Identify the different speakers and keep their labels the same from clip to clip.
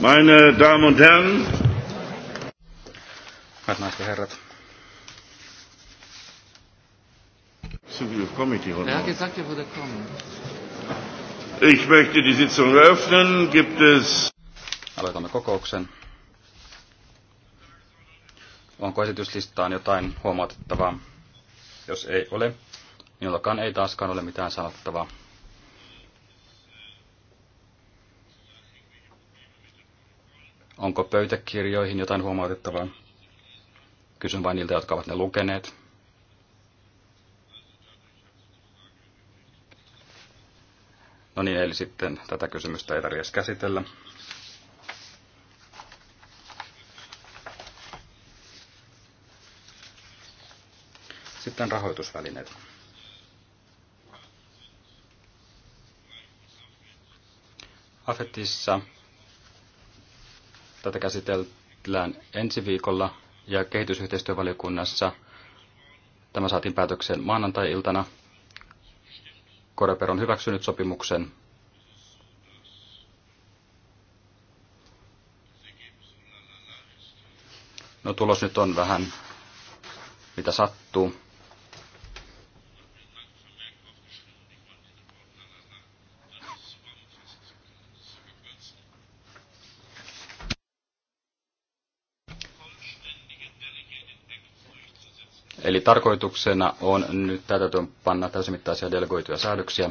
Speaker 1: Meine Damen und Herren. Hyvät naiset ja herrat. Er er ich möchte die Sitzung eröffnen. Gibt es... Aloitamme kokouksen. Onko esityslistaan jotain huomautettavaa? Jos ei ole, niin ei taaskaan ole mitään sanottavaa. Onko pöytäkirjoihin jotain huomautettavaa? Kysyn vain niiltä, jotka ovat ne lukeneet. No niin, eli sitten tätä kysymystä ei tarvitse käsitellä. Sitten rahoitusvälineet. Afetissa Tätä käsitellään ensi viikolla ja kehitysyhteistyövaliokunnassa tämä saatiin päätökseen maanantai-iltana. Koreper on hyväksynyt sopimuksen No tulos nyt on vähän mitä sattuu. tarkoituksena on nyt tätä panna täysimittaisia delegoituja säädöksiä.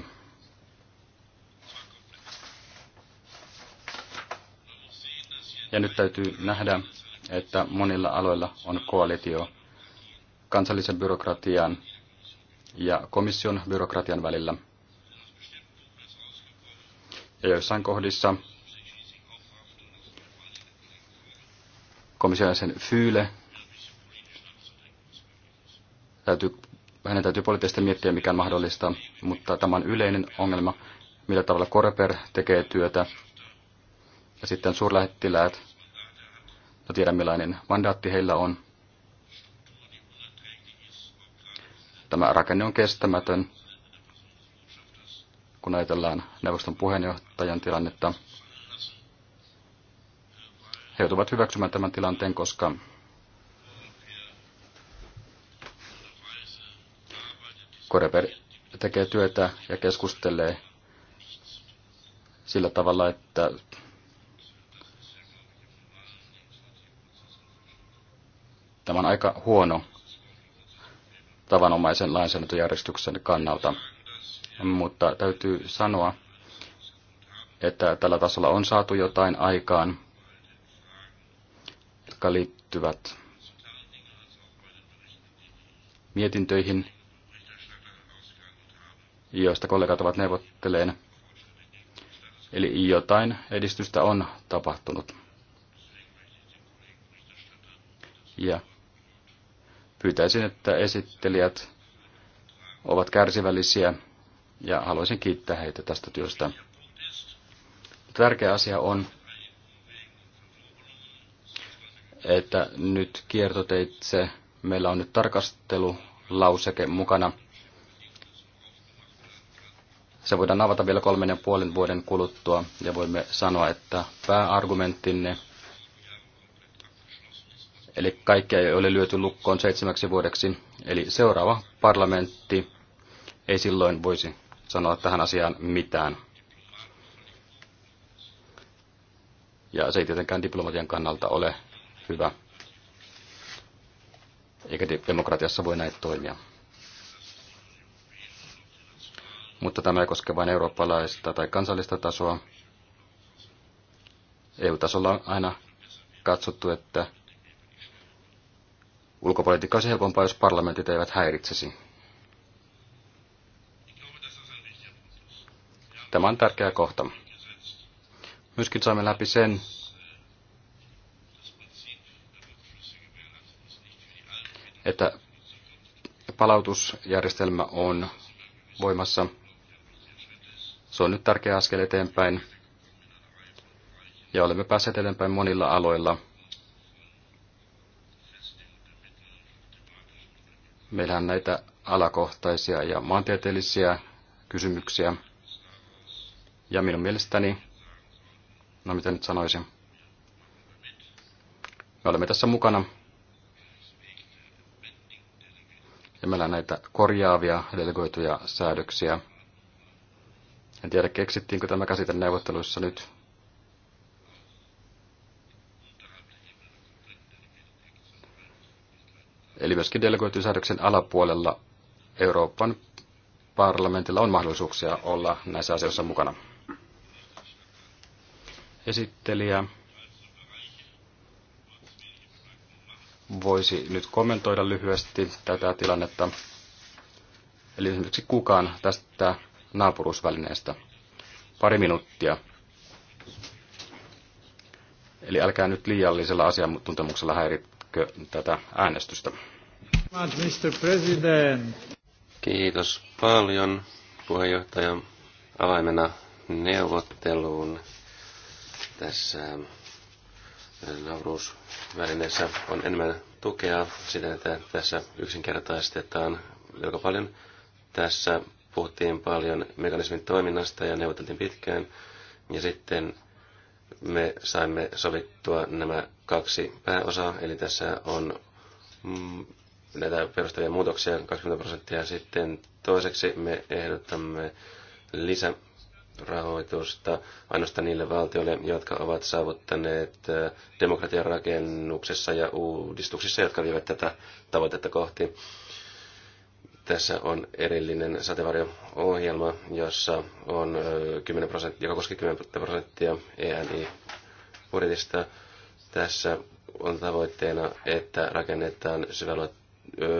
Speaker 1: Ja nyt täytyy nähdä, että monilla aloilla on koalitio kansallisen byrokratian ja komission byrokratian välillä. Ja joissain kohdissa komission sen Fyyle Täytyy, hänen täytyy poliittisesti miettiä, mikä on mahdollista, mutta tämä on yleinen ongelma, millä tavalla Koreper tekee työtä. Ja sitten suurlähettiläät, no tiedän millainen mandaatti heillä on. Tämä rakenne on kestämätön, kun ajatellaan neuvoston puheenjohtajan tilannetta. He joutuvat hyväksymään tämän tilanteen, koska Koreper tekee työtä ja keskustelee sillä tavalla, että tämä on aika huono tavanomaisen lainsäädäntöjärjestyksen kannalta. Mutta täytyy sanoa, että tällä tasolla on saatu jotain aikaan, jotka liittyvät mietintöihin, joista kollegat ovat neuvotteleen. Eli jotain edistystä on tapahtunut. Ja pyytäisin, että esittelijät ovat kärsivällisiä ja haluaisin kiittää heitä tästä työstä. Tärkeä asia on, että nyt kiertoteitse meillä on nyt tarkastelulauseke mukana – se voidaan avata vielä kolmen ja puolen vuoden kuluttua ja voimme sanoa, että pääargumenttinne, eli kaikkea ei ole lyöty lukkoon seitsemäksi vuodeksi, eli seuraava parlamentti ei silloin voisi sanoa tähän asiaan mitään. Ja se ei tietenkään diplomatian kannalta ole hyvä. Eikä demokratiassa voi näin toimia. mutta tämä ei koske vain eurooppalaista tai kansallista tasoa. EU-tasolla on aina katsottu, että ulkopolitiikka olisi helpompaa, jos parlamentit eivät häiritsisi. Tämä on tärkeä kohta. Myöskin saimme läpi sen, että palautusjärjestelmä on voimassa se on nyt tärkeä askel eteenpäin. Ja olemme päässeet eteenpäin monilla aloilla. Meillähän on näitä alakohtaisia ja maantieteellisiä kysymyksiä. Ja minun mielestäni, no mitä nyt sanoisin, me olemme tässä mukana. Ja meillä on näitä korjaavia delegoituja säädöksiä en tiedä, keksittiinkö tämä käsite neuvotteluissa nyt. Eli myöskin delegoitusäädöksen alapuolella Euroopan parlamentilla on mahdollisuuksia olla näissä asioissa mukana. Esittelijä voisi nyt kommentoida lyhyesti tätä tilannetta. Eli esimerkiksi kukaan tästä naapuruusvälineestä. Pari minuuttia. Eli älkää nyt liiallisella asiantuntemuksella häiritkö tätä äänestystä.
Speaker 2: Mr. President. Kiitos paljon puheenjohtaja avaimena neuvotteluun tässä äh, nauruusvälineessä on enemmän tukea siten, että tässä yksinkertaistetaan melko paljon. Tässä puhuttiin paljon mekanismin toiminnasta ja neuvoteltiin pitkään. Ja sitten me saimme sovittua nämä kaksi pääosaa, eli tässä on mm, näitä perustavia muutoksia 20 prosenttia. Sitten toiseksi me ehdottamme lisärahoitusta ainoastaan niille valtioille, jotka ovat saavuttaneet demokratian rakennuksessa ja uudistuksissa, jotka vievät tätä tavoitetta kohti. Tässä on erillinen sateenvarjo-ohjelma, jossa on 10 prosenttia, joka koskee 10 prosenttia ENI-budjetista. Tässä on tavoitteena, että rakennetaan syvällä,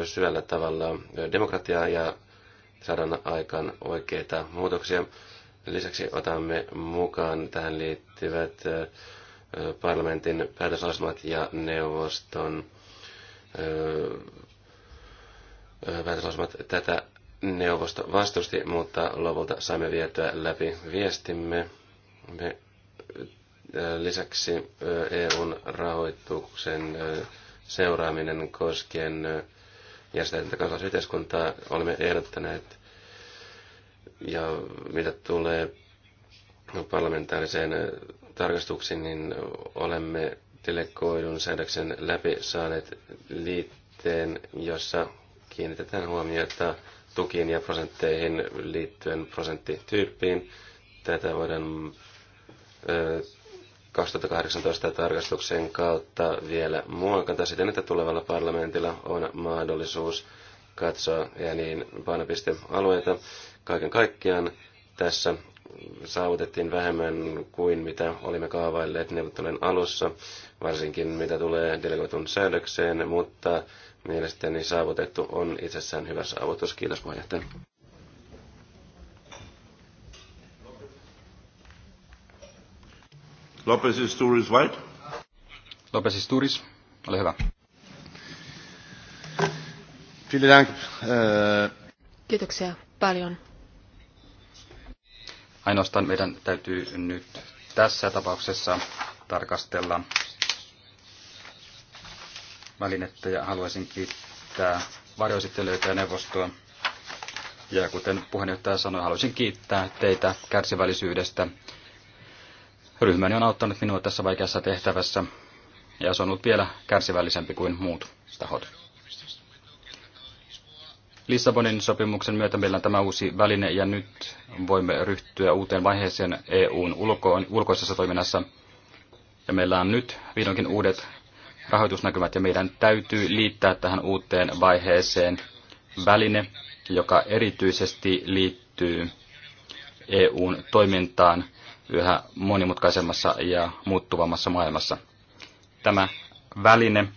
Speaker 2: syvällä tavalla demokratiaa ja saadaan aikaan oikeita muutoksia. Lisäksi otamme mukaan tähän liittyvät parlamentin päätösasmat ja neuvoston päätöslausumat tätä neuvosto vastusti, mutta lopulta saimme vietyä läpi viestimme. Me äh, lisäksi äh, EUn rahoituksen äh, seuraaminen koskien järjestäjätä kansalaisyhteiskuntaa olemme ehdottaneet ja mitä tulee parlamentaariseen tarkastuksiin, niin olemme delegoidun säädöksen läpi saaneet liitteen, jossa kiinnitetään huomiota tukiin ja prosentteihin liittyen prosenttityyppiin. Tätä voidaan 2018 tarkastuksen kautta vielä muokata siten, että tulevalla parlamentilla on mahdollisuus katsoa ja niin painopistealueita. Kaiken kaikkiaan tässä saavutettiin vähemmän kuin mitä olimme kaavailleet neuvottelujen alussa, varsinkin mitä tulee delegoitun säädökseen, mutta mielestäni saavutettu on itsessään hyvä saavutus. Kiitos puheenjohtaja. Lopez Isturis, right?
Speaker 1: Lopez Isturis, ole hyvä.
Speaker 2: Äh,
Speaker 3: Kiitoksia paljon.
Speaker 1: Ainoastaan meidän täytyy nyt tässä tapauksessa tarkastella välinettä ja haluaisin kiittää varjoesittelijöitä ja neuvostoa. Ja kuten puheenjohtaja sanoi, haluaisin kiittää teitä kärsivällisyydestä. Ryhmäni on auttanut minua tässä vaikeassa tehtävässä ja se on ollut vielä kärsivällisempi kuin muut tahot. Lissabonin sopimuksen myötä meillä on tämä uusi väline ja nyt voimme ryhtyä uuteen vaiheeseen EUn ulko- ulkoisessa toiminnassa. Ja meillä on nyt vihdoinkin uudet rahoitusnäkymät ja meidän täytyy liittää tähän uuteen vaiheeseen väline, joka erityisesti liittyy EUn toimintaan yhä monimutkaisemmassa ja muuttuvammassa maailmassa. Tämä väline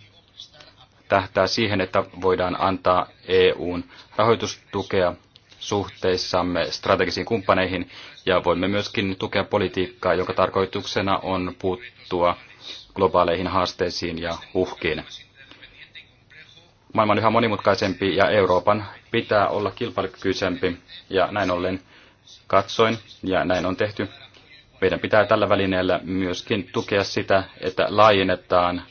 Speaker 1: tähtää siihen, että voidaan antaa EUn rahoitustukea suhteissamme strategisiin kumppaneihin ja voimme myöskin tukea politiikkaa, jonka tarkoituksena on puuttua globaaleihin haasteisiin ja uhkiin. Maailma on yhä monimutkaisempi ja Euroopan pitää olla kilpailukykyisempi ja näin ollen katsoin ja näin on tehty. Meidän pitää tällä välineellä myöskin tukea sitä, että laajennetaan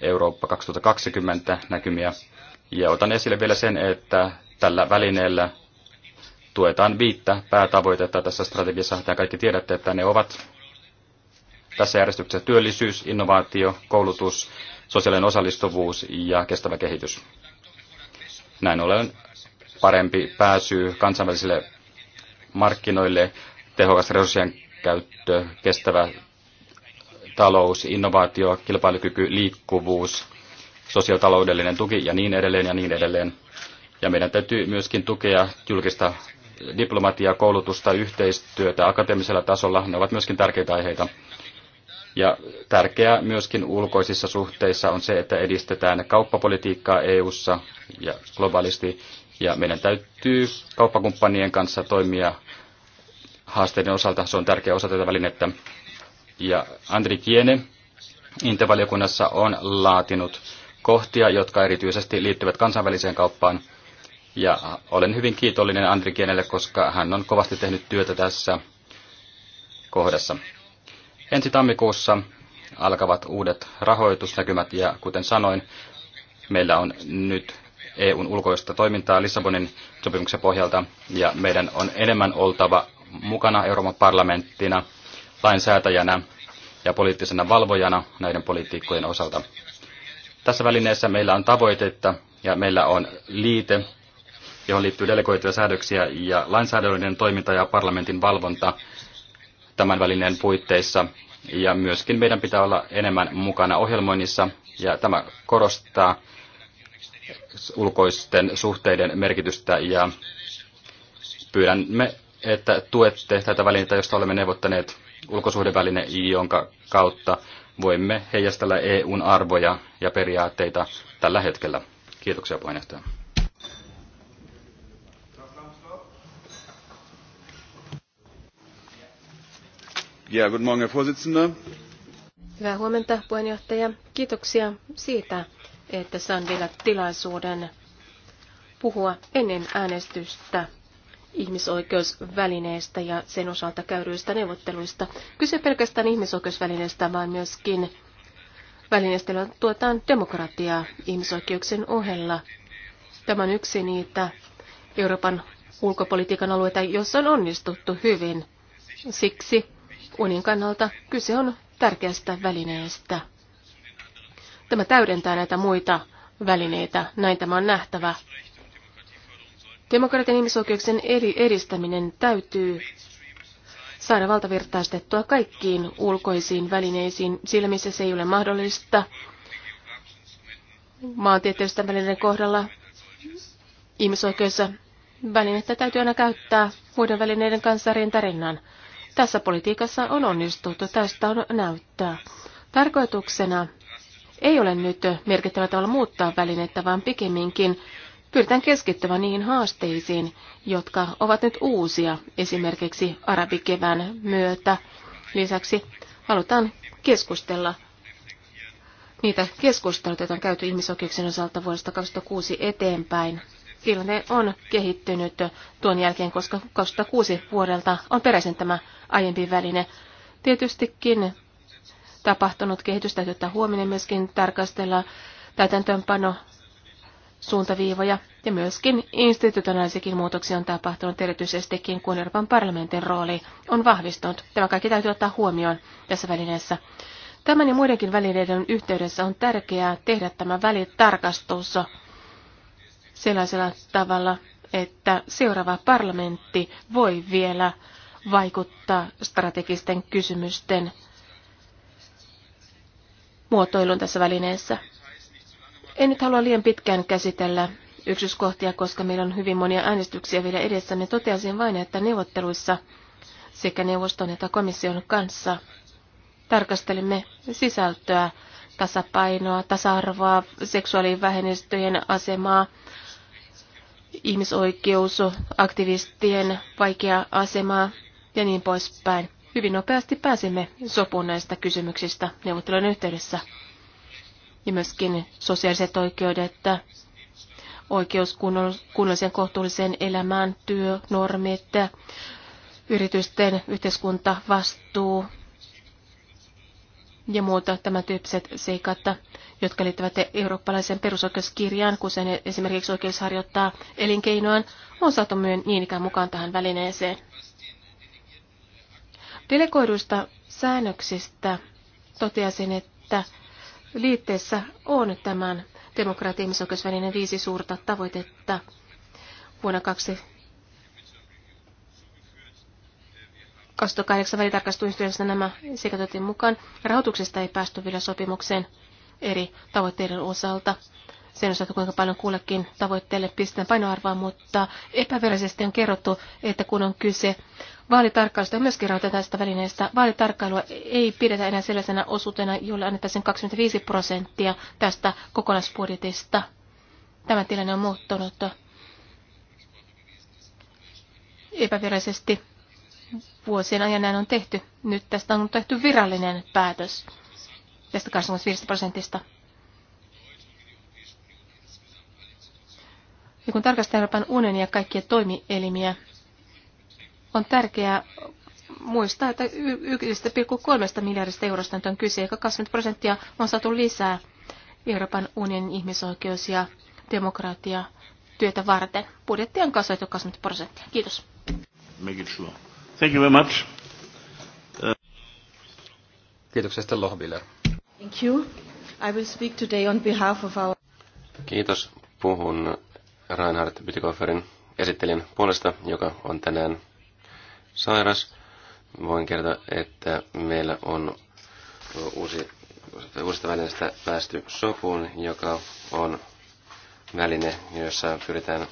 Speaker 1: Eurooppa 2020 näkymiä. Ja otan esille vielä sen, että tällä välineellä tuetaan viittä päätavoitetta tässä strategiassa. Tämä kaikki tiedätte, että ne ovat tässä järjestyksessä työllisyys, innovaatio, koulutus, sosiaalinen osallistuvuus ja kestävä kehitys. Näin ollen parempi pääsy kansainvälisille markkinoille, tehokas resurssien käyttö, kestävä talous, innovaatio, kilpailukyky, liikkuvuus, sosiaalitaloudellinen tuki ja niin edelleen ja niin edelleen. Ja meidän täytyy myöskin tukea julkista diplomatiaa, koulutusta, yhteistyötä akateemisella tasolla. Ne ovat myöskin tärkeitä aiheita. Ja tärkeää myöskin ulkoisissa suhteissa on se, että edistetään kauppapolitiikkaa EU:ssa ja globaalisti. Ja meidän täytyy kauppakumppanien kanssa toimia haasteiden osalta. Se on tärkeä osa tätä välinettä. Ja Andri Kiene Intevaliokunnassa on laatinut kohtia, jotka erityisesti liittyvät kansainväliseen kauppaan. Ja olen hyvin kiitollinen Andri Kienelle, koska hän on kovasti tehnyt työtä tässä kohdassa. Ensi tammikuussa alkavat uudet rahoitusnäkymät ja kuten sanoin, meillä on nyt EUn ulkoista toimintaa Lissabonin sopimuksen pohjalta ja meidän on enemmän oltava mukana Euroopan parlamenttina, lainsäätäjänä ja poliittisena valvojana näiden politiikkojen osalta. Tässä välineessä meillä on tavoitetta ja meillä on liite, johon liittyy delegoituja säädöksiä ja lainsäädännöllinen toiminta ja parlamentin valvonta tämän välineen puitteissa. Ja myöskin meidän pitää olla enemmän mukana ohjelmoinnissa, ja tämä korostaa ulkoisten suhteiden merkitystä, ja pyydämme, että tuette tätä välinettä, josta olemme neuvottaneet ulkosuhdeväline, jonka kautta voimme heijastella EUn arvoja ja periaatteita tällä hetkellä. Kiitoksia puheenjohtaja.
Speaker 3: Hyvää huomenta, puheenjohtaja. Kiitoksia siitä, että saan vielä tilaisuuden puhua ennen äänestystä ihmisoikeusvälineestä ja sen osalta käydyistä neuvotteluista. Kyse pelkästään ihmisoikeusvälineestä, vaan myöskin välineestä, jolla tuetaan demokratiaa ihmisoikeuksien ohella. Tämä on yksi niitä Euroopan ulkopolitiikan alueita, jossa on onnistuttu hyvin. Siksi Unin kannalta kyse on tärkeästä välineestä. Tämä täydentää näitä muita välineitä, näin tämä on nähtävä. Demokratian ihmisoikeuksien edistäminen täytyy saada valtavirtaistettua kaikkiin ulkoisiin välineisiin, sillä missä se ei ole mahdollista. Maantieteellisten välineiden kohdalla ihmisoikeus välinettä täytyy aina käyttää muiden välineiden kanssa rintarinnan. Tässä politiikassa on onnistuttu, tästä on näyttää. Tarkoituksena ei ole nyt merkittävällä tavalla muuttaa välinettä, vaan pikemminkin pyritään keskittymään niihin haasteisiin, jotka ovat nyt uusia, esimerkiksi arabikevään myötä. Lisäksi halutaan keskustella niitä keskusteluita, joita on käyty ihmisoikeuksien osalta vuodesta 2006 eteenpäin. Tilanne on kehittynyt tuon jälkeen, koska 2006 vuodelta on peräisin tämä aiempi väline. Tietystikin tapahtunut kehitys täytyy ottaa huominen myöskin tarkastella täytäntöönpano suuntaviivoja ja myöskin institutionaalisikin muutoksia on tapahtunut erityisestikin, kun Euroopan parlamentin rooli on vahvistunut. Tämä kaikki täytyy ottaa huomioon tässä välineessä. Tämän ja muidenkin välineiden yhteydessä on tärkeää tehdä tämä välitarkastus sellaisella tavalla, että seuraava parlamentti voi vielä vaikuttaa strategisten kysymysten muotoilun tässä välineessä. En nyt halua liian pitkään käsitellä yksityiskohtia, koska meillä on hyvin monia äänestyksiä vielä edessä. Me niin toteaisin vain, että neuvotteluissa sekä neuvoston että komission kanssa tarkastelimme sisältöä, tasapainoa, tasa-arvoa, seksuaalivähennystöjen asemaa, ihmisoikeus, aktivistien vaikeaa asemaa ja niin poispäin. Hyvin nopeasti pääsimme sopuun näistä kysymyksistä neuvottelujen yhteydessä. Ja myöskin sosiaaliset oikeudet, oikeus kunnolliseen kohtuulliseen elämään, työnormit, yritysten yhteiskunta, vastuu ja muuta tämän tyyppiset seikat, jotka liittyvät eurooppalaisen perusoikeuskirjaan, kuten esimerkiksi oikeus harjoittaa elinkeinoaan, on saatu myön niin ikään mukaan tähän välineeseen. Delegoiduista säännöksistä toteasin, että liitteessä on tämän demokratia- ihmisoikeusvälinen viisi suurta tavoitetta vuonna 2008 välitarkastusyhtydessä nämä sekä mukaan. Rahoituksesta ei päästy vielä sopimukseen eri tavoitteiden osalta sen osalta, kuinka paljon kullekin tavoitteelle pistetään painoarvoa, mutta epävirallisesti on kerrottu, että kun on kyse vaalitarkkailusta ja myöskin tästä välineestä, vaalitarkkailua ei pidetä enää sellaisena osuutena, jolle annettaisiin 25 prosenttia tästä kokonaisbudjetista. Tämä tilanne on muuttunut epävirallisesti vuosien ajan näin on tehty. Nyt tästä on tehty virallinen päätös tästä 25 prosentista. Ja kun tarkastellaan Euroopan unionia ja kaikkia toimielimiä, on tärkeää muistaa, että 1,3 miljardista eurosta on kyse, joka 20 prosenttia on saatu lisää Euroopan unionin ihmisoikeus- ja demokratia työtä varten. Budjetti on kasvettu 20 prosenttia. Kiitos.
Speaker 1: Thank you very much.
Speaker 2: Uh... Kiitoksia sitten Lohbiller.
Speaker 3: Thank you. I will speak today on behalf of our...
Speaker 2: Kiitos. Puhun Reinhard Bytikoferin esittelijän puolesta, joka on tänään sairas. Voin kertoa, että meillä on uusi, uusista välineistä päästy sopuun, joka on väline, jossa pyritään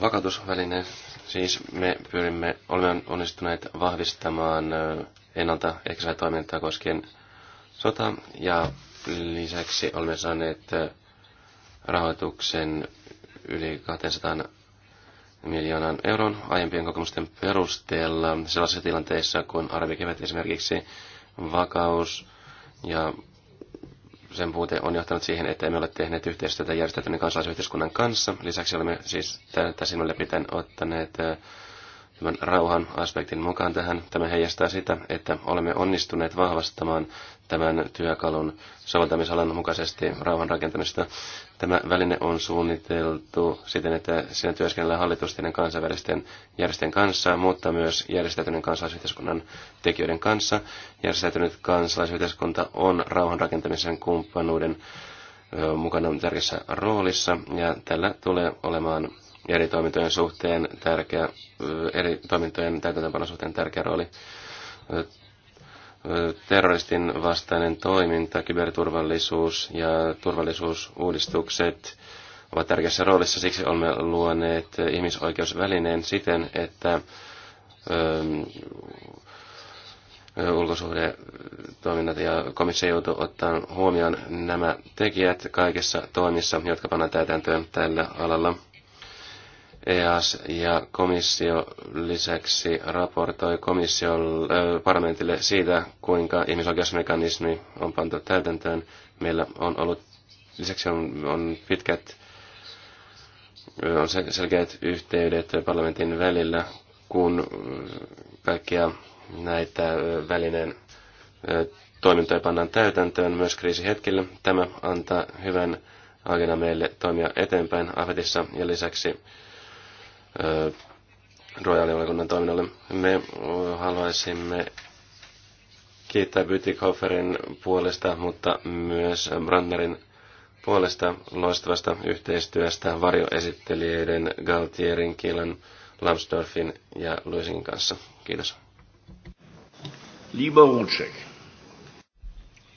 Speaker 2: vakautusväline. Siis me pyrimme, olemme onnistuneet vahvistamaan ehkä toimintaa koskien sota ja lisäksi olemme saaneet rahoituksen yli 200 miljoonan euron aiempien kokemusten perusteella sellaisissa tilanteissa, kuin arabikevät esimerkiksi vakaus ja sen puute on johtanut siihen, että emme ole tehneet yhteistyötä järjestäytyneen kansalaisyhteiskunnan kanssa. Lisäksi olemme siis sinulle pitäen ottaneet tämän rauhan aspektin mukaan tähän. Tämä heijastaa sitä, että olemme onnistuneet vahvastamaan tämän työkalun soveltamisalan mukaisesti rauhan rakentamista. Tämä väline on suunniteltu siten, että siinä työskennellään hallitusten ja kansainvälisten järjestöjen kanssa, mutta myös järjestäytyneen kansalaisyhteiskunnan tekijöiden kanssa. Järjestäytynyt kansalaisyhteiskunta on rauhan rakentamisen kumppanuuden mukana tärkeässä roolissa, ja tällä tulee olemaan eri toimintojen suhteen tärkeä, eri toimintojen täytäntöönpanon suhteen tärkeä rooli. Terroristin vastainen toiminta, kyberturvallisuus ja turvallisuusuudistukset ovat tärkeässä roolissa. Siksi olemme luoneet ihmisoikeusvälineen siten, että ähm, ulkosuhdetoiminnat ja komissio joutuu ottaa huomioon nämä tekijät kaikissa toimissa, jotka pannaan täytäntöön tällä alalla. EAS ja komissio lisäksi raportoi komissiolle, äh, parlamentille siitä, kuinka ihmisoikeusmekanismi on pantu täytäntöön. Meillä on ollut, lisäksi on, on pitkät, äh, on selkeät yhteydet parlamentin välillä, kun äh, kaikkia näitä äh, välineen toimintoja pannaan täytäntöön myös kriisihetkillä. Tämä antaa hyvän agenda meille toimia eteenpäin Afetissa ja lisäksi rojaalivaliokunnan toiminnalle. Me haluaisimme kiittää Bytikhoferin puolesta, mutta myös Brandnerin puolesta loistavasta yhteistyöstä varjoesittelijöiden Galtierin, Kielan, Lambsdorffin ja Luisin kanssa. Kiitos. Liborucek.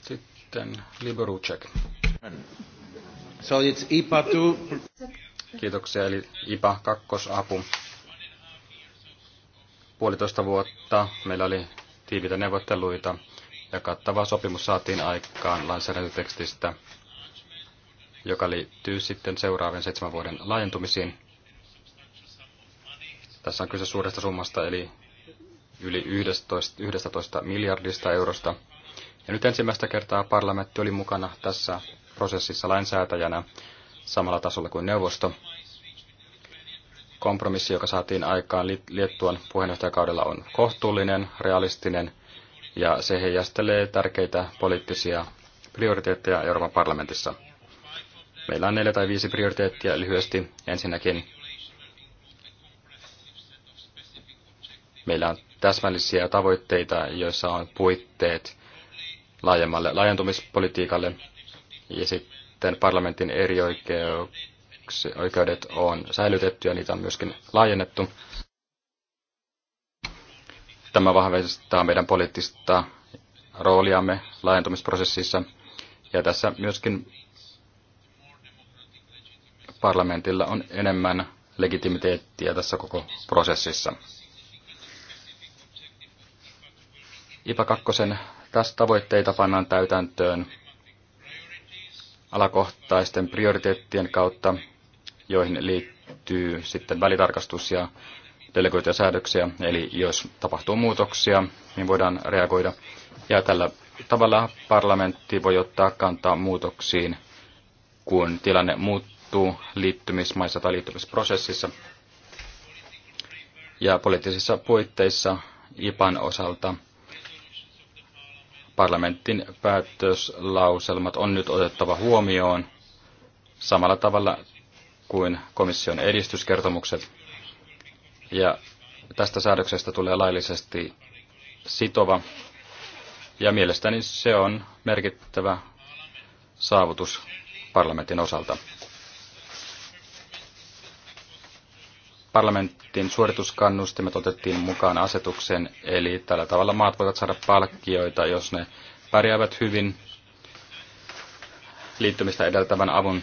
Speaker 1: Sitten Liborucek. So it's IPA 2. Kiitoksia, eli IPA kakkosapu. Puolitoista vuotta meillä oli tiiviitä neuvotteluita ja kattava sopimus saatiin aikaan lainsäädäntötekstistä, joka liittyy sitten seuraavien seitsemän vuoden laajentumisiin. Tässä on kyse suuresta summasta, eli yli 11, 11 miljardista eurosta. Ja nyt ensimmäistä kertaa parlamentti oli mukana tässä prosessissa lainsäätäjänä samalla tasolla kuin neuvosto. Kompromissi, joka saatiin aikaan Liettuan puheenjohtajakaudella, on kohtuullinen, realistinen ja se heijastelee tärkeitä poliittisia prioriteetteja Euroopan parlamentissa. Meillä on neljä tai viisi prioriteettia lyhyesti. Ensinnäkin meillä on täsmällisiä tavoitteita, joissa on puitteet laajemmalle laajentumispolitiikalle. Ja sitten sitten parlamentin eri oikeudet on säilytetty ja niitä on myöskin laajennettu. Tämä vahvistaa meidän poliittista rooliamme laajentumisprosessissa. Ja tässä myöskin parlamentilla on enemmän legitimiteettiä tässä koko prosessissa. IPA 2. Tässä tavoitteita pannaan täytäntöön alakohtaisten prioriteettien kautta, joihin liittyy sitten välitarkastus ja delegoituja säädöksiä. Eli jos tapahtuu muutoksia, niin voidaan reagoida. Ja tällä tavalla parlamentti voi ottaa kantaa muutoksiin, kun tilanne muuttuu liittymismaissa tai liittymisprosessissa. Ja poliittisissa puitteissa IPAN osalta – Parlamentin päätöslauselmat on nyt otettava huomioon samalla tavalla kuin komission edistyskertomukset. Ja tästä säädöksestä tulee laillisesti sitova. Ja mielestäni se on merkittävä saavutus parlamentin osalta. parlamentin suorituskannustimet otettiin mukaan asetuksen, eli tällä tavalla maat voivat saada palkkioita, jos ne pärjäävät hyvin liittymistä edeltävän avun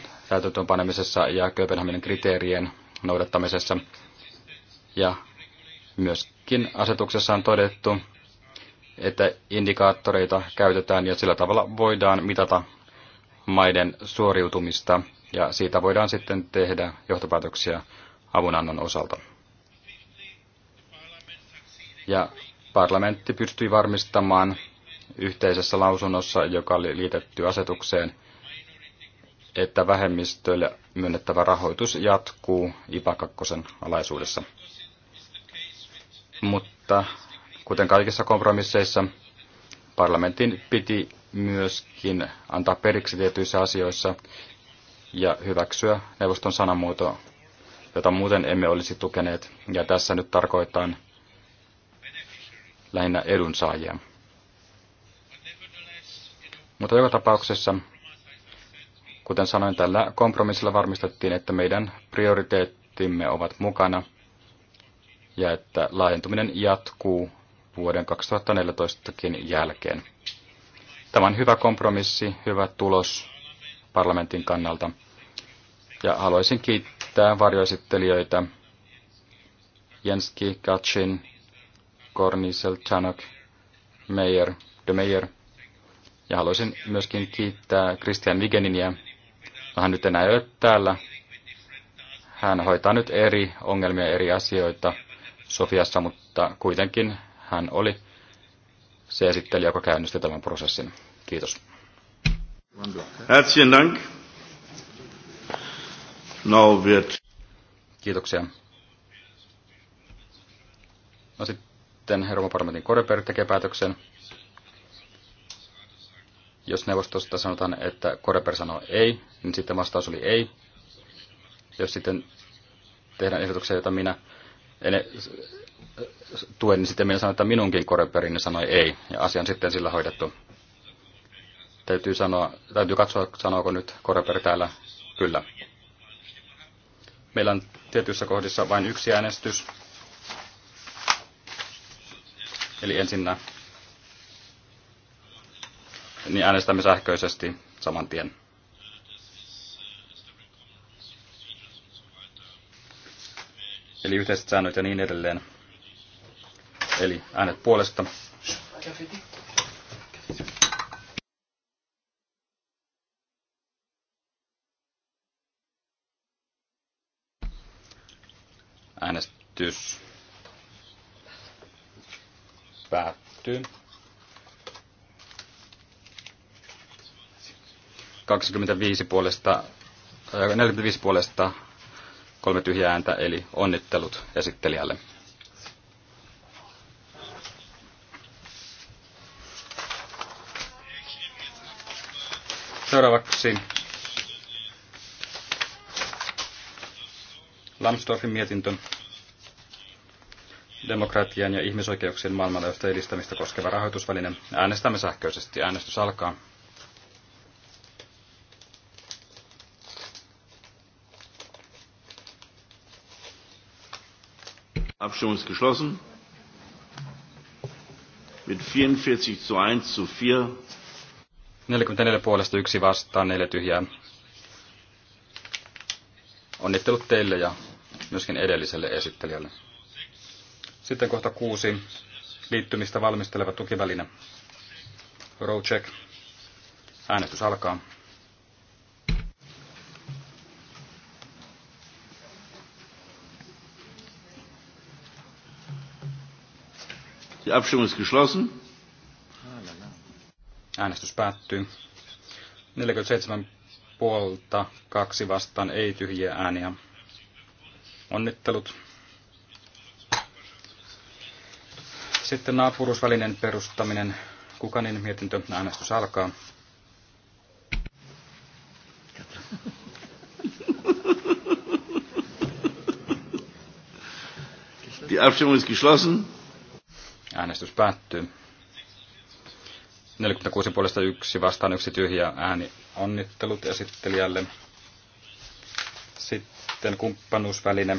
Speaker 1: panemisessa ja Kööpenhaminan kriteerien noudattamisessa. Ja myöskin asetuksessa on todettu, että indikaattoreita käytetään ja sillä tavalla voidaan mitata maiden suoriutumista ja siitä voidaan sitten tehdä johtopäätöksiä avunannon osalta. Ja parlamentti pystyi varmistamaan yhteisessä lausunnossa, joka oli liitetty asetukseen, että vähemmistöille myönnettävä rahoitus jatkuu IPA 2 alaisuudessa. Mutta kuten kaikissa kompromisseissa, parlamentin piti myöskin antaa periksi tietyissä asioissa ja hyväksyä neuvoston sanamuoto jota muuten emme olisi tukeneet, ja tässä nyt tarkoitan lähinnä edunsaajia. Mutta joka tapauksessa, kuten sanoin, tällä kompromissilla varmistettiin, että meidän prioriteettimme ovat mukana ja että laajentuminen jatkuu vuoden 2014kin jälkeen. Tämä on hyvä kompromissi, hyvä tulos parlamentin kannalta. Ja haluaisin kiittää kiittää varjoesittelijöitä Jenski, Katsin, Kornisel, Tanok, Meyer, de Meyer. Ja haluaisin myöskin kiittää Christian Wigeniniä. No, hän nyt enää ei ole täällä. Hän hoitaa nyt eri ongelmia, eri asioita Sofiassa, mutta kuitenkin hän oli se esittelijä, joka käynnisti tämän prosessin. Kiitos. Herzlichen Dank. Now wird... Kiitoksia. No sitten Euroopan parlamentin Koreper tekee päätöksen. Jos neuvostosta sanotaan, että Koreper sanoo ei, niin sitten vastaus oli ei. Jos sitten tehdään ehdotuksia, joita minä en e- tuen, niin sitten minä sanon, että minunkin Koreperini sanoi ei. Ja asian sitten sillä hoidettu. Täytyy, sanoa, täytyy katsoa, sanooko nyt Koreper täällä kyllä. Meillä on tietyissä kohdissa vain yksi äänestys. Eli ensinnä niin äänestämme sähköisesti saman tien. Eli yhteiset säännöt ja niin edelleen. Eli äänet puolesta. Äänestys päättyy. 25 puolesta, 45 äh, puolesta kolme tyhjää ääntä, eli onnittelut esittelijälle. Seuraavaksi Lambsdorffin mietintö demokratian ja ihmisoikeuksien maailmanlaajuista edistämistä koskeva rahoitusväline. Äänestämme sähköisesti. Äänestys alkaa.
Speaker 3: Abstimmung ist geschlossen.
Speaker 1: Mit 44 zu 1 zu 4. 44 puolesta yksi vastaan, neljä tyhjää. Onnittelut teille ja myöskin edelliselle esittelijälle. Sitten kohta kuusi, liittymistä valmisteleva tukiväline. Row check. Äänestys alkaa. Die Abstimmung ist geschlossen. Äänestys päättyy. 47 puolta, kaksi vastaan, ei tyhjiä ääniä. Onnittelut. Sitten naapuruusvälinen perustaminen. Kukanin mietintö äänestys alkaa. Die Abstimmung ist geschlossen. Äänestys päättyy. 46 puolesta yksi vastaan yksi tyhjä ääni. Onnittelut esittelijälle. Sitten sitten kumppanuusväline.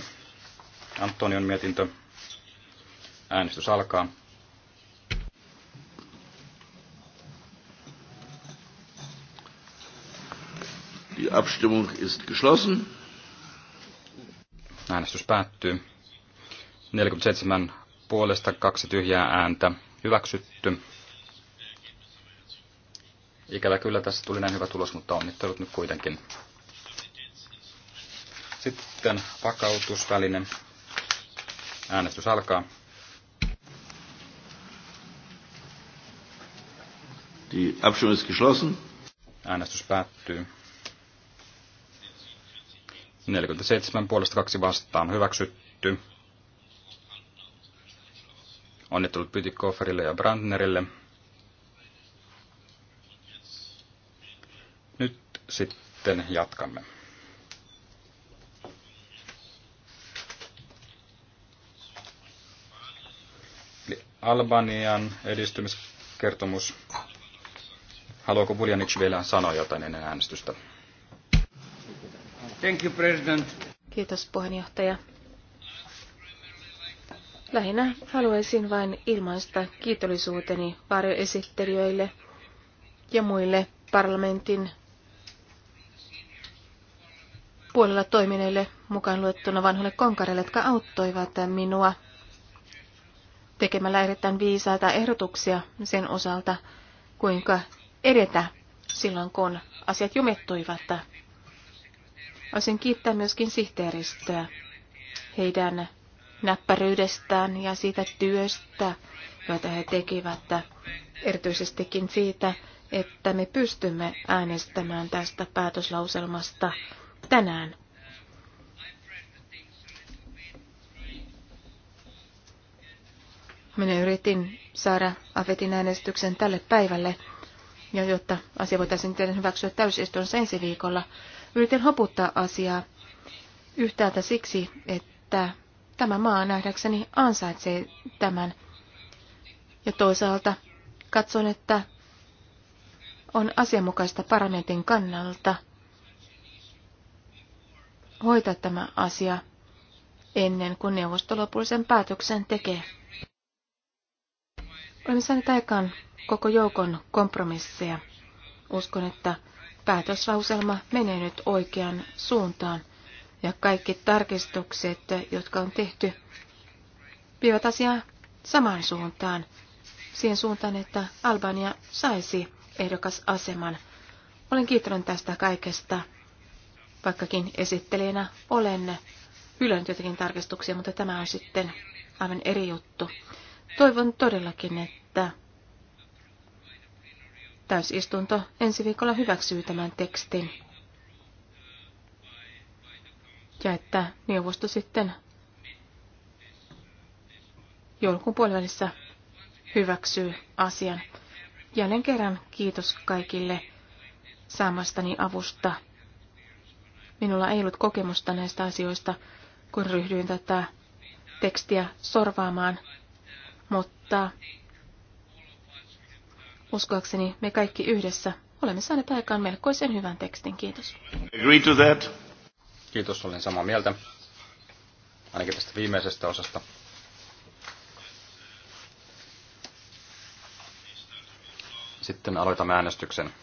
Speaker 1: Antonion mietintö. Äänestys alkaa. Die Abstimmung ist geschlossen. Äänestys päättyy. 47 puolesta kaksi tyhjää ääntä. Hyväksytty. Ikävä kyllä tässä tuli näin hyvä tulos, mutta onnittelut nyt kuitenkin. Sitten vakautusväline. Äänestys alkaa. Die Abstimmung ist geschlossen. Äänestys päättyy. 47 puolesta kaksi vastaan hyväksytty. Onnittelut Pytikofferille ja Brandnerille. Nyt sitten jatkamme. Albanian edistymiskertomus. Haluaako Buljanic vielä sanoa jotain ennen äänestystä? Thank you, President.
Speaker 3: Kiitos puheenjohtaja. Lähinnä haluaisin vain ilmaista kiitollisuuteni varjoesittelijöille ja muille parlamentin puolella toimineille mukaan luettuna vanhoille konkareille, jotka auttoivat minua tekemällä erittäin viisaita ehdotuksia sen osalta, kuinka edetä silloin, kun asiat jumettuivat. Olisin kiittää myöskin sihteeristöä heidän näppäryydestään ja siitä työstä, joita he tekivät, erityisestikin siitä, että me pystymme äänestämään tästä päätöslauselmasta tänään. Minä yritin saada AFETin äänestyksen tälle päivälle, ja jotta asia voitaisiin tehdä hyväksyä täysistunnossa ensi viikolla, yritin hoputtaa asiaa yhtäältä siksi, että tämä maa nähdäkseni ansaitsee tämän, ja toisaalta katson, että on asianmukaista parlamentin kannalta hoitaa tämä asia ennen kuin neuvosto lopullisen päätöksen tekee. Olemme saaneet aikaan koko joukon kompromisseja. Uskon, että päätöslauselma menee nyt oikeaan suuntaan ja kaikki tarkistukset, jotka on tehty, vievät asiaa samaan suuntaan, siihen suuntaan, että Albania saisi aseman. Olen kiitollinen tästä kaikesta, vaikkakin esittelijänä olen hylännyt jotakin tarkistuksia, mutta tämä on sitten aivan eri juttu. Toivon todellakin, että täysistunto ensi viikolla hyväksyy tämän tekstin. Ja että neuvosto sitten joulukuun puolivälissä hyväksyy asian. Jälleen kerran kiitos kaikille saamastani avusta. Minulla ei ollut kokemusta näistä asioista, kun ryhdyin tätä tekstiä sorvaamaan mutta uskoakseni me kaikki yhdessä olemme saaneet aikaan melkoisen hyvän tekstin. Kiitos.
Speaker 1: Agree to that. Kiitos, olen samaa mieltä. Ainakin tästä viimeisestä osasta. Sitten aloitamme äänestyksen.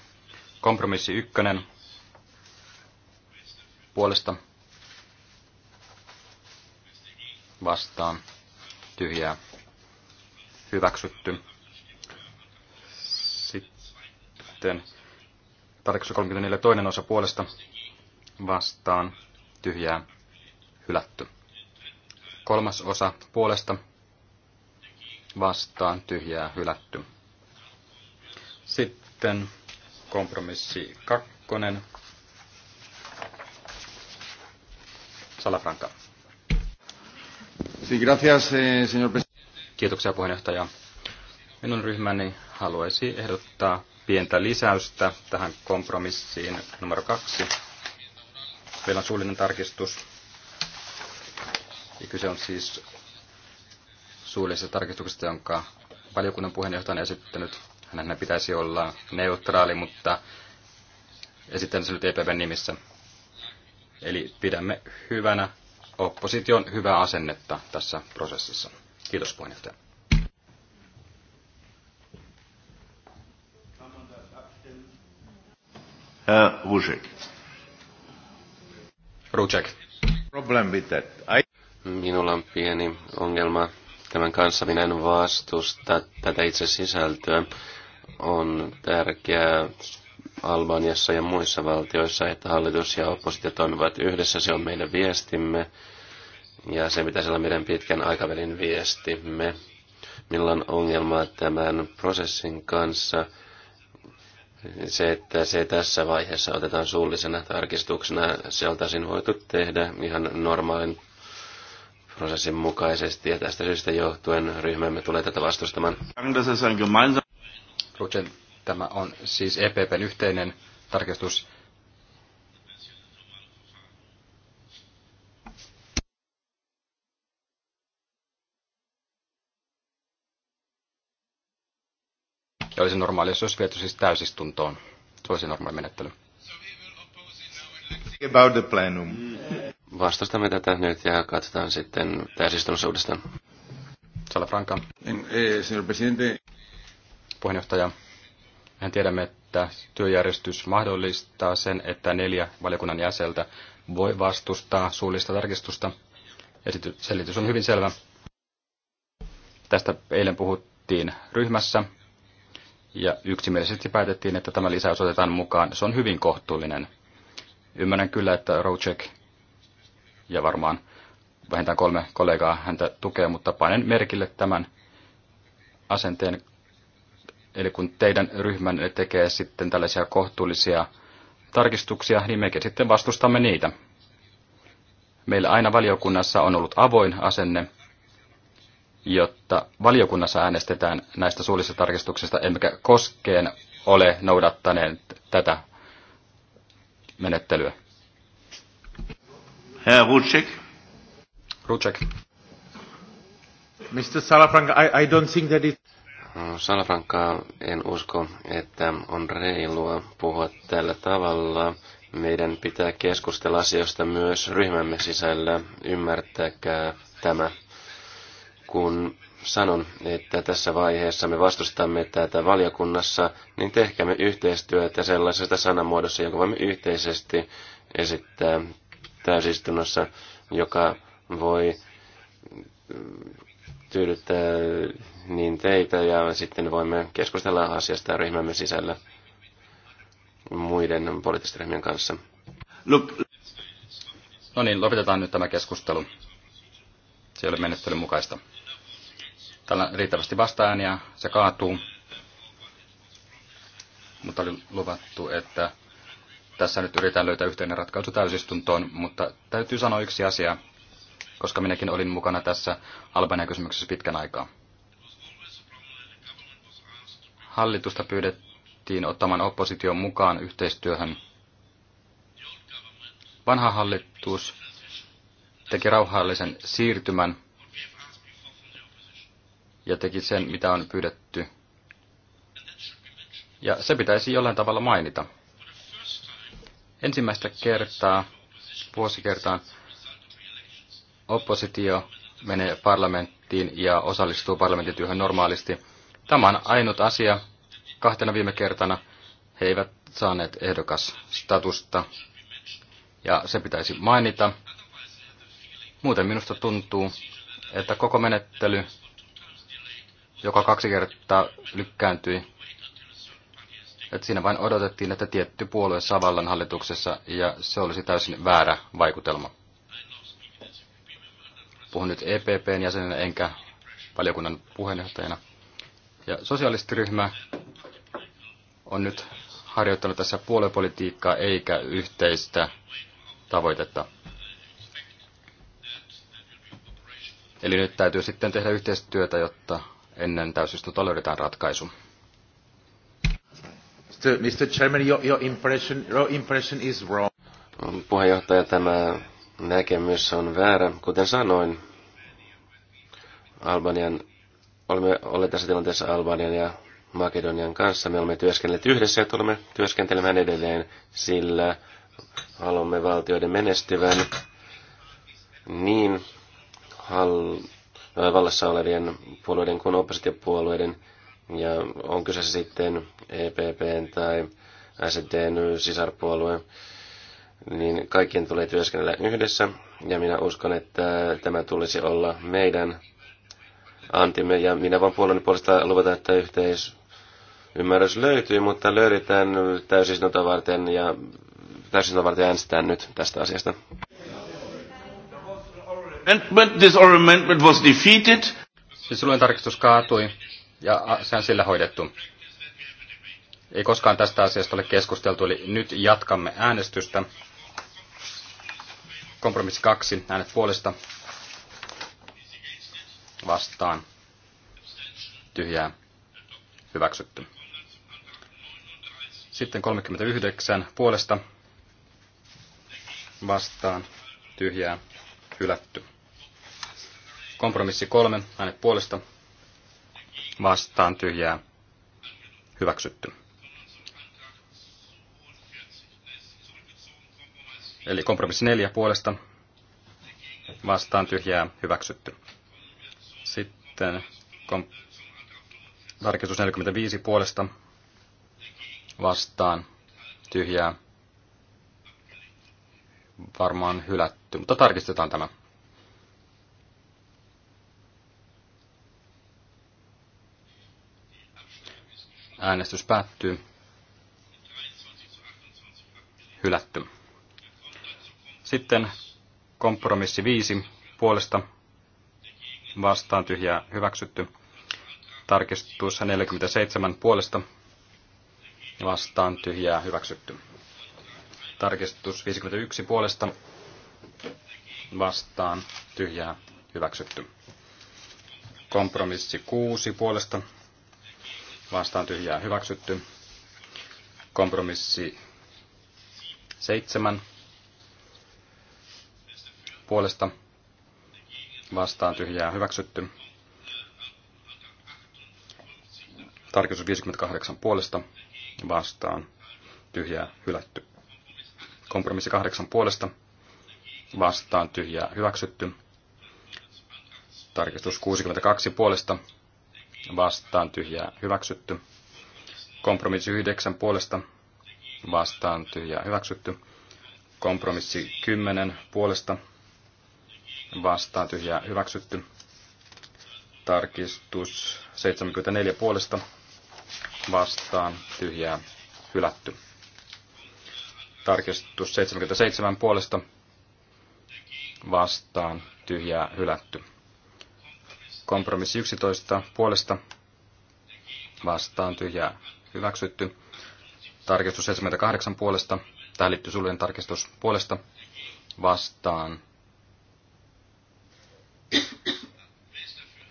Speaker 1: Kompromissi ykkönen puolesta vastaan tyhjää hyväksytty. Sitten tarkistus 34 toinen osa puolesta vastaan tyhjää hylätty. Kolmas osa puolesta vastaan tyhjää hylätty. Sitten kompromissi kakkonen. Salafranca. Sí, gracias, eh, señor presidente. Kiitoksia puheenjohtaja. Minun ryhmäni haluaisi ehdottaa pientä lisäystä tähän kompromissiin numero kaksi. Meillä on suullinen tarkistus. Ja kyse on siis suullisesta tarkistuksesta, jonka valiokunnan puheenjohtaja on esittänyt. Hänen pitäisi olla neutraali, mutta esittänyt se nyt EPPn nimissä. Eli pidämme hyvänä opposition hyvää asennetta tässä prosessissa. Kiitos puheenjohtaja.
Speaker 2: Uh, Minulla on pieni ongelma tämän kanssa. Minä en vastusta tätä itse sisältöä. On tärkeää Albaniassa ja muissa valtioissa, että hallitus ja oppositio toimivat yhdessä. Se on meidän viestimme ja se pitäisi olla meidän pitkän aikavälin viestimme. millä on ongelmaa tämän prosessin kanssa. Se, että se tässä vaiheessa otetaan suullisena tarkistuksena, se oltaisiin voitu tehdä ihan normaalin prosessin mukaisesti. Ja tästä syystä johtuen ryhmämme tulee tätä vastustamaan. Rutsen, tämä on siis EPPn yhteinen
Speaker 1: tarkistus Ja olisi normaali, jos olisi viety siis täysistuntoon. Se olisi normaali menettely.
Speaker 2: About the plenum. Vastustamme tätä nyt ja katsotaan sitten täysistunnossa uudestaan. Salafranca. Eh,
Speaker 1: señor Puheenjohtaja, mehän tiedämme, että työjärjestys mahdollistaa sen, että neljä valiokunnan jäseltä voi vastustaa suullista tarkistusta. Esity- selitys on hyvin selvä. Tästä eilen puhuttiin ryhmässä ja yksimielisesti päätettiin, että tämä lisäys otetaan mukaan. Se on hyvin kohtuullinen. Ymmärrän kyllä, että Rocek ja varmaan vähintään kolme kollegaa häntä tukee, mutta painen merkille tämän asenteen. Eli kun teidän ryhmän tekee sitten tällaisia kohtuullisia tarkistuksia, niin mekin sitten vastustamme niitä. Meillä aina valiokunnassa on ollut avoin asenne jotta valiokunnassa äänestetään näistä suullisista tarkistuksista, emmekä koskeen ole noudattaneet tätä menettelyä. Herr Rutschek. Rutschek. Mr. Salafranca, I, I don't think that
Speaker 2: it... No, Salafranca, en usko, että on reilua puhua tällä tavalla. Meidän pitää keskustella asioista myös ryhmämme sisällä. Ymmärtäkää tämä kun sanon, että tässä vaiheessa me vastustamme tätä valiokunnassa, niin tehkäämme yhteistyötä sellaisesta sanamuodossa, jonka voimme yhteisesti esittää täysistunnossa, joka voi mm, tyydyttää niin teitä ja sitten voimme keskustella asiasta ryhmämme sisällä muiden poliittisten ryhmien kanssa.
Speaker 1: No niin, lopetetaan nyt tämä keskustelu. Se ei ole menettelyn mukaista tällä riittävästi ja se kaatuu. Mutta oli luvattu, että tässä nyt yritän löytää yhteinen ratkaisu täysistuntoon, mutta täytyy sanoa yksi asia, koska minäkin olin mukana tässä Albanian kysymyksessä pitkän aikaa. Hallitusta pyydettiin ottamaan opposition mukaan yhteistyöhön. Vanha hallitus teki rauhallisen siirtymän ja teki sen, mitä on pyydetty. Ja se pitäisi jollain tavalla mainita. Ensimmäistä kertaa, vuosikertaan, oppositio menee parlamenttiin ja osallistuu parlamentin työhön normaalisti. Tämä on ainut asia. Kahtena viime kertana he eivät saaneet ehdokasstatusta ja se pitäisi mainita. Muuten minusta tuntuu, että koko menettely joka kaksi kertaa lykkääntyi. Et siinä vain odotettiin, että tietty puolue saa vallan hallituksessa, ja se olisi täysin väärä vaikutelma. Puhun nyt EPPn jäsenenä enkä valiokunnan puheenjohtajana. Ja sosialistiryhmä on nyt harjoittanut tässä puoluepolitiikkaa eikä yhteistä tavoitetta. Eli nyt täytyy sitten tehdä yhteistyötä, jotta ennen
Speaker 2: täysistuntoa löydetään ratkaisu. Mr. Chairman, your, your, impression, your impression is wrong. Puheenjohtaja, tämä näkemys on väärä. Kuten sanoin, Albanian, olemme olleet tässä tilanteessa Albanian ja Makedonian kanssa. Me olemme työskennelleet yhdessä ja tulemme työskentelemään edelleen, sillä haluamme valtioiden menestyvän niin hal- vallassa olevien puolueiden kuin oppositiopuolueiden, ja on kyse sitten EPPn tai SDn sisarpuolue, niin kaikkien tulee työskennellä yhdessä, ja minä uskon, että tämä tulisi olla meidän antimme, ja minä vaan puolueen puolesta luvata, että yhteis, ymmärrys löytyy, mutta löydetään täysistuntoa varten ja täysistuntoa varten äänestetään nyt tästä asiasta.
Speaker 1: Amendment, this or amendment was defeated. Siis tarkistus kaatui ja se on sillä hoidettu. Ei koskaan tästä asiasta ole keskusteltu, eli nyt jatkamme äänestystä. Kompromissi kaksi, äänet puolesta. Vastaan. Tyhjää. Hyväksytty. Sitten 39 puolesta vastaan tyhjää hylätty. Kompromissi kolme, äänet puolesta. Vastaan tyhjää. Hyväksytty. Eli kompromissi neljä puolesta. Vastaan tyhjää. Hyväksytty. Sitten kom- tarkistus 45 puolesta. Vastaan tyhjää. Varmaan hylätty, mutta tarkistetaan tämä. Äänestys päättyy. Hylätty. Sitten kompromissi 5 puolesta vastaan tyhjää hyväksytty. Tarkistus 47 puolesta vastaan tyhjää hyväksytty. Tarkistus 51 puolesta vastaan tyhjää hyväksytty. Kompromissi 6 puolesta vastaan tyhjää hyväksytty. Kompromissi 7 puolesta vastaan tyhjää hyväksytty. Tarkistus 58 puolesta vastaan tyhjää hylätty. Kompromissi 8 puolesta vastaan tyhjää hyväksytty. Tarkistus 62 puolesta vastaan tyhjää hyväksytty. Kompromissi 9 puolesta vastaan tyhjää hyväksytty. Kompromissi 10 puolesta vastaan tyhjää hyväksytty. Tarkistus 74 puolesta vastaan tyhjää hylätty. Tarkistus 77 puolesta vastaan tyhjää hylätty. Kompromissi 11 puolesta vastaan tyhjää hyväksytty. Tarkistus 78 puolesta. Tähän liittyy suljen tarkistus puolesta vastaan.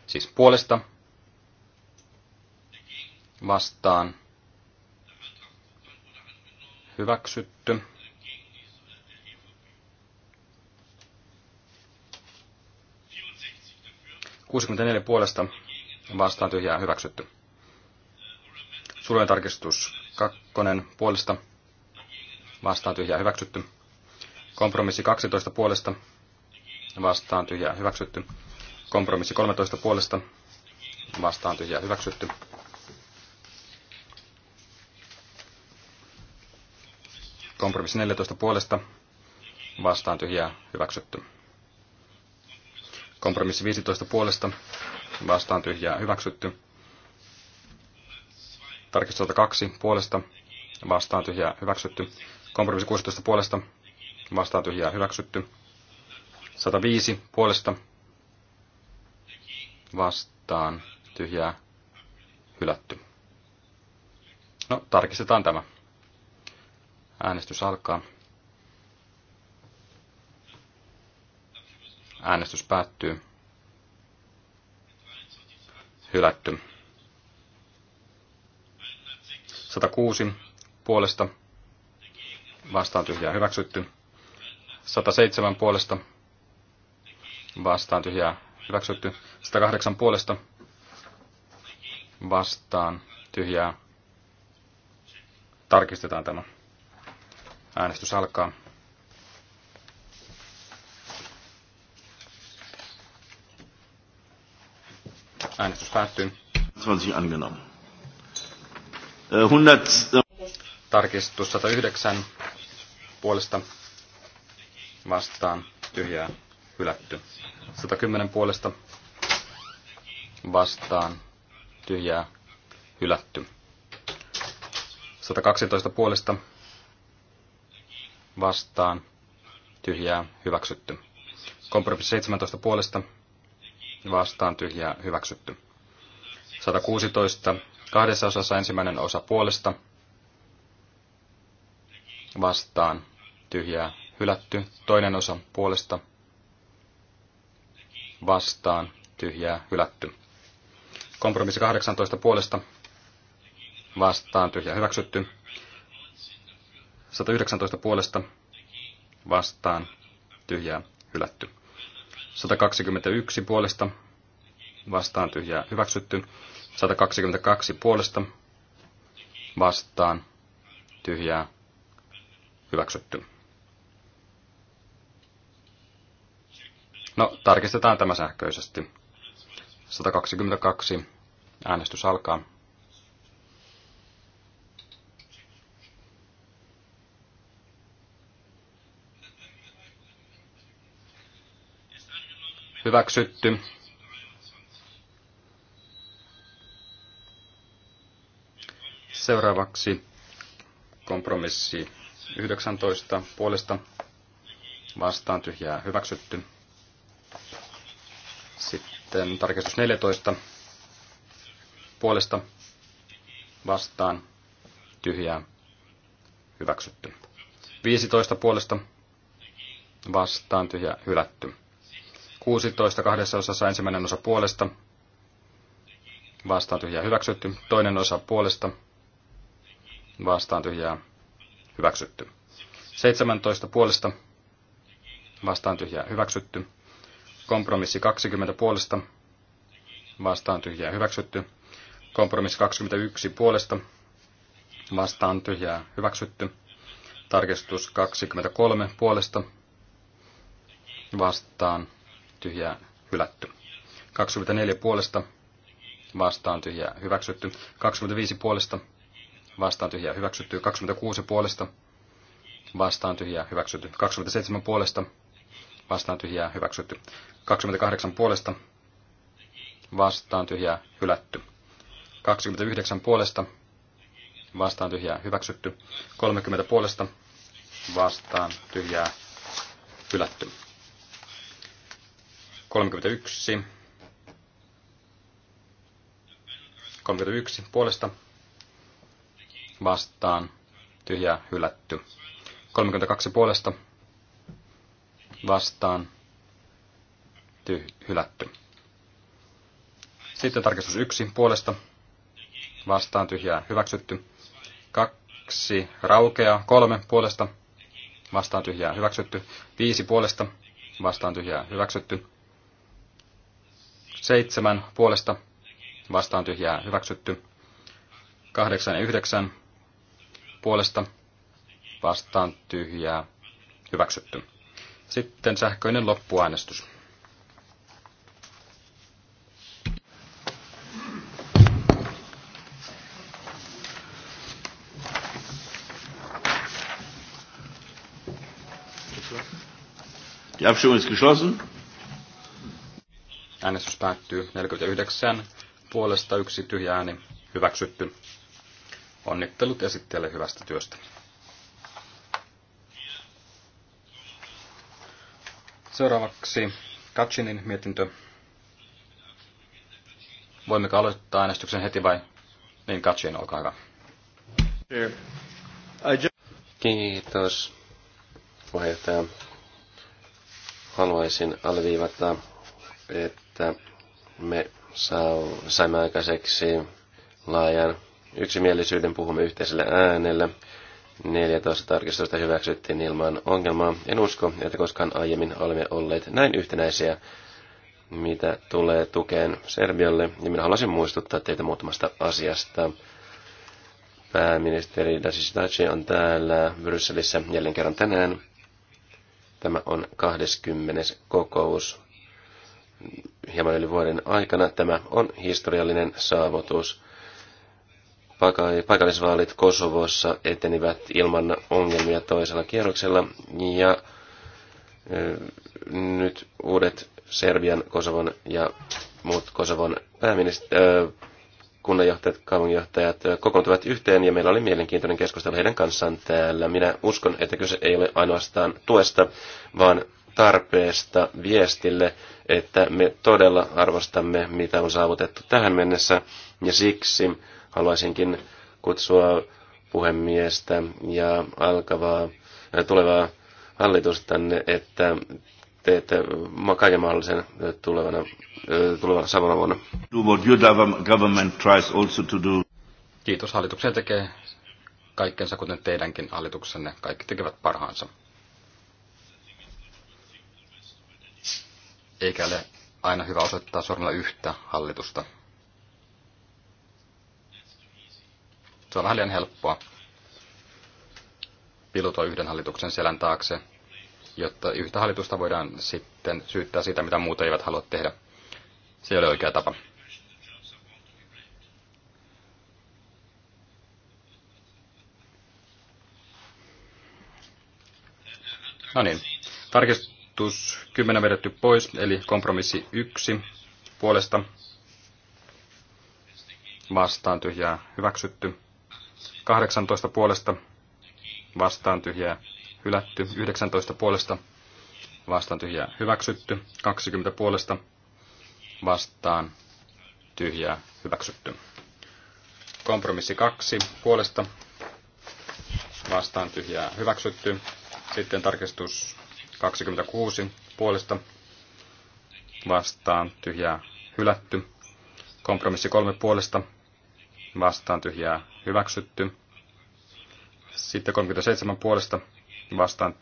Speaker 1: siis puolesta vastaan hyväksytty. 64 puolesta vastaan tyhjää hyväksytty. Sulojen tarkistus 2 puolesta vastaan tyhjää hyväksytty. Kompromissi 12 puolesta vastaan tyhjää hyväksytty. Kompromissi 13 puolesta vastaan tyhjää hyväksytty. Kompromissi 14 puolesta vastaan tyhjää hyväksytty. Kompromissi 15 puolesta vastaan tyhjää hyväksytty. Tarkistus 102 puolesta vastaan tyhjää hyväksytty. Kompromissi 16 puolesta vastaan tyhjää hyväksytty. 105 puolesta vastaan tyhjää hylätty. No, tarkistetaan tämä. Äänestys alkaa. Äänestys päättyy. Hylätty. 106 puolesta vastaan tyhjää hyväksytty. 107 puolesta vastaan tyhjää hyväksytty. 108 puolesta vastaan tyhjää. Tarkistetaan tämä. Äänestys alkaa. Äänestys päättyy. 20 angenommen. 100... Äh, äh, Tarkistus 109 puolesta vastaan tyhjää hylätty. 110 puolesta vastaan tyhjää hylätty. 112 puolesta vastaan tyhjää hyväksytty. Kompromissi 17 puolesta vastaan tyhjää hyväksytty. 116. Kahdessa osassa ensimmäinen osa puolesta vastaan tyhjää hylätty. Toinen osa puolesta vastaan tyhjää hylätty. Kompromissi 18 puolesta vastaan tyhjää hyväksytty. 119 puolesta vastaan tyhjää hylätty. 121 puolesta vastaan tyhjää hyväksytty. 122 puolesta vastaan tyhjää hyväksytty. No, tarkistetaan tämä sähköisesti. 122. Äänestys alkaa. hyväksytty. Seuraavaksi kompromissi 19 puolesta vastaan tyhjää hyväksytty. Sitten tarkistus 14 puolesta vastaan tyhjää hyväksytty. 15 puolesta vastaan tyhjä hylätty. 16 kahdessa osassa ensimmäinen osa puolesta. Vastaan tyhjää hyväksytty. Toinen osa puolesta. Vastaan tyhjää hyväksytty. 17 puolesta. Vastaan tyhjää hyväksytty. Kompromissi 20 puolesta. Vastaan tyhjää hyväksytty. Kompromissi 21 puolesta. Vastaan tyhjää hyväksytty. Tarkistus 23 puolesta. Vastaan tyhjää hylätty. 24 puolesta vastaan tyhjää hyväksytty. 25 puolesta vastaan tyhjää hyväksytty. 26 puolesta vastaan tyhjää hyväksytty. 27 puolesta vastaan tyhjää hyväksytty. 28 puolesta vastaan tyhjää hylätty. 29 puolesta vastaan tyhjää hyväksytty. 30 puolesta vastaan tyhjää hylätty. 31. 31 puolesta vastaan tyhjä hylätty. 32 puolesta vastaan tyh- hylätty. Sitten tarkistus 1 puolesta vastaan tyhjää hyväksytty. 2 raukea 3 puolesta vastaan tyhjää hyväksytty. 5 puolesta vastaan tyhjää hyväksytty. 7 puolesta vastaan tyhjää hyväksytty. 8 ja 9 puolesta vastaan tyhjää hyväksytty. Sitten sähköinen loppuäänestys. Die Abstimmung ist geschlossen. Äänestys päättyy 49 puolesta yksi tyhjä ääni hyväksytty. Onnittelut esittäjälle hyvästä työstä. Seuraavaksi Katsinin mietintö. Voimmeko aloittaa äänestyksen heti
Speaker 2: vai? Niin, Katsin, olkaa hyvä. Kiitos, puheenjohtaja. Haluaisin alviivata, että että me saimme aikaiseksi laajan yksimielisyyden, puhumme yhteisellä äänellä. 14 tarkistusta hyväksyttiin ilman ongelmaa. En usko, että koskaan aiemmin olemme olleet näin yhtenäisiä, mitä tulee tukeen Serbialle. Ja minä haluaisin muistuttaa teitä muutamasta asiasta. Pääministeri Dasistaci on täällä Brysselissä jälleen kerran tänään. Tämä on 20. kokous hieman yli vuoden aikana. Tämä on historiallinen saavutus. Paikallisvaalit Kosovossa etenivät ilman ongelmia toisella kierroksella ja nyt uudet Serbian, Kosovon ja muut Kosovon pääministeri, kunnanjohtajat, kaupunginjohtajat kokoontuvat yhteen ja meillä oli mielenkiintoinen keskustelu heidän kanssaan täällä. Minä uskon, että kyse ei ole ainoastaan tuesta, vaan tarpeesta viestille, että me todella arvostamme, mitä on saavutettu tähän mennessä, ja siksi haluaisinkin kutsua puhemiestä ja alkavaa äh, tulevaa hallitustanne, että teette kaiken mahdollisen äh, tulevana, äh, tulevana samana vuonna.
Speaker 1: Kiitos. Hallituksen tekee kaikkensa, kuten teidänkin
Speaker 2: hallituksenne.
Speaker 1: Kaikki tekevät parhaansa. eikä ole aina hyvä osoittaa sormella yhtä hallitusta. Se on vähän liian helppoa pilutua yhden hallituksen selän taakse, jotta yhtä hallitusta voidaan sitten syyttää siitä, mitä muut eivät halua tehdä. Se ei ole oikea tapa. No niin, tarkistus ehdotus 10 vedetty pois, eli kompromissi 1 puolesta vastaan tyhjää hyväksytty. 18 puolesta vastaan tyhjää hylätty. 19 puolesta vastaan tyhjää hyväksytty. 20 puolesta vastaan tyhjää hyväksytty. Kompromissi 2 puolesta vastaan tyhjää hyväksytty. Sitten tarkistus 26 puolesta vastaan tyhjää hylätty. Kompromissi 3 puolesta vastaan tyhjää hyväksytty. Sitten 37 puolesta vastaan...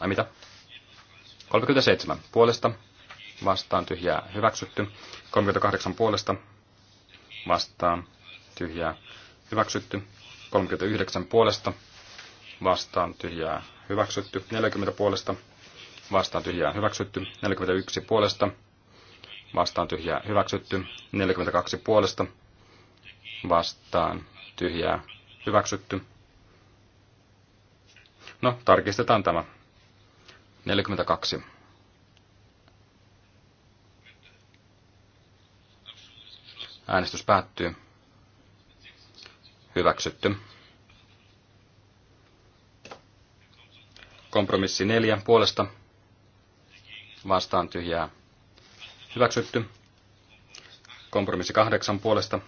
Speaker 1: Ai mitä? 37 puolesta vastaan tyhjää hyväksytty. 38 puolesta vastaan tyhjää hyväksytty. 39 puolesta vastaan tyhjää hyväksytty. 40 puolesta vastaan tyhjää hyväksytty. 41 puolesta vastaan tyhjää hyväksytty. 42 puolesta vastaan tyhjää hyväksytty. No, tarkistetaan tämä. 42. Äänestys päättyy. Hyväksytty. Kompromissi neljä puolesta vastaan tyhjää hyväksytty. Kompromissi kahdeksan puolesta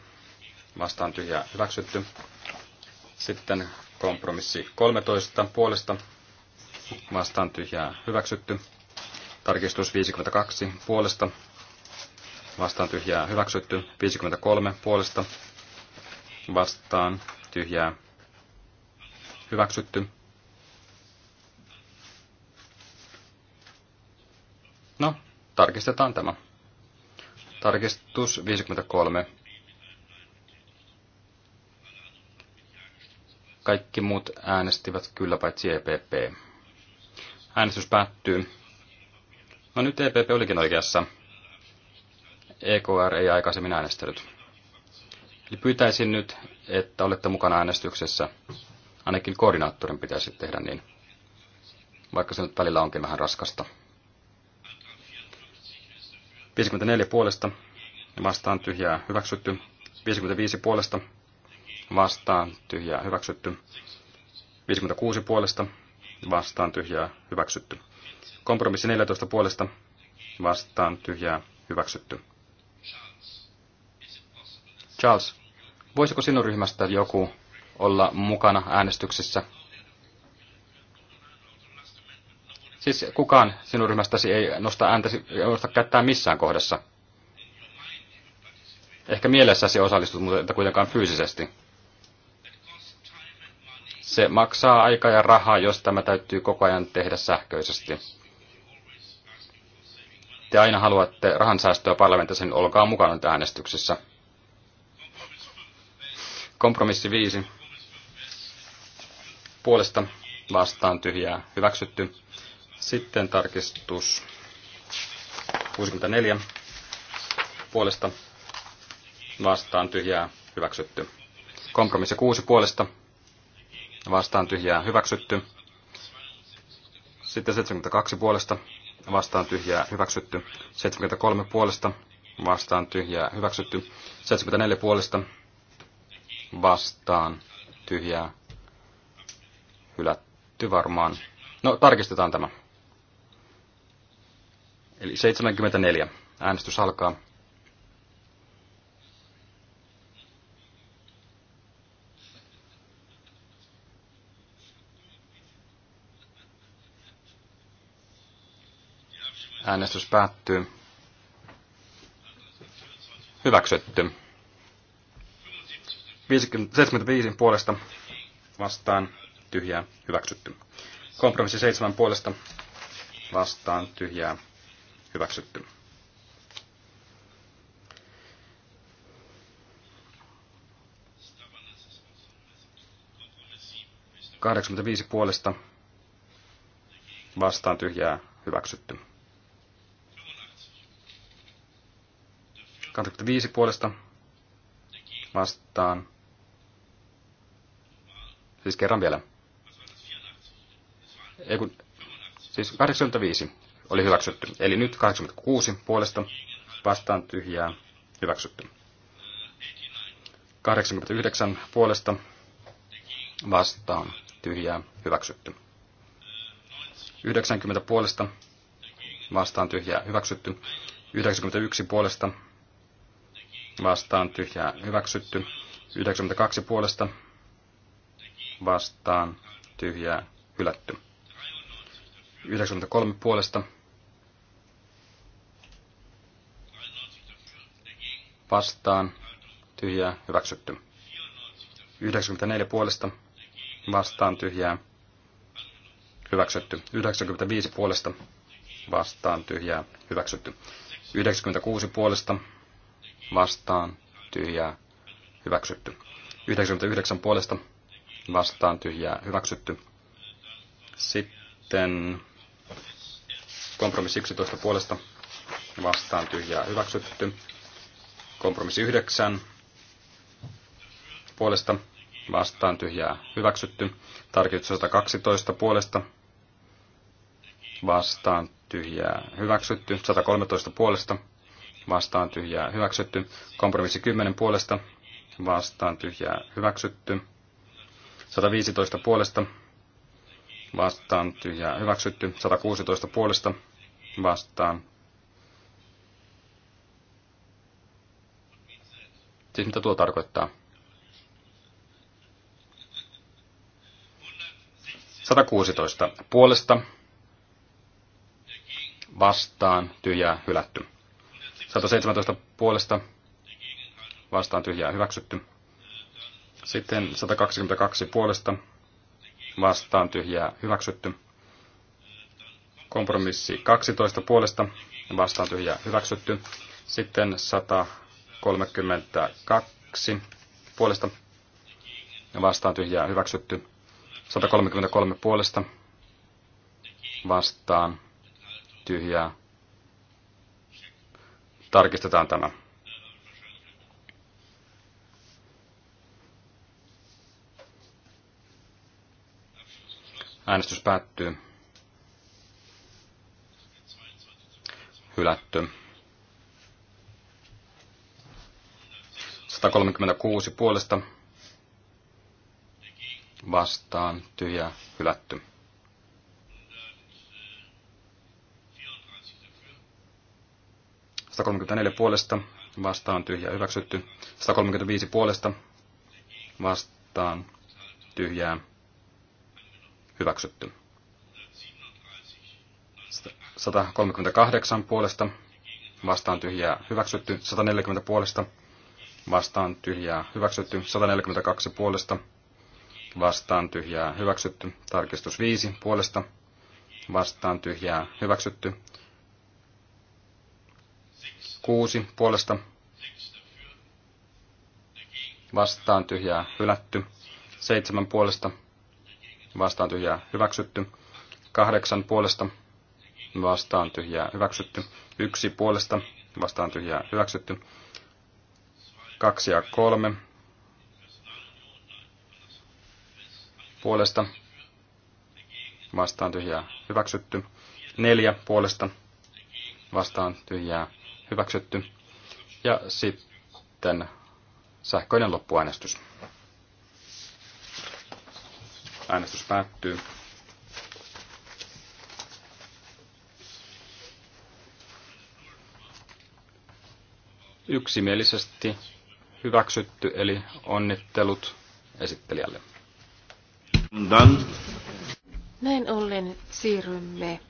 Speaker 1: vastaan tyhjää hyväksytty. Sitten kompromissi 13 puolesta vastaan tyhjää hyväksytty. Tarkistus 52 puolesta vastaan tyhjää hyväksytty. 53 puolesta vastaan tyhjää hyväksytty. No, tarkistetaan tämä. Tarkistus 53. Kaikki muut äänestivät kyllä paitsi EPP. Äänestys päättyy. No nyt EPP olikin oikeassa. EKR ei aikaisemmin äänestänyt. Eli pyytäisin nyt, että olette mukana äänestyksessä. Ainakin koordinaattorin pitäisi tehdä niin, vaikka se nyt välillä onkin vähän raskasta. 54 puolesta vastaan tyhjää hyväksytty. 55 puolesta vastaan tyhjää hyväksytty. 56 puolesta vastaan tyhjää hyväksytty. Kompromissi 14 puolesta vastaan tyhjää hyväksytty. Charles, voisiko sinun ryhmästä joku olla mukana äänestyksessä Siis kukaan sinun ryhmästäsi ei nosta ääntäsi, ei nosta kättää missään kohdassa. Ehkä mielessäsi osallistut, mutta kuitenkaan fyysisesti. Se maksaa aikaa ja rahaa, jos tämä täytyy koko ajan tehdä sähköisesti. Te aina haluatte säästöä parlamentissa, niin olkaa mukana nyt äänestyksissä. Kompromissi 5. Puolesta vastaan tyhjää hyväksytty. Sitten tarkistus 64 puolesta vastaan tyhjää hyväksytty. Kompromissi 6 puolesta vastaan tyhjää hyväksytty. Sitten 72 puolesta vastaan tyhjää hyväksytty. 73 puolesta vastaan tyhjää hyväksytty. 74 puolesta vastaan tyhjää hylätty varmaan. No tarkistetaan tämä. Eli 74. Äänestys alkaa. Äänestys päättyy. Hyväksytty. 75 puolesta vastaan tyhjää hyväksytty. Kompromissi 7 puolesta vastaan tyhjää Hyväksytty. Kahdeksankymmentäviisi puolesta vastaan tyhjää hyväksytty. 25 puolesta vastaan. Siis kerran vielä. Ei kun, siis 85 oli hyväksytty. Eli nyt 86 puolesta vastaan tyhjää hyväksytty. 89 puolesta vastaan tyhjää hyväksytty. 90 puolesta vastaan tyhjää hyväksytty. 91 puolesta vastaan tyhjää hyväksytty. 92 puolesta vastaan tyhjää hylätty. 93 puolesta vastaan, tyhjää, hyväksytty. 94 puolesta, vastaan, tyhjää, hyväksytty. 95 puolesta, vastaan, tyhjää, hyväksytty. 96 puolesta, vastaan, tyhjää, hyväksytty. 99 puolesta, vastaan, tyhjää, hyväksytty. Sitten kompromissi 11 puolesta, vastaan, tyhjää, hyväksytty. Kompromissi 9 puolesta vastaan tyhjää hyväksytty. Tarkistus 112 puolesta vastaan tyhjää hyväksytty. 113 puolesta vastaan tyhjää hyväksytty. Kompromissi 10 puolesta vastaan tyhjää hyväksytty. 115 puolesta vastaan tyhjää hyväksytty. 116 puolesta vastaan Siis mitä tuo tarkoittaa? 116. Puolesta vastaan tyhjää hylätty. 117 puolesta vastaan tyhjää hyväksytty. Sitten 122 puolesta vastaan tyhjää hyväksytty. Kompromissi 12 puolesta vastaan tyhjää hyväksytty. Sitten 100 132 puolesta vastaan tyhjää hyväksytty. 133 puolesta vastaan tyhjää. Tarkistetaan tämä. Äänestys päättyy. Hylätty. 136 puolesta vastaan tyhjää hylätty. 134 puolesta vastaan tyhjää hyväksytty. 135 puolesta vastaan tyhjää hyväksytty. 138 puolesta vastaan tyhjää hyväksytty. 140 puolesta vastaan tyhjää hyväksytty, 142 puolesta vastaan tyhjää hyväksytty, tarkistus 5 puolesta vastaan tyhjää hyväksytty, 6 puolesta vastaan tyhjää hylätty, 7 puolesta vastaan tyhjää hyväksytty, 8 puolesta vastaan tyhjää hyväksytty, 1 puolesta vastaan tyhjää hyväksytty, 2 ja 3 puolesta vastaan tyhjää hyväksytty. 4 puolesta vastaan tyhjää hyväksytty. Ja sitten sähköinen loppuäänestys. Äänestys päättyy. Yksimielisesti hyväksytty, eli onnittelut esittelijälle.
Speaker 3: Näin ollen siirrymme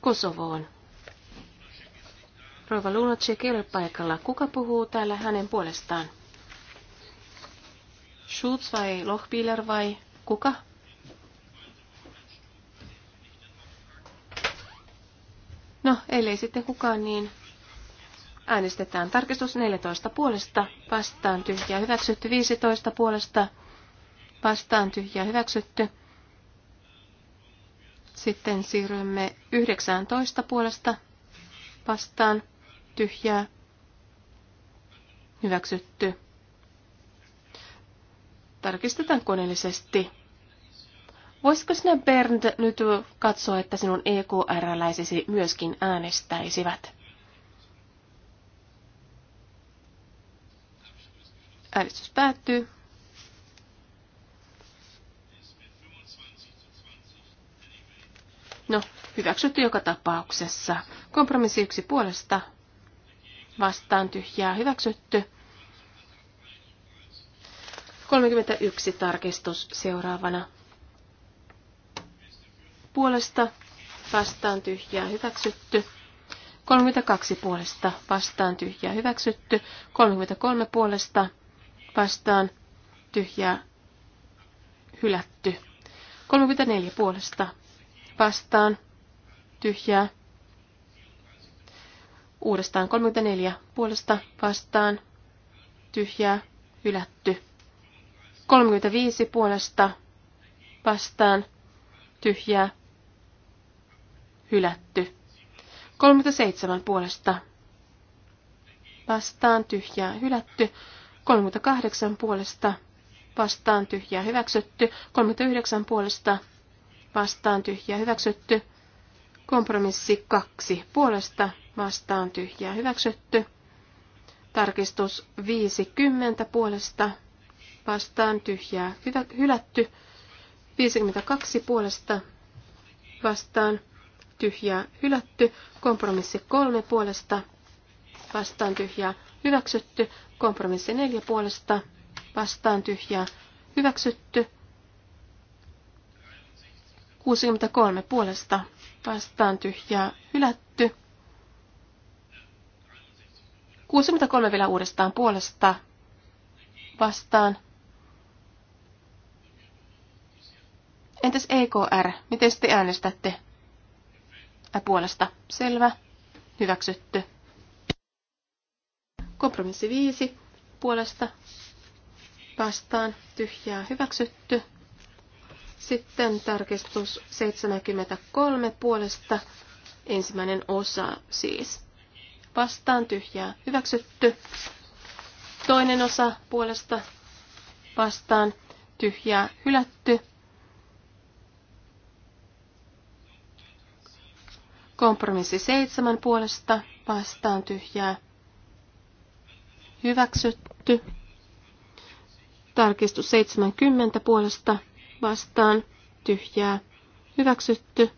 Speaker 3: Kosovoon. Rova Lunacek ei ole paikalla. Kuka puhuu täällä hänen puolestaan? Schulz vai Lochbieler vai kuka? No, ellei sitten kukaan, niin Äänestetään tarkistus 14 puolesta, vastaan tyhjä hyväksytty 15 puolesta, vastaan tyhjä hyväksytty. Sitten siirrymme 19 puolesta, vastaan tyhjä hyväksytty. Tarkistetaan koneellisesti. Voisiko sinä Bernd nyt katsoa, että sinun EQR-läisesi myöskin äänestäisivät? Äänestys päättyy. No, hyväksytty joka tapauksessa. Kompromissi yksi puolesta vastaan tyhjää hyväksytty. 31 tarkistus seuraavana. Puolesta vastaan tyhjää hyväksytty. 32 puolesta vastaan tyhjää hyväksytty. 33 puolesta vastaan tyhjää hylätty. 34 puolesta vastaan tyhjää. Uudestaan 34 puolesta vastaan tyhjää hylätty. 35 puolesta vastaan tyhjää hylätty. 37 puolesta vastaan tyhjää hylätty. 38 puolesta vastaan tyhjä hyväksytty. 39 puolesta vastaan tyhjä hyväksytty. Kompromissi 2 puolesta vastaan tyhjä hyväksytty. Tarkistus 50 puolesta vastaan tyhjää hyvä, hylätty. 52 puolesta vastaan tyhjää hylätty. Kompromissi 3 puolesta vastaan tyhjää hyväksytty. Kompromissi neljä puolesta vastaan tyhjää, hyväksytty. 63 puolesta vastaan tyhjää, hylätty. 63 vielä uudestaan puolesta vastaan. Entäs EKR? Miten te äänestätte? Ä puolesta. Selvä. Hyväksytty. Kompromissi 5 puolesta vastaan tyhjää hyväksytty. Sitten tarkistus 73 puolesta ensimmäinen osa siis. Vastaan tyhjää hyväksytty. Toinen osa puolesta vastaan tyhjää hylätty. Kompromissi seitsemän puolesta vastaan tyhjää hyväksytty. Tarkistus 70 puolesta vastaan tyhjää hyväksytty.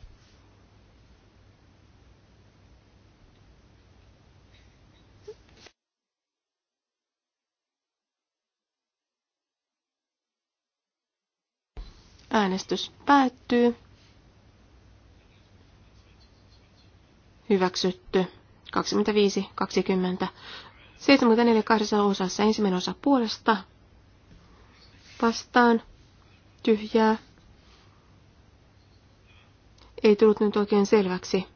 Speaker 3: Äänestys päättyy. Hyväksytty. 25, 20. 74.8. kahdessa osassa ensimmäinen osa puolesta vastaan tyhjää. Ei tullut nyt oikein selväksi.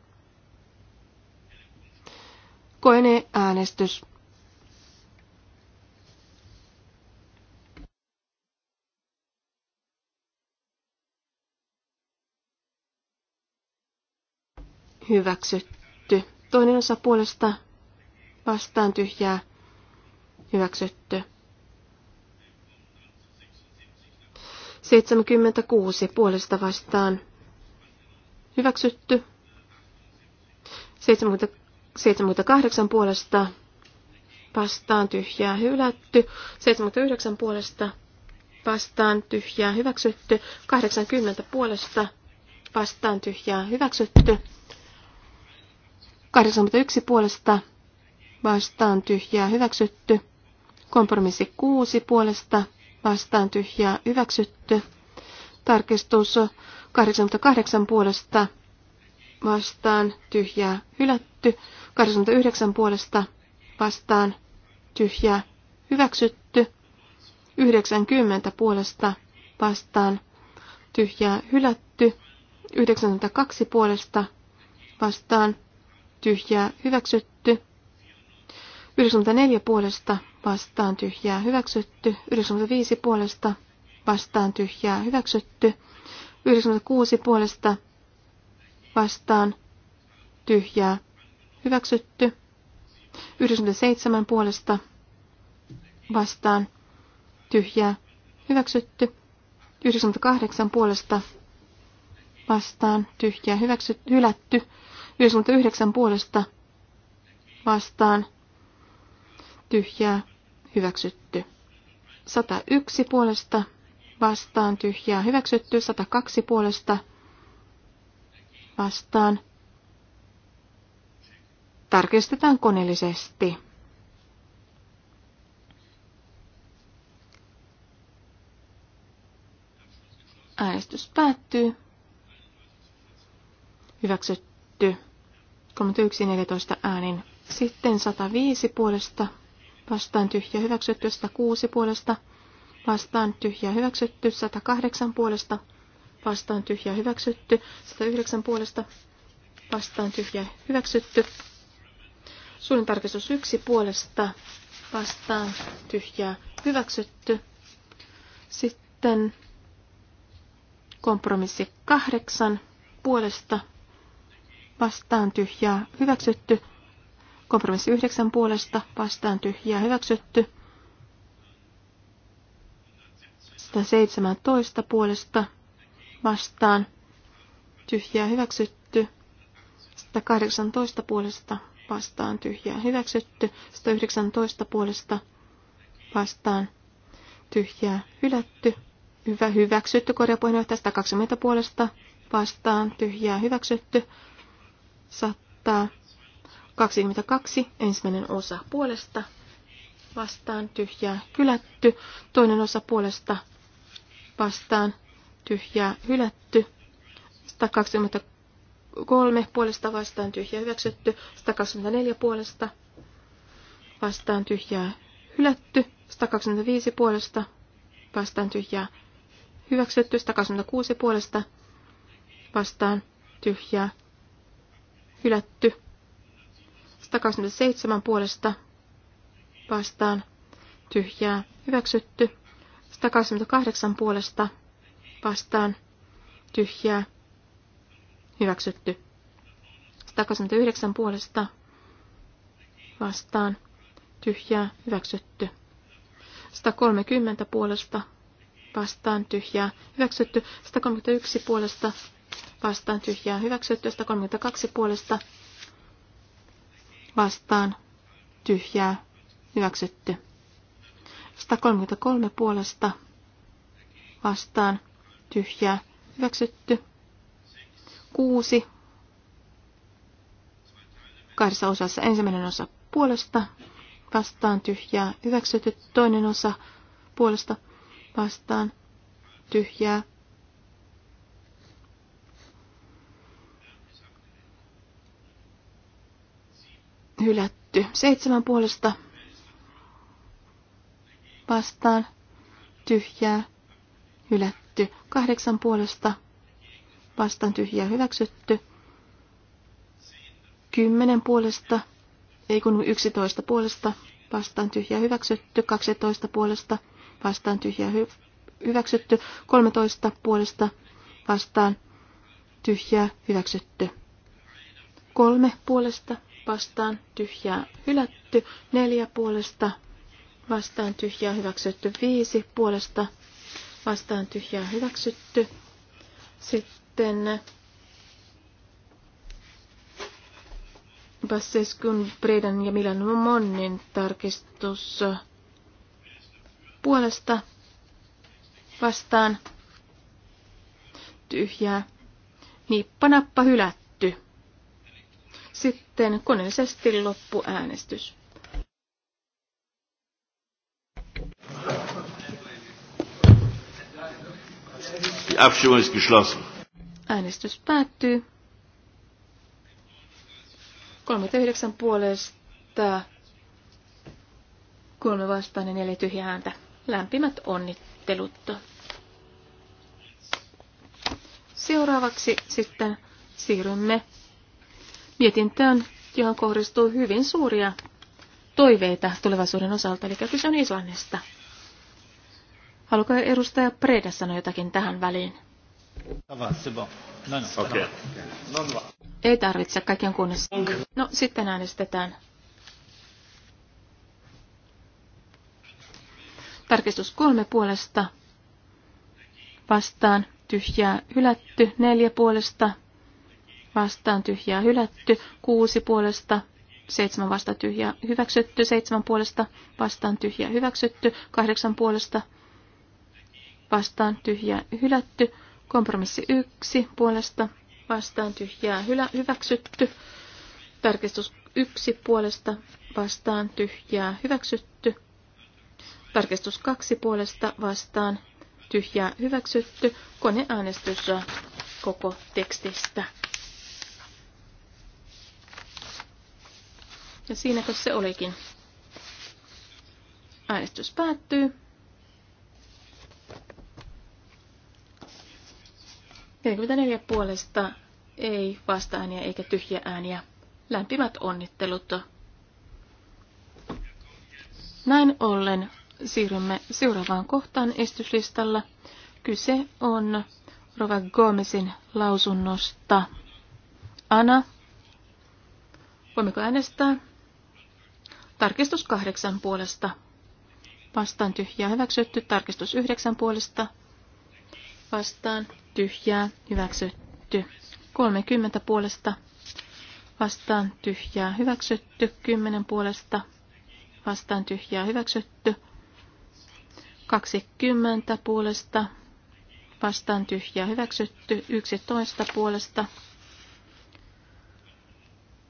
Speaker 3: äänestys Hyväksytty. Toinen osa puolesta vastaan tyhjää hyväksytty. 76 puolesta vastaan hyväksytty. 78 puolesta vastaan tyhjää hylätty. 79 puolesta vastaan tyhjää hyväksytty. 80 puolesta vastaan tyhjää hyväksytty. 81 puolesta vastaan tyhjää hyväksytty. Kompromissi 6 puolesta vastaan tyhjää hyväksytty. Tarkistus 88 puolesta vastaan tyhjää hylätty. 89 puolesta vastaan tyhjää hyväksytty. 90 puolesta vastaan tyhjää hylätty. 92 puolesta vastaan tyhjää hyväksytty. 94 puolesta vastaan tyhjää hyväksytty. 95 puolesta vastaan tyhjää hyväksytty. 96 puolesta vastaan tyhjää hyväksytty. 97 puolesta vastaan tyhjää hyväksytty. 98 puolesta vastaan tyhjää hyväksytty, hylätty. 99 puolesta vastaan tyhjää tyhjää, hyväksytty. 101 puolesta vastaan tyhjää, hyväksytty. 102 puolesta vastaan. Tarkistetaan koneellisesti. Äänestys päättyy. Hyväksytty. 31.14 äänin. Sitten 105 puolesta vastaan tyhjä hyväksytty 106 puolesta, vastaan tyhjä hyväksytty 108 puolesta, vastaan tyhjä hyväksytty 109 puolesta, vastaan tyhjä hyväksytty. Suunnin tarkistus 1 puolesta, vastaan tyhjä hyväksytty. Sitten kompromissi 8 puolesta, vastaan tyhjää hyväksytty. Kompromissi yhdeksän puolesta vastaan tyhjää hyväksytty. 117 puolesta vastaan tyhjää hyväksytty. 118 puolesta vastaan tyhjää hyväksytty. 119 puolesta vastaan tyhjää hylätty. Hyvä hyväksytty korjapuheenjohtaja 120 puolesta vastaan tyhjää hyväksytty. 100 22, ensimmäinen osa puolesta, vastaan tyhjää hylätty, toinen osa puolesta vastaan tyhjää hylätty, 123 puolesta vastaan tyhjää hyväksytty, 124 puolesta vastaan tyhjää hylätty, 125 puolesta vastaan tyhjää hyväksytty, 126 puolesta vastaan tyhjää hylätty, 127 puolesta vastaan tyhjää hyväksytty. 128 puolesta vastaan tyhjää hyväksytty. 129 puolesta vastaan tyhjää hyväksytty. 130 puolesta vastaan tyhjää hyväksytty. 131 puolesta vastaan tyhjää hyväksytty. 132 puolesta vastaan tyhjää hyväksytty. 133 puolesta vastaan tyhjää hyväksytty. 6 kahdessa osassa ensimmäinen osa puolesta vastaan tyhjää hyväksytty, toinen osa puolesta vastaan tyhjää hylätty. Seitsemän puolesta vastaan tyhjää hylätty. Kahdeksan puolesta vastaan tyhjää hyväksytty. Kymmenen puolesta, ei kun yksitoista puolesta vastaan tyhjää hyväksytty. Kaksitoista puolesta vastaan tyhjää hy- hyväksytty. Kolmetoista puolesta vastaan tyhjää hyväksytty. Kolme puolesta vastaan tyhjää hylätty, neljä puolesta vastaan tyhjää hyväksytty, viisi puolesta vastaan tyhjää hyväksytty. Sitten Basseskun, Bredan ja Milan Monnin tarkistus puolesta vastaan tyhjää. Nippanappa hylätty sitten koneellisesti loppuäänestys. Äänestys päättyy. 39 puolesta, 3 vastaan ja 4 tyhjää ääntä. Lämpimät onnittelut. Seuraavaksi sitten siirrymme mietintöön, johon kohdistuu hyvin suuria toiveita tulevaisuuden osalta, eli kyse on Islannista. Haluatko edustaja Preda sanoa jotakin tähän väliin? Okay. Ei tarvitse, kaikki on kunnossa. No, sitten äänestetään. Tarkistus kolme puolesta. Vastaan tyhjää hylätty. Neljä puolesta vastaan tyhjää hylätty, kuusi puolesta, seitsemän vasta tyhjää hyväksytty, seitsemän puolesta vastaan tyhjää hyväksytty, kahdeksan puolesta vastaan tyhjää hylätty, kompromissi yksi puolesta vastaan tyhjää hylä, hyväksytty, tarkistus yksi puolesta vastaan tyhjää hyväksytty, tarkistus kaksi puolesta vastaan tyhjää hyväksytty, koneäänestys koko tekstistä. Ja siinäkö se olikin? Äänestys päättyy. neljä puolesta ei vasta-ääniä eikä tyhjä ääniä. Lämpimät onnittelut. Näin ollen siirrymme seuraavaan kohtaan estyslistalla. Kyse on Rova Gomesin lausunnosta. Ana, voimmeko äänestää? Tarkistus kahdeksan puolesta. Vastaan tyhjää hyväksytty. Tarkistus yhdeksän puolesta. Vastaan tyhjää hyväksytty. 30 puolesta. Vastaan tyhjää hyväksytty. 10 puolesta. Vastaan tyhjää hyväksytty. 20 puolesta. Vastaan tyhjää hyväksytty. 11 puolesta.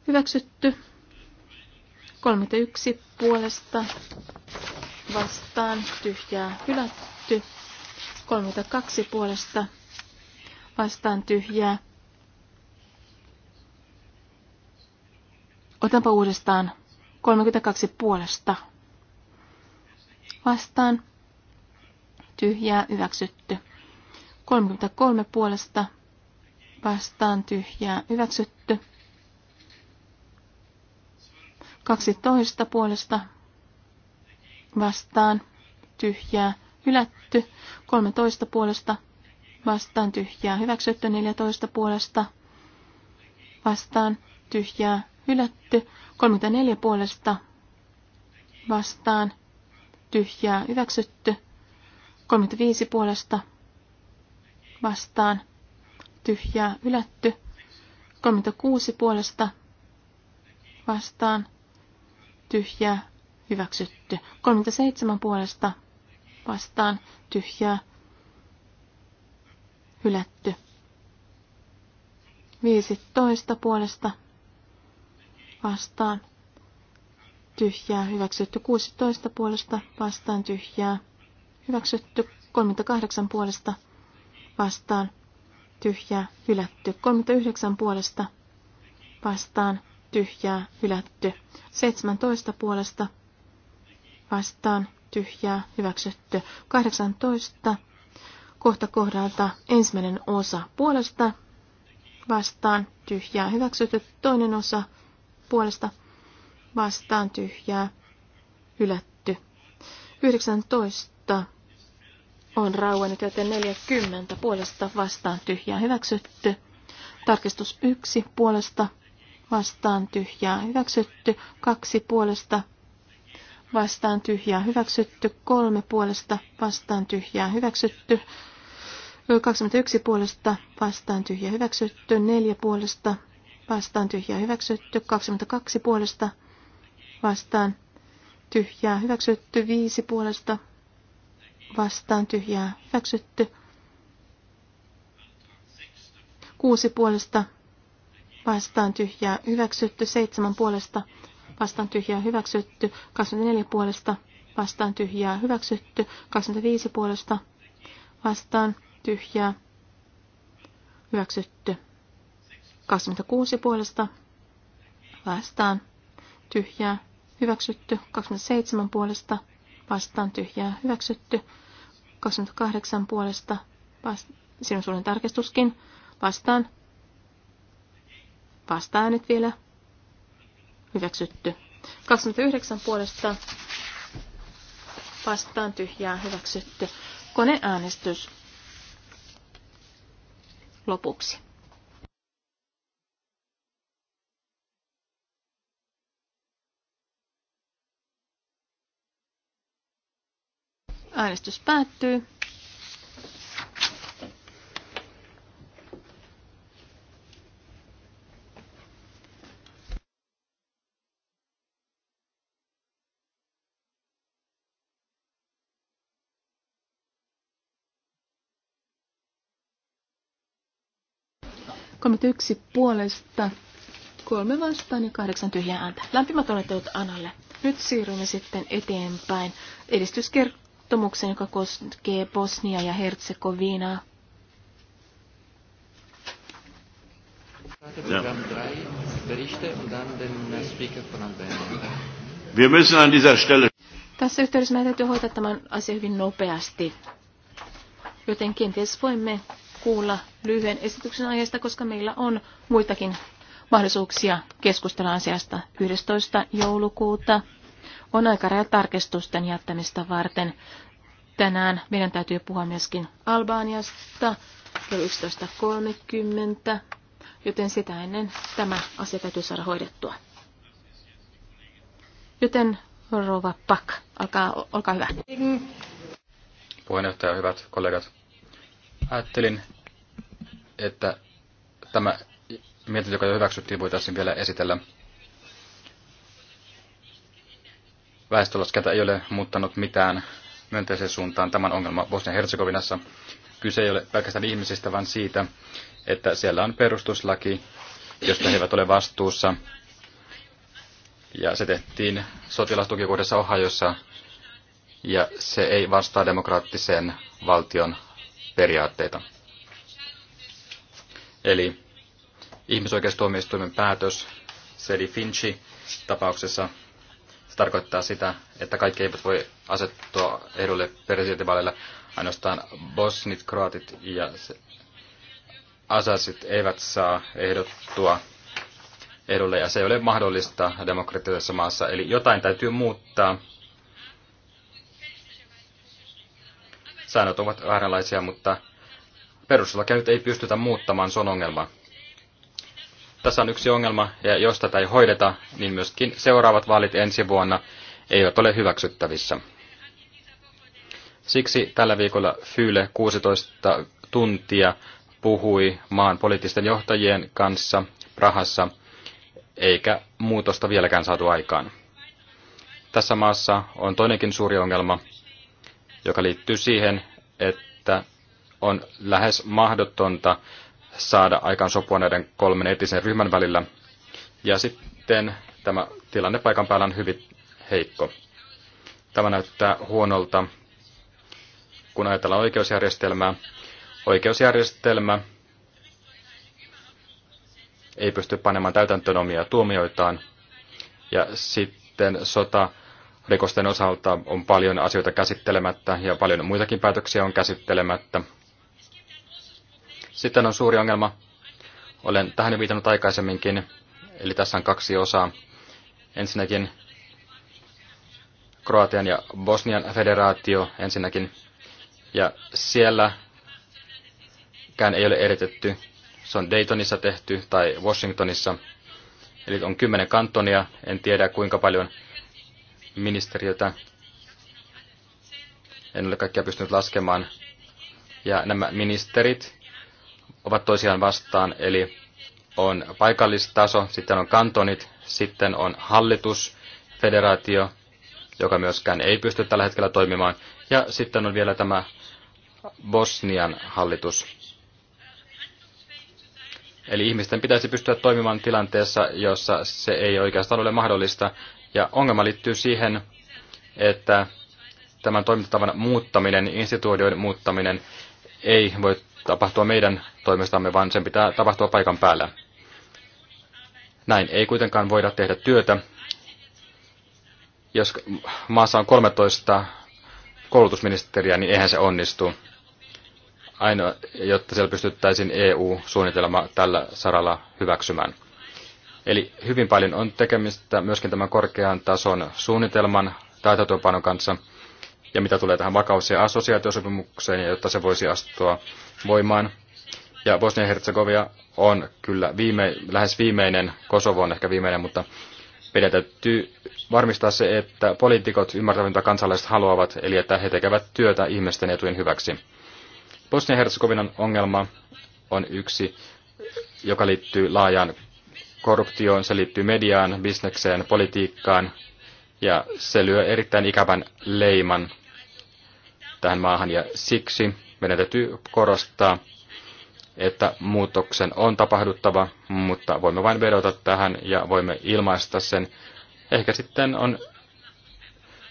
Speaker 3: Hyväksytty. 31 puolesta vastaan tyhjää hylätty. 32 puolesta vastaan tyhjää. Otanpa uudestaan 32 puolesta vastaan tyhjää hyväksytty. 33 puolesta vastaan tyhjää hyväksytty. 12 puolesta vastaan tyhjää hylätty. 13 puolesta vastaan tyhjää hyväksytty. 14 puolesta vastaan tyhjää hylätty. 34 puolesta vastaan tyhjää hyväksytty. 35 puolesta vastaan tyhjää hylätty. 36 puolesta vastaan tyhjää, hyväksytty. 37 puolesta vastaan, tyhjää, hylätty. 15 puolesta vastaan, tyhjää, hyväksytty. 16 puolesta vastaan, tyhjää, hyväksytty. 38 puolesta vastaan, tyhjää, hylätty. 39 puolesta vastaan, tyhjää, hylätty. 17 puolesta vastaan, tyhjää, hyväksytty. 18 kohta kohdalta ensimmäinen osa puolesta vastaan, tyhjää, hyväksytty. Toinen osa puolesta vastaan, tyhjää, hylätty. 19 on rauennut, joten 40 puolesta vastaan, tyhjää, hyväksytty. Tarkistus 1 puolesta vastaan tyhjää hyväksytty, kaksi puolesta vastaan tyhjää hyväksytty, kolme puolesta vastaan tyhjää hyväksytty, 21 puolesta vastaan tyhjää hyväksytty, neljä puolesta vastaan tyhjää hyväksytty, 22 puolesta vastaan tyhjää hyväksytty, viisi puolesta vastaan tyhjää hyväksytty, kuusi puolesta vastaan tyhjää hyväksytty, seitsemän puolesta vastaan tyhjää hyväksytty, 24 puolesta vastaan tyhjää hyväksytty, 25 puolesta vastaan tyhjää hyväksytty, 26 puolesta vastaan tyhjää hyväksytty, 27 puolesta vastaan tyhjää hyväksytty, 28 puolesta vastaan, sinun suunnan tarkistuskin vastaan vasta nyt vielä. Hyväksytty. 29 puolesta vastaan tyhjää hyväksytty. Koneäänestys lopuksi. Äänestys päättyy. 31 puolesta, kolme vastaan ja kahdeksan tyhjää ääntä. Lämpimät olettelut Analle. Nyt siirrymme sitten eteenpäin edistyskertomukseen, joka koskee Bosnia ja Herzegovinaa. Äh, tässä yhteydessä meidän täytyy hoitaa tämän asian hyvin nopeasti. Joten kenties voimme kuulla lyhyen esityksen aiheesta, koska meillä on muitakin mahdollisuuksia keskustella asiasta 11. joulukuuta. On aikaraja tarkistusten jättämistä varten. Tänään meidän täytyy puhua myöskin Albaaniasta kello 11.30, joten sitä ennen tämä asia täytyy saada hoidettua. Joten Rova Pak, alkaa, olkaa hyvä.
Speaker 1: Puheenjohtaja, hyvät kollegat. Ajattelin että tämä mietintö, joka jo hyväksyttiin, voitaisiin vielä esitellä. Väestölaskenta ei ole muuttanut mitään myönteiseen suuntaan tämän ongelma Bosnia-Herzegovinassa. Kyse ei ole pelkästään ihmisistä, vaan siitä, että siellä on perustuslaki, josta he eivät ole vastuussa. Ja se tehtiin sotilastukikohdassa Ohajossa, ja se ei vastaa demokraattisen valtion periaatteita. Eli ihmisoikeustuomioistuimen päätös Sedi Finchi tapauksessa se tarkoittaa sitä, että kaikki eivät voi asettua ehdolle presidentinvaaleilla. Ainoastaan bosnit, kroatit ja asasit eivät saa ehdottua ehdolle, ja se ei ole mahdollista demokraattisessa maassa. Eli jotain täytyy muuttaa. Säännöt ovat vääränlaisia, mutta perustuslakia nyt ei pystytä muuttamaan, se on ongelma. Tässä on yksi ongelma, ja jos tätä ei hoideta, niin myöskin seuraavat vaalit ensi vuonna eivät ole hyväksyttävissä. Siksi tällä viikolla Fyyle 16 tuntia puhui maan poliittisten johtajien kanssa Prahassa, eikä muutosta vieläkään saatu aikaan. Tässä maassa on toinenkin suuri ongelma, joka liittyy siihen, että on lähes mahdotonta saada aikaan sopua näiden kolmen etisen ryhmän välillä. Ja sitten tämä tilanne paikan päällä on hyvin heikko. Tämä näyttää huonolta, kun ajatellaan oikeusjärjestelmää. Oikeusjärjestelmä ei pysty panemaan täytäntöön omia tuomioitaan. Ja sitten sota rikosten osalta on paljon asioita käsittelemättä ja paljon muitakin päätöksiä on käsittelemättä. Sitten on suuri ongelma, olen tähän jo viitannut aikaisemminkin, eli tässä on kaksi osaa. Ensinnäkin Kroatian ja Bosnian federaatio ensinnäkin, ja sielläkään ei ole eritetty. Se on Daytonissa tehty tai Washingtonissa, eli on kymmenen kantonia, en tiedä kuinka paljon ministeriötä, en ole kaikkia pystynyt laskemaan. Ja nämä ministerit ovat toisiaan vastaan, eli on paikallistaso, sitten on kantonit, sitten on hallitus, federaatio, joka myöskään ei pysty tällä hetkellä toimimaan, ja sitten on vielä tämä Bosnian hallitus. Eli ihmisten pitäisi pystyä toimimaan tilanteessa, jossa se ei oikeastaan ole mahdollista. Ja ongelma liittyy siihen, että tämän toimintatavan muuttaminen, instituutioiden muuttaminen ei voi tapahtua meidän toimestamme, vaan sen pitää tapahtua paikan päällä. Näin ei kuitenkaan voida tehdä työtä, jos maassa on 13 koulutusministeriä, niin eihän se onnistu. Ainoa, jotta siellä pystyttäisiin EU-suunnitelma tällä saralla hyväksymään. Eli hyvin paljon on tekemistä myöskin tämän korkean tason suunnitelman täytäntöönpanon kanssa – ja mitä tulee tähän vakaus- ja assosiaatiosopimukseen, jotta se voisi astua voimaan. Ja Bosnia-Herzegovia on kyllä viime, lähes viimeinen, Kosovo on ehkä viimeinen, mutta meidän täytyy varmistaa se, että poliitikot ymmärtävät, mitä kansalaiset haluavat, eli että he tekevät työtä ihmisten etujen hyväksi. Bosnia-Herzegovinan ongelma on yksi, joka liittyy laajaan korruptioon, se liittyy mediaan, bisnekseen, politiikkaan, ja se lyö erittäin ikävän leiman tähän maahan ja siksi meidän täytyy korostaa, että muutoksen on tapahduttava, mutta voimme vain vedota tähän ja voimme ilmaista sen. Ehkä sitten on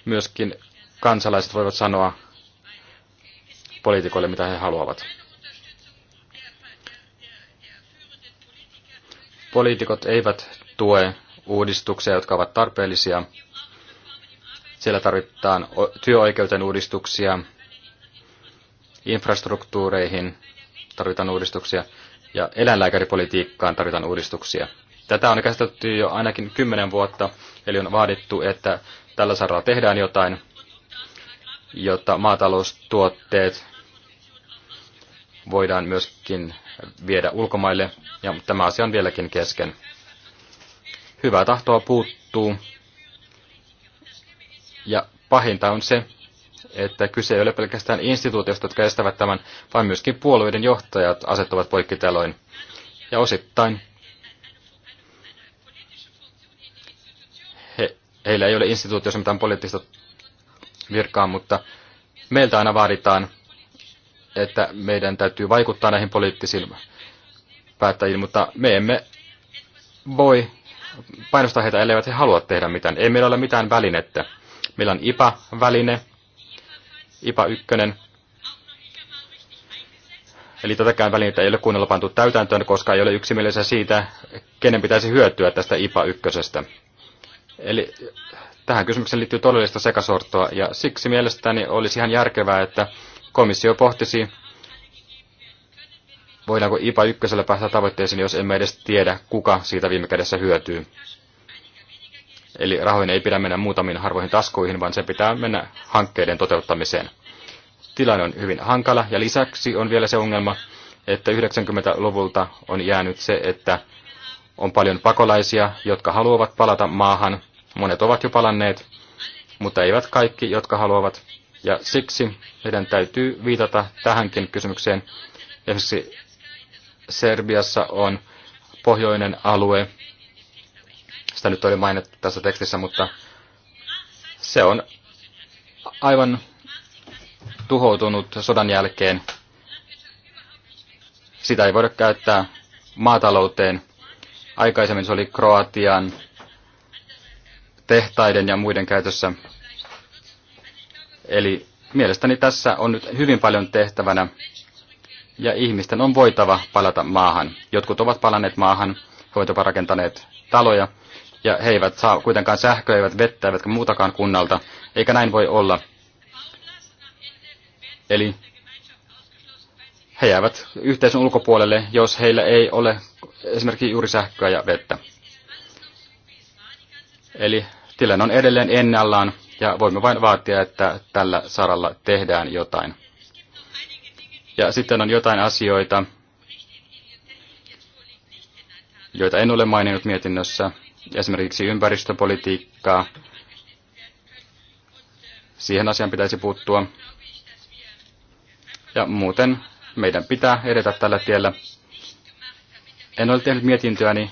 Speaker 1: myöskin kansalaiset voivat sanoa poliitikoille, mitä he haluavat. Poliitikot eivät tue uudistuksia, jotka ovat tarpeellisia. Siellä tarvitaan työoikeuden uudistuksia, infrastruktuureihin tarvitaan uudistuksia ja eläinlääkäripolitiikkaan tarvitaan uudistuksia. Tätä on käsitelty jo ainakin kymmenen vuotta, eli on vaadittu, että tällä saralla tehdään jotain, jotta maataloustuotteet voidaan myöskin viedä ulkomaille, ja tämä asia on vieläkin kesken. Hyvää tahtoa puuttuu, ja pahinta on se, että kyse ei ole pelkästään instituutioista, jotka estävät tämän, vaan myöskin puolueiden johtajat asettuvat poikkiteloin. Ja osittain he, heillä ei ole instituutiossa mitään poliittista virkaa, mutta meiltä aina vaaditaan, että meidän täytyy vaikuttaa näihin poliittisiin päättäjiin, mutta me emme voi painostaa heitä, elleivät he halua tehdä mitään. Ei meillä ole mitään välinettä. Meillä on IPA-väline, IPA 1. Eli tätäkään välinettä ei ole kunnolla pantu täytäntöön, koska ei ole yksimielisiä siitä, kenen pitäisi hyötyä tästä IPA 1. Eli äh, tähän kysymykseen liittyy todellista sekasortoa, ja siksi mielestäni olisi ihan järkevää, että komissio pohtisi, voidaanko IPA 1 päästä tavoitteeseen, jos emme edes tiedä, kuka siitä viime kädessä hyötyy. Eli rahojen ei pidä mennä muutamiin harvoihin taskuihin, vaan se pitää mennä hankkeiden toteuttamiseen. Tilanne on hyvin hankala ja lisäksi on vielä se ongelma, että 90-luvulta on jäänyt se, että on paljon pakolaisia, jotka haluavat palata maahan. Monet ovat jo palanneet, mutta eivät kaikki, jotka haluavat. Ja siksi meidän täytyy viitata tähänkin kysymykseen. Esimerkiksi Serbiassa on pohjoinen alue, sitä nyt oli mainittu tässä tekstissä, mutta se on aivan tuhoutunut sodan jälkeen. Sitä ei voida käyttää maatalouteen. Aikaisemmin se oli Kroatian tehtaiden ja muiden käytössä. Eli mielestäni tässä on nyt hyvin paljon tehtävänä ja ihmisten on voitava palata maahan. Jotkut ovat palanneet maahan, he ovat jopa rakentaneet taloja, ja he eivät saa kuitenkaan sähköä, eivät vettä, eivätkä muutakaan kunnalta, eikä näin voi olla. Eli he jäävät yhteisön ulkopuolelle, jos heillä ei ole esimerkiksi juuri sähköä ja vettä. Eli tilanne on edelleen ennallaan ja voimme vain vaatia, että tällä saralla tehdään jotain. Ja sitten on jotain asioita, joita en ole maininnut mietinnössä, esimerkiksi ympäristöpolitiikkaa. Siihen asiaan pitäisi puuttua. Ja muuten meidän pitää edetä tällä tiellä. En ole tehnyt mietintöäni,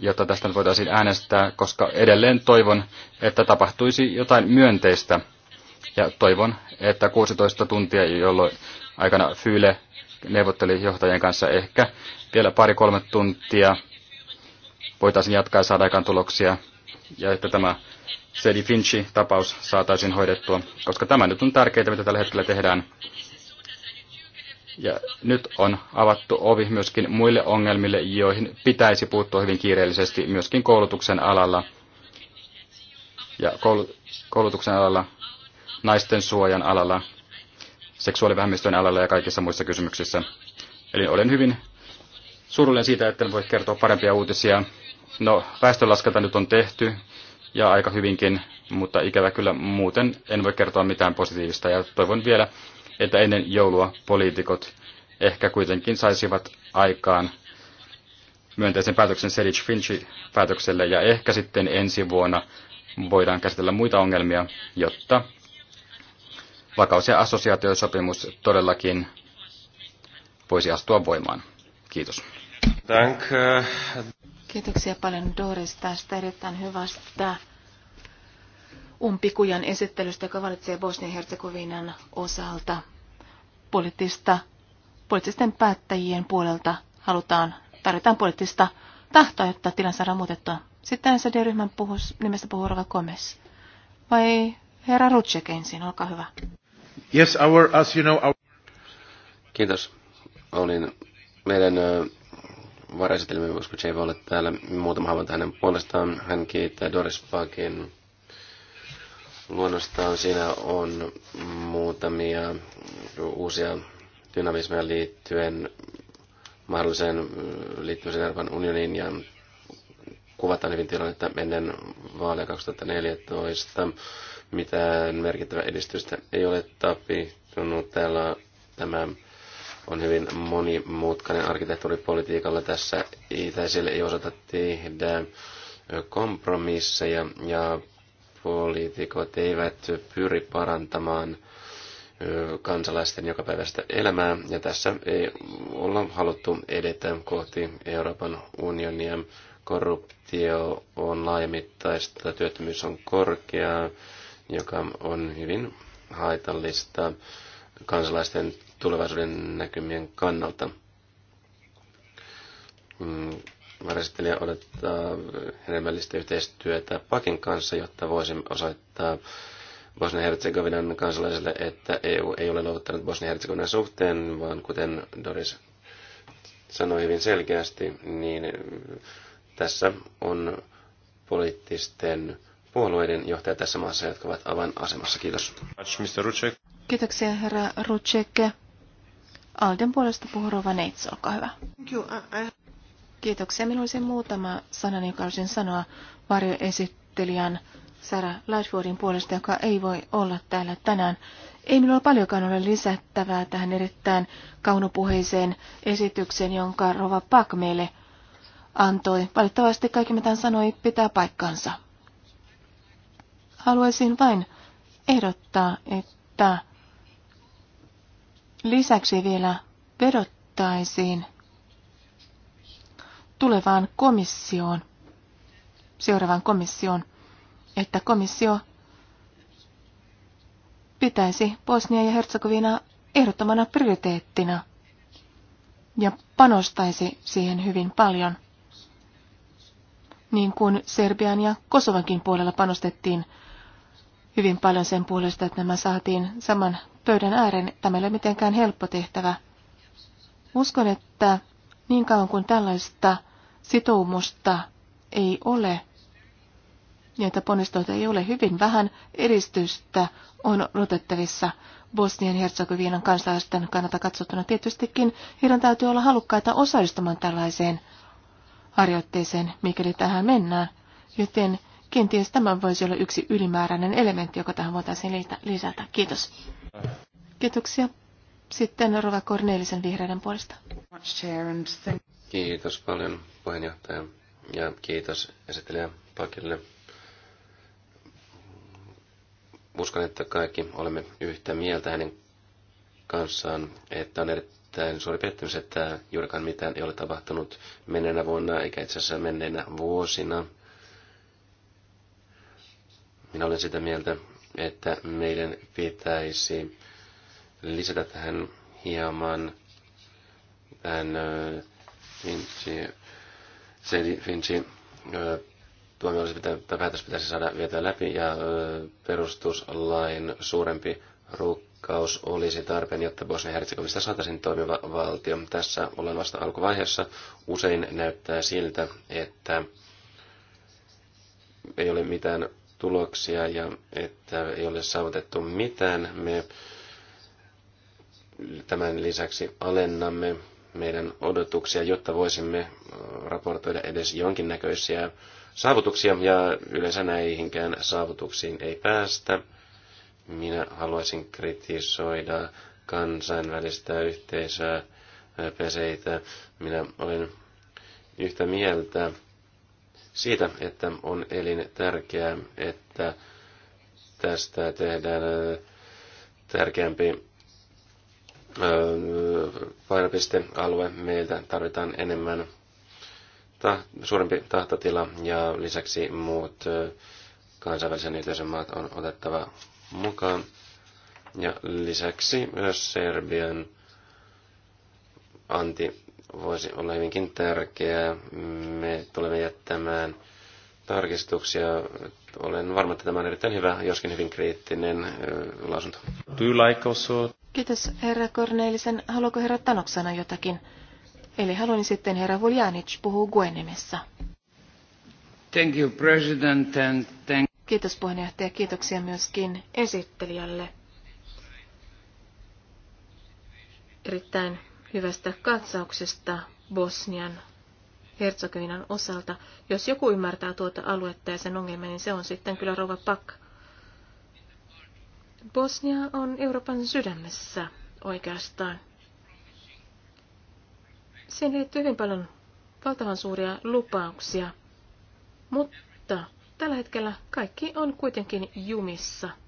Speaker 1: jotta tästä voitaisiin äänestää, koska edelleen toivon, että tapahtuisi jotain myönteistä. Ja toivon, että 16 tuntia, jolloin aikana Fyle neuvotteli johtajien kanssa ehkä vielä pari-kolme tuntia voitaisiin jatkaa ja saada aikaan tuloksia, ja että tämä Sedi Finchi-tapaus saataisiin hoidettua, koska tämä nyt on tärkeää, mitä tällä hetkellä tehdään. Ja nyt on avattu ovi myöskin muille ongelmille, joihin pitäisi puuttua hyvin kiireellisesti myöskin koulutuksen alalla. Ja koulutuksen alalla, naisten suojan alalla, seksuaalivähemmistöjen alalla ja kaikissa muissa kysymyksissä. Eli olen hyvin surullinen siitä, että en voi kertoa parempia uutisia. No, väestönlaskenta nyt on tehty ja aika hyvinkin, mutta ikävä kyllä muuten en voi kertoa mitään positiivista. Ja toivon vielä, että ennen joulua poliitikot ehkä kuitenkin saisivat aikaan myönteisen päätöksen Sedic Finchi päätökselle ja ehkä sitten ensi vuonna voidaan käsitellä muita ongelmia, jotta vakaus- ja assosiaatiosopimus todellakin voisi astua voimaan.
Speaker 2: Kiitos. Äh,
Speaker 3: Kiitoksia paljon Doris tästä erittäin hyvästä umpikujan esittelystä, joka valitsee Bosnia-Herzegovinan osalta. Poliittista, poliittisten päättäjien puolelta halutaan, tarvitaan poliittista tahtoa, jotta tilanne saadaan muutettua. Sitten SD-ryhmän puhus, nimestä puhuu Rova Gomez. Vai herra Rutschek ensin, olkaa hyvä.
Speaker 2: Yes, our, as you know, our... Kiitos. Olin meidän varaisetelmiä se ei voi olla täällä. Muutama havainto hänen puolestaan. Hän kiittää Doris Pakin luonnostaan. Siinä on muutamia uusia dynamismeja liittyen mahdolliseen liittymiseen Euroopan unioniin ja kuvataan hyvin tilannetta ennen vaaleja 2014. Mitään merkittävää edistystä ei ole tapahtunut. Täällä tämä on hyvin monimutkainen arkkitehtuuripolitiikalla. Tässä itäisille ei osata tehdä kompromisseja ja poliitikot eivät pyri parantamaan kansalaisten päivästä elämää. Ja tässä ei olla haluttu edetä kohti Euroopan unionia. Korruptio on laajamittaista, työttömyys on korkea, joka on hyvin haitallista kansalaisten tulevaisuuden näkymien kannalta. Mm, Varsittelija odottaa hedelmällistä yhteistyötä Pakin kanssa, jotta voisimme osoittaa Bosnia-Herzegovinan kansalaisille, että EU ei ole luovuttanut Bosnia-Herzegovinan suhteen, vaan kuten Doris sanoi hyvin selkeästi, niin tässä on poliittisten puolueiden johtajat tässä maassa, jotka ovat avainasemassa. Kiitos.
Speaker 3: Kiitoksia herra Rucek. Alden puolesta puhuu Rova Neits, olkaa hyvä. Kiitoksia. Minulla olisi muutama sana, joka olisin sanoa varjoesittelijän Sara Lightfordin puolesta, joka ei voi olla täällä tänään. Ei minulla paljonkaan ole lisättävää tähän erittäin kaunopuheiseen esitykseen, jonka Rova Pak meille antoi. Valitettavasti kaikki, mitä hän sanoi, pitää paikkansa. Haluaisin vain ehdottaa, että Lisäksi vielä vedottaisiin tulevaan komissioon, seuraavaan komissioon, että komissio pitäisi Bosnia ja Herzegovina ehdottomana prioriteettina ja panostaisi siihen hyvin paljon, niin kuin Serbian ja Kosovankin puolella panostettiin hyvin paljon sen puolesta, että nämä saatiin saman pöydän ääreen. Tämä ei ole mitenkään helppo tehtävä. Uskon, että niin kauan kuin tällaista sitoumusta ei ole, niin että ponnistoita ei ole hyvin vähän, edistystä on odotettavissa Bosnian Herzegovinan kansalaisten kannalta katsottuna. Tietystikin heidän täytyy olla halukkaita osallistumaan tällaiseen harjoitteeseen, mikäli tähän mennään. Joten Kenties tämä voisi olla yksi ylimääräinen elementti, joka tähän voitaisiin lisätä. Kiitos. Kiitoksia. Sitten Rova Kornelisen vihreiden puolesta.
Speaker 2: Kiitos paljon puheenjohtaja ja kiitos esittelijä Pakille. Uskon, että kaikki olemme yhtä mieltä hänen kanssaan, että on erittäin suuri pettymys, että juurikaan mitään ei ole tapahtunut menneenä vuonna eikä itse asiassa menneenä vuosina – minä olen sitä mieltä, että meidän pitäisi lisätä tähän hieman tämän Finchi, Sedi Finchi päätös pitäisi saada vietyä läpi ja perustuslain suurempi rukkaus olisi tarpeen, jotta Bosnia-Herzegovista saataisiin toimiva valtio. Tässä ollaan vasta alkuvaiheessa. Usein näyttää siltä, että ei ole mitään tuloksia ja että ei ole saavutettu mitään. Me tämän lisäksi alennamme meidän odotuksia, jotta voisimme äh, raportoida edes jonkinnäköisiä saavutuksia, ja yleensä näihinkään saavutuksiin ei päästä. Minä haluaisin kritisoida kansainvälistä yhteisöä, äh, peseitä. Minä olen yhtä mieltä siitä, että on elin tärkeää, että tästä tehdään äh, tärkeämpi äh, painopistealue. Meiltä tarvitaan enemmän suurempi tahtotila ja lisäksi muut äh, kansainvälisen yhteisön maat on otettava mukaan. Ja lisäksi myös Serbian anti voisi olla hyvinkin tärkeää. Me tulemme jättämään tarkistuksia. Olen varma, että tämä on erittäin hyvä, joskin hyvin kriittinen lausunto. Do you like also?
Speaker 3: Kiitos herra Kornelisen. Haluaako herra Tanok sanoa jotakin? Eli haluan sitten herra Vuljanic puhuu Guenimissa.
Speaker 2: Thank you, President,
Speaker 1: and thank...
Speaker 3: Kiitos puheenjohtaja. Kiitoksia myöskin esittelijälle. Erittäin hyvästä katsauksesta Bosnian Herzegovinan osalta. Jos joku ymmärtää tuota aluetta ja sen ongelmia, niin se on sitten kyllä rouva Pak. Bosnia on Euroopan sydämessä oikeastaan. Siihen liittyy hyvin paljon valtavan suuria lupauksia, mutta tällä hetkellä kaikki on kuitenkin jumissa –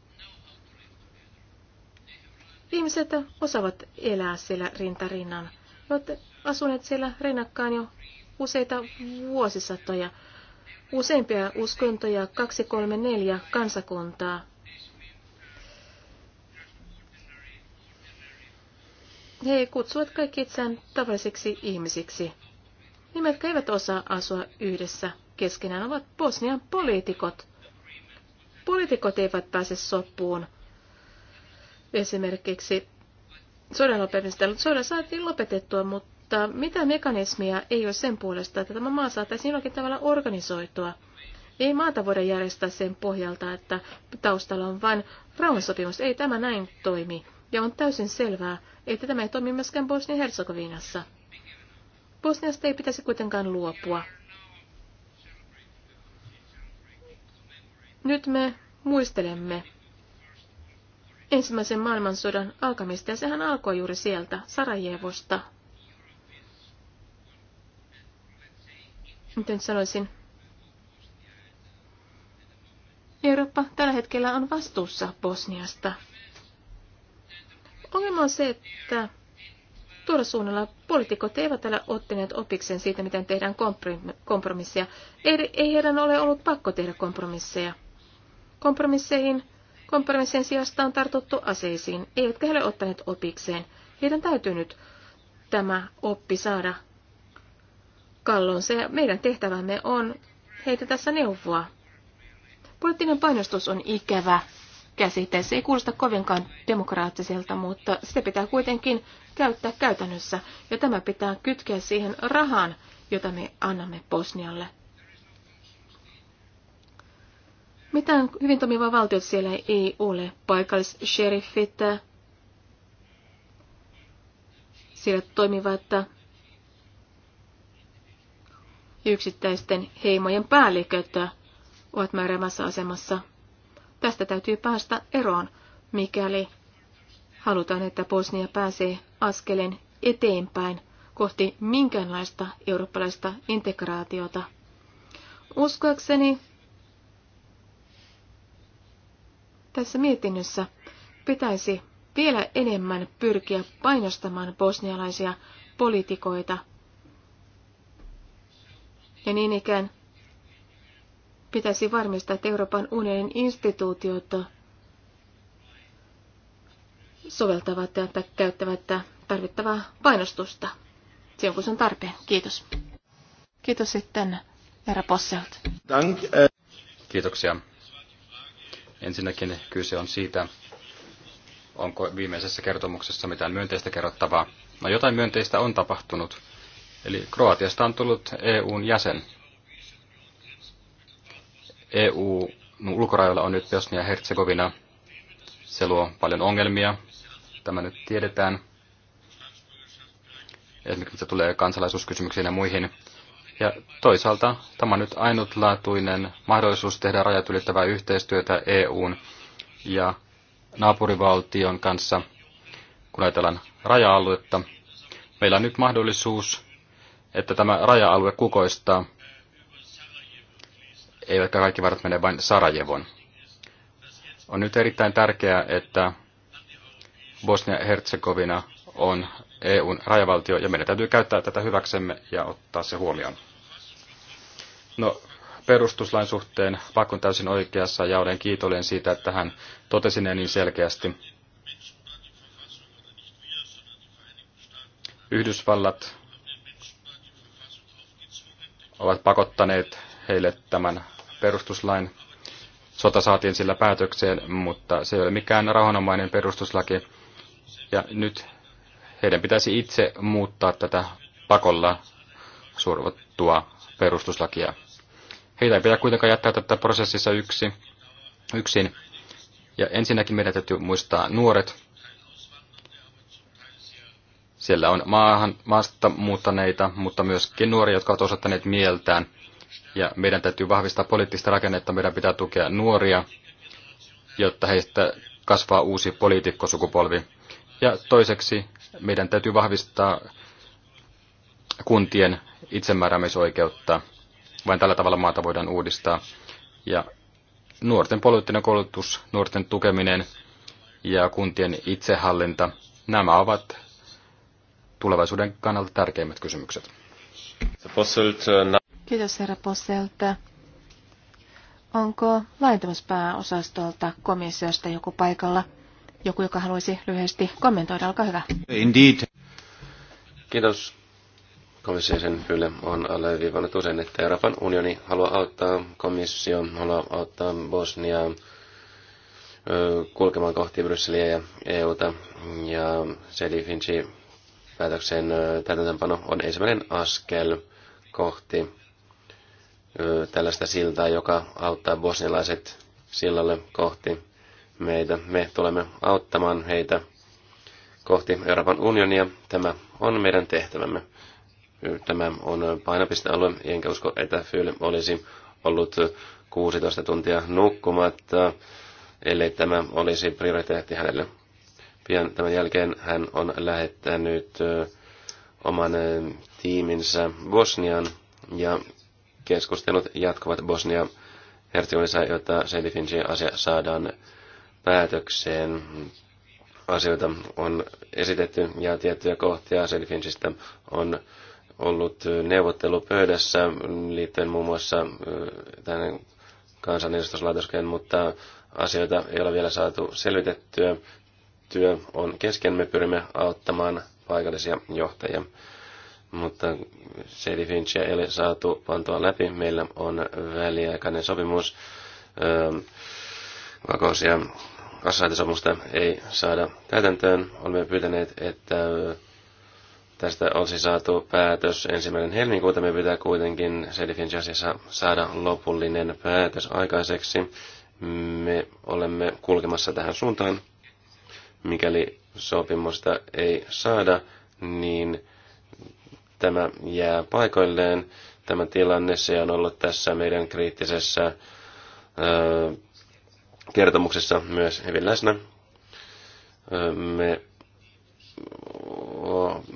Speaker 3: Ihmiset osaavat elää siellä rintarinnan. He ovat asuneet siellä rinnakkaan jo useita vuosisatoja. Useimpia uskontoja, kaksi, kolme, neljä kansakuntaa. He kutsuvat kaikki itseään tavallisiksi ihmisiksi. Nimet eivät osaa asua yhdessä keskenään ovat Bosnian poliitikot. Poliitikot eivät pääse sopuun Esimerkiksi sodan lopetusta. Soda saatiin lopetettua, mutta mitä mekanismia ei ole sen puolesta, että tämä maa saataisiin jollakin tavalla organisoitua? Ei maata voida järjestää sen pohjalta, että taustalla on vain rauhansopimus. Ei tämä näin toimi. Ja on täysin selvää, että tämä ei toimi myöskään Bosnia-Herzegovinassa. Bosniasta ei pitäisi kuitenkaan luopua. Nyt me muistelemme ensimmäisen maailmansodan alkamista, ja sehän alkoi juuri sieltä, Sarajevosta. Miten sanoisin? Eurooppa tällä hetkellä on vastuussa Bosniasta. Ongelma on se, että tuolla suunnalla poliitikot eivät ole ottaneet opikseen siitä, miten tehdään kompromisseja. Ei, ei heidän ole ollut pakko tehdä kompromisseja. Kompromisseihin Kompromissien sijasta on tartuttu aseisiin, eivätkä he ole ottaneet opikseen. Heidän täytyy nyt tämä oppi saada kallonsa ja meidän tehtävämme on heitä tässä neuvoa. Poliittinen painostus on ikävä käsite. Se ei kuulosta kovinkaan demokraattiselta, mutta sitä pitää kuitenkin käyttää käytännössä. Ja tämä pitää kytkeä siihen rahaan, jota me annamme Bosnialle. Mitään hyvin toimivaa valtiota siellä ei ole. Paikallissheriffit siellä toimivat yksittäisten heimojen päälliköt ovat määräämässä asemassa. Tästä täytyy päästä eroon, mikäli halutaan, että Bosnia pääsee askeleen eteenpäin kohti minkäänlaista eurooppalaista integraatiota. Uskoakseni Tässä mietinnössä pitäisi vielä enemmän pyrkiä painostamaan bosnialaisia poliitikoita. Ja niin ikään pitäisi varmistaa, että Euroopan unionin instituutiot soveltavat ja käyttävät tarvittavaa painostusta silloin, kun se on tarpeen. Kiitos. Kiitos sitten, herra Posselt.
Speaker 2: Dank, eh.
Speaker 1: Kiitoksia. Ensinnäkin kyse on siitä, onko viimeisessä kertomuksessa mitään myönteistä kerrottavaa. No jotain myönteistä on tapahtunut. Eli Kroatiasta on tullut EUn jäsen. EU ulkorajoilla on nyt Bosnia ja Herzegovina. Se luo paljon ongelmia. Tämä nyt tiedetään. Esimerkiksi se tulee kansalaisuuskysymyksiin ja muihin. Ja toisaalta tämä on nyt ainutlaatuinen mahdollisuus tehdä rajat ylittävää yhteistyötä EUn ja naapurivaltion kanssa, kun ajatellaan raja-aluetta. Meillä on nyt mahdollisuus, että tämä raja-alue kukoistaa, eivätkä kaikki varat mene vain Sarajevon. On nyt erittäin tärkeää, että Bosnia-Herzegovina on EUn rajavaltio, ja meidän täytyy käyttää tätä hyväksemme ja ottaa se huomioon. No, perustuslain suhteen Pak täysin oikeassa, ja olen kiitollinen siitä, että hän totesi ne niin selkeästi. Yhdysvallat ovat pakottaneet heille tämän perustuslain. Sota saatiin sillä päätökseen, mutta se ei ole mikään rauhanomainen perustuslaki. Ja nyt heidän pitäisi itse muuttaa tätä pakolla survottua perustuslakia. Heitä ei pidä kuitenkaan jättää tätä prosessissa yksi, yksin. Ja ensinnäkin meidän täytyy muistaa nuoret. Siellä on maahan, maasta muuttaneita, mutta myöskin nuoria, jotka ovat osoittaneet mieltään. Ja meidän täytyy vahvistaa poliittista rakennetta, meidän pitää tukea nuoria, jotta heistä kasvaa uusi poliitikkosukupolvi. Ja toiseksi meidän täytyy vahvistaa kuntien itsemääräämisoikeutta. Vain tällä tavalla maata voidaan uudistaa. Ja nuorten poliittinen koulutus, nuorten tukeminen ja kuntien itsehallinta, nämä ovat tulevaisuuden kannalta tärkeimmät kysymykset.
Speaker 3: Kiitos herra Posselta. Onko laitamuspääosastolta komissiosta joku paikalla? Joku, joka haluaisi lyhyesti kommentoida, olkaa hyvä.
Speaker 2: Indeed. Kiitos. Komission Fyle on alleviivannut usein, että Euroopan unioni haluaa auttaa, komissio haluaa auttaa Bosniaa kulkemaan kohti Brysseliä ja EUta. Ja Sedi Finchi päätöksen täytäntöönpano on ensimmäinen askel kohti tällaista siltaa, joka auttaa bosnialaiset sillalle kohti meitä. Me tulemme auttamaan heitä kohti Euroopan unionia. Tämä on meidän tehtävämme. Tämä on painopistealue, enkä usko, että Fyyli olisi ollut 16 tuntia nukkumatta, ellei tämä olisi prioriteetti hänelle. Pian tämän jälkeen hän on lähettänyt oman tiiminsä Bosnian ja keskustelut jatkuvat Bosnia Herzegovinassa, jotta Sedifinsin asia saadaan päätökseen. Asioita on esitetty ja tiettyjä kohtia Selfinsistä on ollut neuvottelupöydässä liittyen muun muassa tänne kansanedustuslaitoskeen, mutta asioita ei ole vielä saatu selvitettyä. Työ on kesken, me pyrimme auttamaan paikallisia johtajia. Mutta Sadie Finchia ei ole saatu pantua läpi. Meillä on väliaikainen sopimus öö, vakoisia assaintisomusta ei saada täytäntöön. Olemme pyytäneet, että äh, tästä olisi saatu päätös ensimmäinen helmikuuta. Me pitää kuitenkin Selifin asiassa saada lopullinen päätös aikaiseksi. Me olemme kulkemassa tähän suuntaan. Mikäli sopimusta ei saada, niin tämä jää paikoilleen. Tämä tilanne, se on ollut tässä meidän kriittisessä äh, kertomuksessa myös hyvin läsnä. Me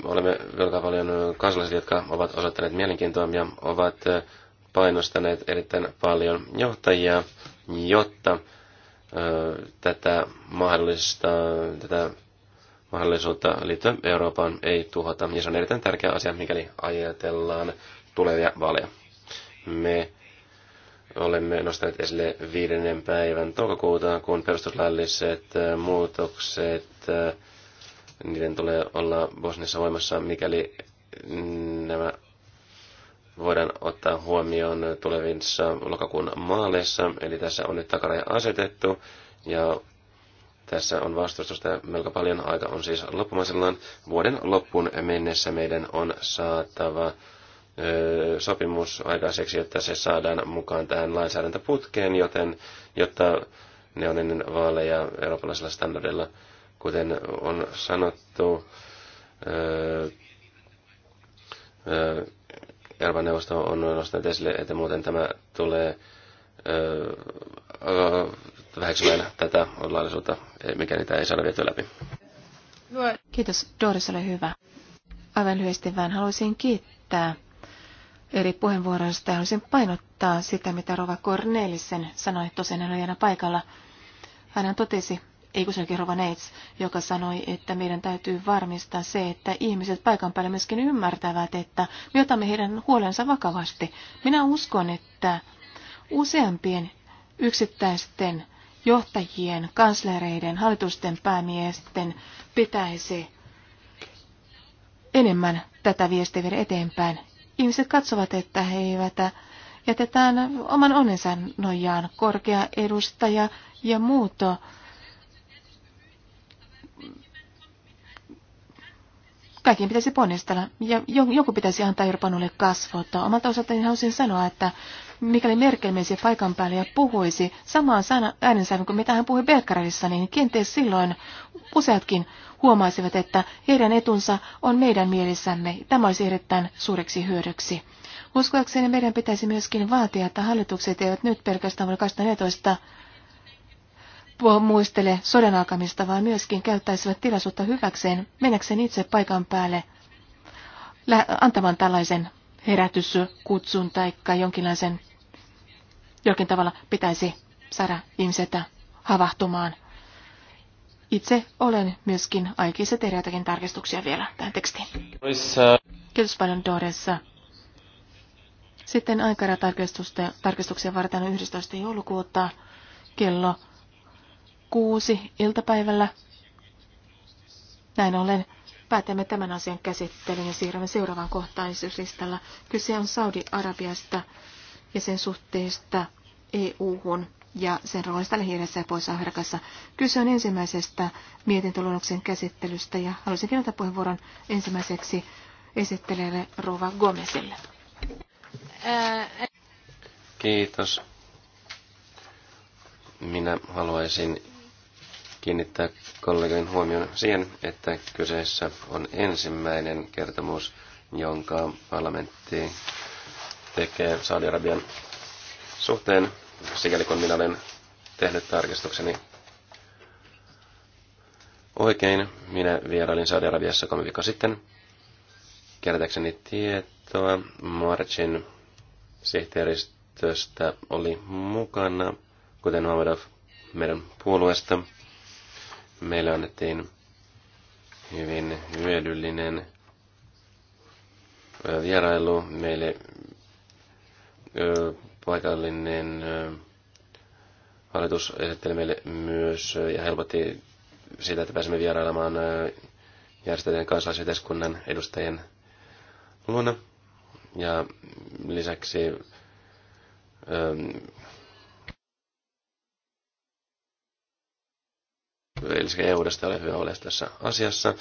Speaker 2: olemme velkaa paljon kansalaisia, jotka ovat osoittaneet mielenkiintoa ja ovat painostaneet erittäin paljon johtajia, jotta tätä mahdollista, tätä mahdollisuutta liittyä Euroopan ei tuhota. Ja se on erittäin tärkeä asia, mikäli ajatellaan tulevia vaaleja. Me olemme nostaneet esille viidennen päivän toukokuuta, kun perustuslailliset äh, muutokset, äh, niiden tulee olla Bosnissa voimassa, mikäli mm, nämä voidaan ottaa huomioon tulevissa lokakuun maaleissa. Eli tässä on nyt takaraja asetettu ja tässä on vastustusta melko paljon. Aika on siis loppumaisellaan. Vuoden loppuun mennessä meidän on saatava sopimus aikaiseksi, että se saadaan mukaan tähän lainsäädäntöputkeen, joten, jotta ne on ennen vaaleja eurooppalaisella standardeilla, kuten on sanottu, Euroopan neuvosto on nostanut esille, että muuten tämä tulee väheksymään tätä laillisuutta, mikä niitä ei saada vietyä läpi.
Speaker 3: Kiitos, Doris, ole hyvä. Aivan lyhyesti vain haluaisin kiittää eri puheenvuoroista. Haluaisin painottaa sitä, mitä Rova Cornelissen sanoi, tosiaan en ole paikalla. Hän totesi, ei kun sekin Rova Neits, joka sanoi, että meidän täytyy varmistaa se, että ihmiset paikan päällä myöskin ymmärtävät, että me otamme heidän huolensa vakavasti. Minä uskon, että useampien yksittäisten johtajien, kanslereiden, hallitusten päämiesten pitäisi enemmän tätä viestiä viedä eteenpäin ihmiset katsovat, että he eivät jätetään oman onnensa nojaan. Korkea edustaja ja muuto. Kaikkien pitäisi ponnistella ja joku pitäisi antaa Euroopan kasvot. Omalta osaltani haluaisin sanoa, että mikäli Merkel menisi paikan päälle ja puhuisi samaan sana, äänensävyn kuin mitä hän puhui Belgradissa, niin kenties silloin useatkin huomaisivat, että heidän etunsa on meidän mielissämme. Tämä olisi erittäin suureksi hyödyksi. Uskoakseni meidän pitäisi myöskin vaatia, että hallitukset eivät nyt pelkästään vuonna 2014 muistele sodan alkamista, vaan myöskin käyttäisivät tilaisuutta hyväkseen, mennäkseen itse paikan päälle antamaan tällaisen herätyskutsun tai jonkinlaisen jollakin tavalla pitäisi saada ihmiset havahtumaan. Itse olen myöskin aikissa tehdä jotakin tarkistuksia vielä tähän tekstiin. Kiitos paljon Doressa. Sitten aikaratarkistuksia varten on 11. joulukuuta kello kuusi iltapäivällä. Näin ollen päätämme tämän asian käsittelyn ja siirrymme seuraavaan kohtaan Kyse on Saudi-Arabiasta ja sen suhteista EU-hun ja sen roolista lähiirässä ja Pohjois-Afrikassa. Kyse on ensimmäisestä mietintöluonnoksen käsittelystä ja haluaisinkin antaa puheenvuoron ensimmäiseksi esittelijälle Rova Gomezille.
Speaker 2: Kiitos. Minä haluaisin kiinnittää kollegojen huomioon siihen, että kyseessä on ensimmäinen kertomus, jonka parlamentti tekee Saudi-Arabian suhteen, sikäli kun minä olen tehnyt tarkistukseni oikein. Minä vierailin Saudi-Arabiassa kolme viikkoa sitten. Kertäkseni tietoa Marchin sihteeristöstä oli mukana, kuten Muhammedov meidän puolueesta. Meille annettiin hyvin hyödyllinen vierailu. Meille paikallinen hallitus esitteli meille myös ja helpotti sitä, että pääsemme vierailemaan järjestöjen kansalaisyhteiskunnan edustajien luona. Ja lisäksi eli EUdesta ole hyvä olla tässä asiassa.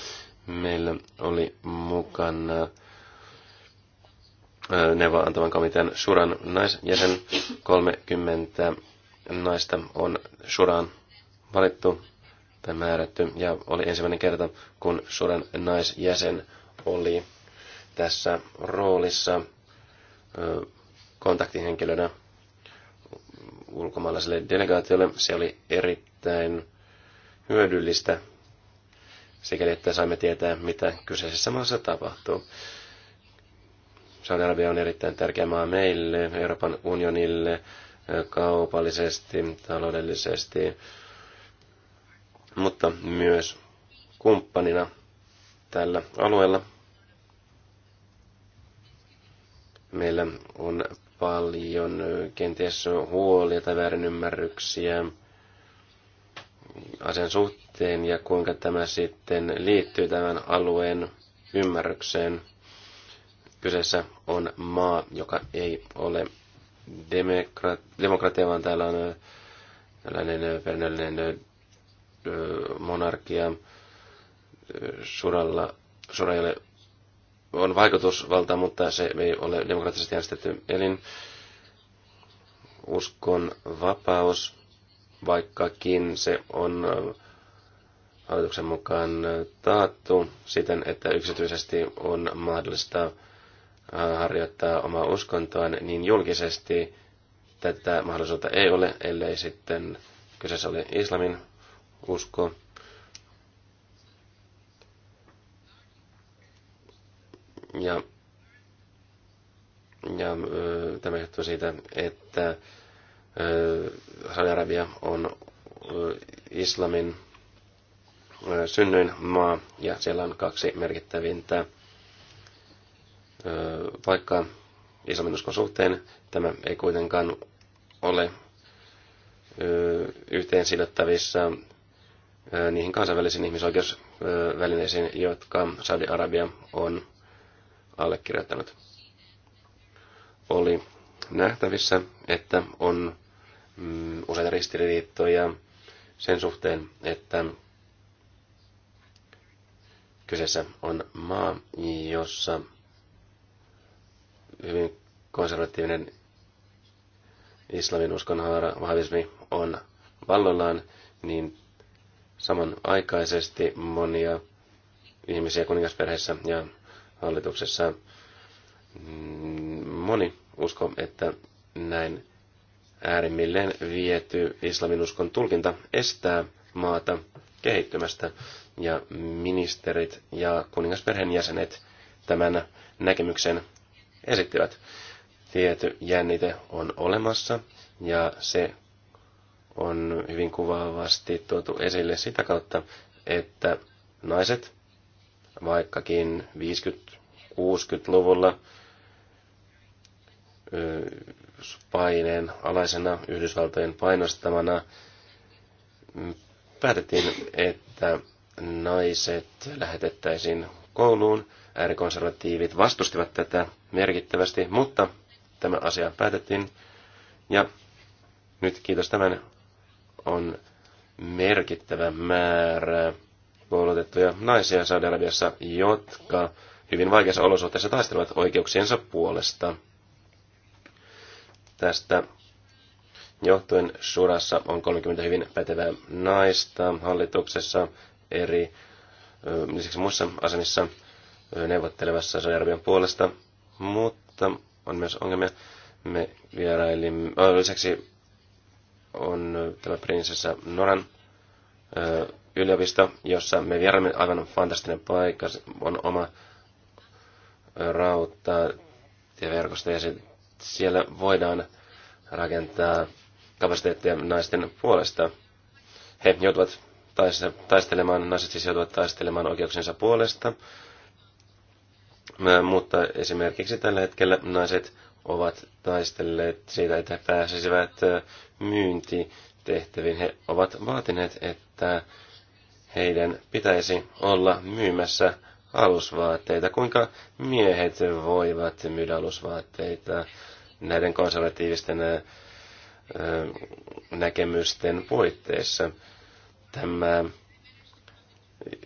Speaker 2: Meillä oli mukana neuvoa antavan komitean Suran naisjäsen. 30 naista on Suraan valittu tai määrätty. Ja oli ensimmäinen kerta, kun Suran naisjäsen oli tässä roolissa kontaktihenkilönä ulkomaalaiselle delegaatiolle. Se oli erittäin hyödyllistä sikäli, että saimme tietää, mitä kyseisessä maassa tapahtuu. Saudi-Arabia on erittäin tärkeä maa meille, Euroopan unionille, kaupallisesti, taloudellisesti, mutta myös kumppanina tällä alueella. Meillä on paljon kenties huolia tai väärinymmärryksiä asian suhteen ja kuinka tämä sitten liittyy tämän alueen ymmärrykseen – Kyseessä on maa, joka ei ole demokratia, vaan täällä on tällainen perinnöllinen monarkia. Suralla, sura on vaikutusvalta, mutta se ei ole demokraattisesti järjestetty. elin. Uskon vapaus, vaikkakin se on hallituksen mukaan taattu siten, että yksityisesti on mahdollista harjoittaa omaa uskontoaan, niin julkisesti tätä mahdollisuutta ei ole, ellei sitten kyseessä ole islamin usko. Ja, ja tämä johtuu siitä, että Saudi-Arabia on islamin synnyin synnyinmaa ja siellä on kaksi merkittävintä vaikka isommin suhteen tämä ei kuitenkaan ole yhteen sidottavissa niihin kansainvälisiin ihmisoikeusvälineisiin, jotka Saudi-Arabia on allekirjoittanut. Oli nähtävissä, että on mm, useita ristiriitoja sen suhteen, että kyseessä on maa, jossa hyvin konservatiivinen islamin uskon vahvismi on valloillaan, niin samanaikaisesti monia ihmisiä kuningasperheessä ja hallituksessa mm, moni usko, että näin äärimmilleen viety islamin uskon tulkinta estää maata kehittymästä ja ministerit ja kuningasperheen jäsenet tämän näkemyksen esittivät. Tietty jännite on olemassa ja se on hyvin kuvaavasti tuotu esille sitä kautta, että naiset, vaikkakin 50-60-luvulla paineen alaisena Yhdysvaltojen painostamana, päätettiin, että naiset lähetettäisiin kouluun. Äärikonservatiivit vastustivat tätä merkittävästi, mutta tämä asia päätettiin. Ja nyt kiitos tämän on merkittävä määrä koulutettuja naisia Saudi-Arabiassa, jotka hyvin vaikeissa olosuhteissa taistelevat oikeuksiensa puolesta. Tästä johtuen Surassa on 30 hyvin pätevää naista hallituksessa eri lisäksi muissa asemissa neuvottelevassa Saudi-Arabian puolesta, mutta on myös ongelmia. Me vierailimme, lisäksi on tämä prinsessa Noran yliopisto, jossa me vierailimme aivan fantastinen paikka. On oma rautta ja verkosto ja siellä voidaan rakentaa kapasiteettia naisten puolesta. He joutuvat taistelemaan, naiset siis joutuvat taistelemaan oikeuksensa puolesta. Mutta esimerkiksi tällä hetkellä naiset ovat taistelleet siitä, että he pääsisivät myyntitehtäviin. He ovat vaatineet, että heidän pitäisi olla myymässä alusvaatteita. Kuinka miehet voivat myydä alusvaatteita näiden konservatiivisten näkemysten puitteissa? tämä,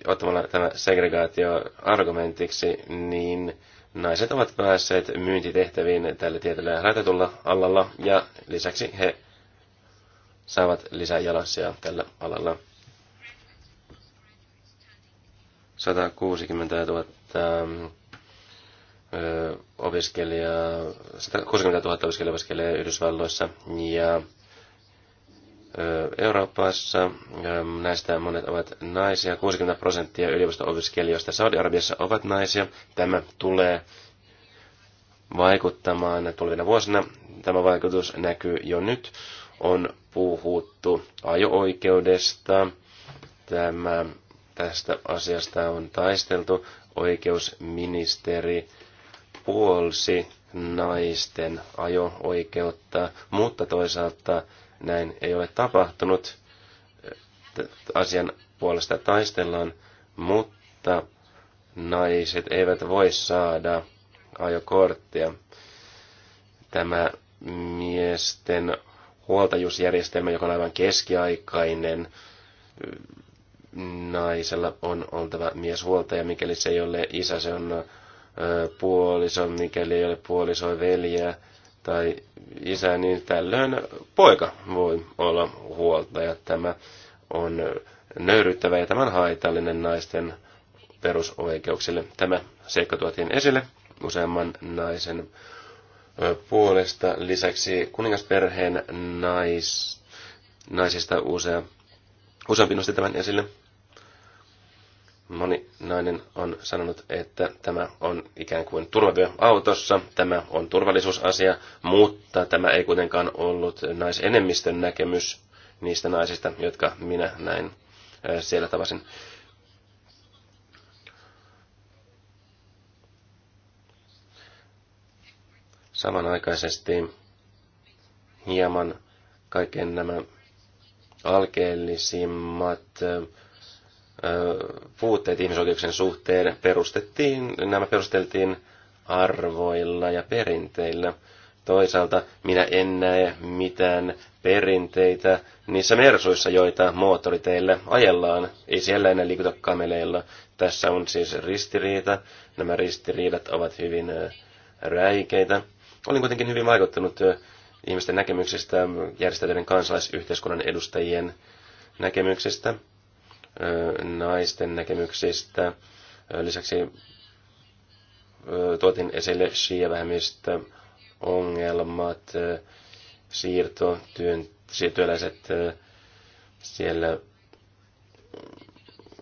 Speaker 2: ottamalla tämä segregaatio argumentiksi, niin naiset ovat päässeet myyntitehtäviin tällä tietyllä rajoitetulla alalla ja lisäksi he saavat lisää jalansia tällä alalla. 160 000 opiskelijaa, 160 000 opiskelijaa opiskelee Yhdysvalloissa ja Euroopassa näistä monet ovat naisia. 60 prosenttia yliopisto-opiskelijoista Saudi-Arabiassa ovat naisia. Tämä tulee vaikuttamaan tulevina vuosina. Tämä vaikutus näkyy jo nyt. On puhuttu ajo-oikeudesta. Tämä, tästä asiasta on taisteltu. Oikeusministeri puolsi naisten ajo-oikeutta, mutta toisaalta näin ei ole tapahtunut. Asian puolesta taistellaan, mutta naiset eivät voi saada ajokorttia. Tämä miesten huoltajuusjärjestelmä, joka on aivan keskiaikainen, naisella on oltava mieshuoltaja, mikäli se ei ole isä, se on puoliso, mikäli ei ole puoliso veljeä, tai isä, niin tällöin poika voi olla huoltaja. Tämä on nöyryttävä ja tämän haitallinen naisten perusoikeuksille. Tämä seikka tuotiin esille useamman naisen puolesta. Lisäksi kuningasperheen nais, naisista usea, useampi nosti tämän esille. Moni nainen on sanonut, että tämä on ikään kuin turvavyö autossa, tämä on turvallisuusasia, mutta tämä ei kuitenkaan ollut naisenemmistön näkemys niistä naisista, jotka minä näin siellä tavasin. Samanaikaisesti hieman kaiken nämä alkeellisimmat puutteet ihmisoikeuksien suhteen perustettiin, nämä perusteltiin arvoilla ja perinteillä. Toisaalta minä en näe mitään perinteitä niissä mersuissa, joita moottoriteille ajellaan. Ei siellä enää liikuta kameleilla. Tässä on siis ristiriita. Nämä ristiriidat ovat hyvin räikeitä. Olin kuitenkin hyvin vaikuttanut ihmisten näkemyksistä, järjestäjien kansalaisyhteiskunnan edustajien näkemyksistä naisten näkemyksistä. Lisäksi tuotin esille shia-vähemmistö, ongelmat, siirto, työn, työläiset siellä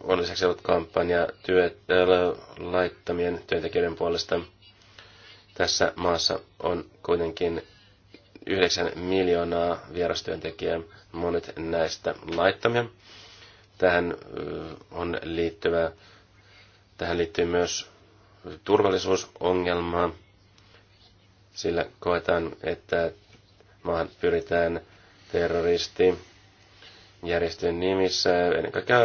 Speaker 2: on lisäksi ollut kampanja työ, laittamien työntekijöiden puolesta. Tässä maassa on kuitenkin 9 miljoonaa vierastyöntekijää, monet näistä laittamia. Tähän on liittyvä, tähän liittyy myös turvallisuusongelmaa, sillä koetaan, että maahan pyritään terroristi järjestöjen nimissä, ennen kaikkea,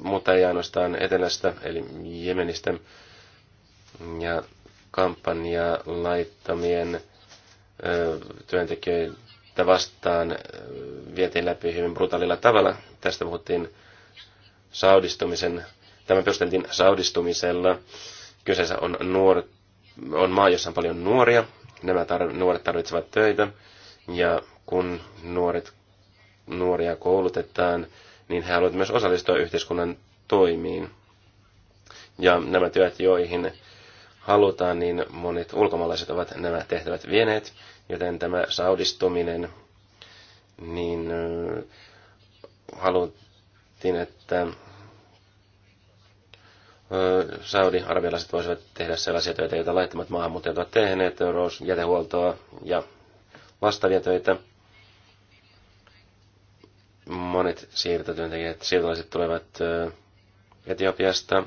Speaker 2: mutta ei ainoastaan etelästä, eli Jemenistä, ja kampanja laittamien työntekijöiden että vastaan äh, vietiin läpi hyvin brutaalilla tavalla. Tästä puhuttiin saudistumisen, tämä perusteltiin saudistumisella. Kyseessä on, nuor, on maa, jossa on paljon nuoria. Nämä tar, nuoret tarvitsevat töitä. Ja kun nuoret, nuoria koulutetaan, niin he haluavat myös osallistua yhteiskunnan toimiin. Ja nämä työt, joihin halutaan, niin monet ulkomaalaiset ovat nämä tehtävät vieneet, joten tämä saudistuminen, niin haluttiin, että Saudi-arabialaiset voisivat tehdä sellaisia töitä, joita laittomat maahanmuuttajat ovat tehneet, jätehuoltoa ja vastaavia töitä. Monet siirtotyöntekijät, siirtolaiset tulevat Etiopiasta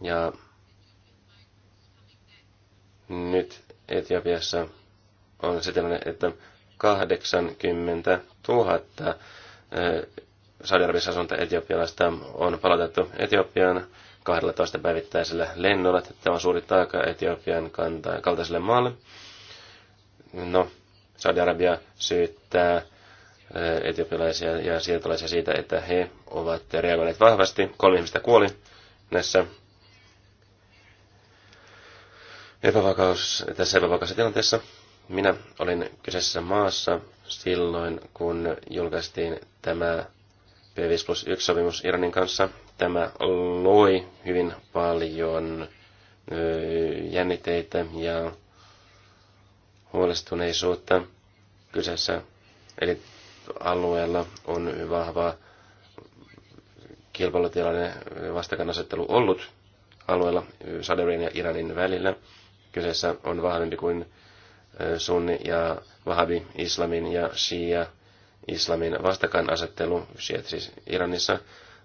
Speaker 2: ja nyt Etiopiassa on se tilanne, että 80 000 saudi arabissa asunta etiopialaista on palautettu Etiopiaan 12 päivittäisellä lennolla. Tämä on suuri taaka Etiopian kaltaiselle maalle. No, Saudi-Arabia syyttää etiopialaisia ja siirtolaisia siitä, että he ovat reagoineet vahvasti. Kolme ihmistä kuoli näissä epävakaus, tässä epävakaassa tilanteessa minä olin kyseisessä maassa silloin, kun julkaistiin tämä P5 plus 1 sopimus Iranin kanssa. Tämä loi hyvin paljon jännitteitä ja huolestuneisuutta kyseessä. Eli alueella on vahva kilpailutilanne vastakkainasettelu ollut alueella Saderin ja Iranin välillä – Kyseessä on vahvempi kuin sunni ja vahabi islamin ja shia islamin vastakkainasettelu, shiat siis Iranissa,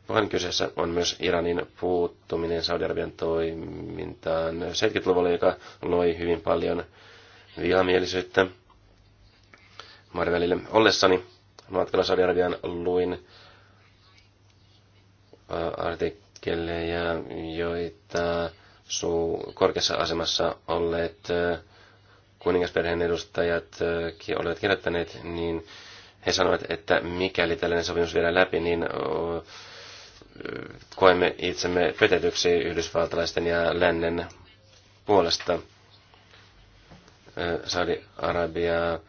Speaker 2: vaan kyseessä on myös Iranin puuttuminen Saudi-Arabian toimintaan 70-luvulla, joka loi hyvin paljon vihamielisyyttä Marvelille. Ollessani matkalla Saudi-Arabian luin äh, artikkeleja, joita Suu korkeassa asemassa olleet kuningasperheen edustajat olivat kirjoittaneet, niin he sanoivat, että mikäli tällainen sopimus viedään läpi, niin koemme itsemme petetyksi yhdysvaltalaisten ja lännen puolesta. Saudi-Arabia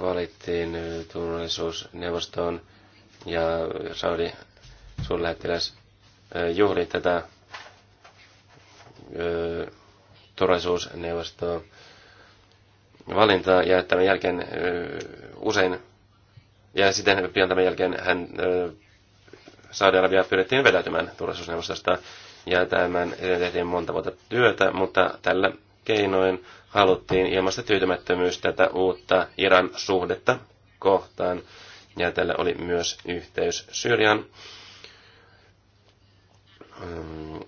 Speaker 2: valittiin turvallisuusneuvostoon ja Saudi suurlähettiläs juhli tätä turvallisuusneuvostoa valintaa ja tämän jälkeen usein ja sitten pian tämän jälkeen hän Saudi-Arabia pyydettiin vedätymään turvallisuusneuvostosta ja tämän tehtiin monta vuotta työtä, mutta tällä keinoin haluttiin ilmaista tyytymättömyys tätä uutta Iran suhdetta kohtaan ja tällä oli myös yhteys Syyrian mm,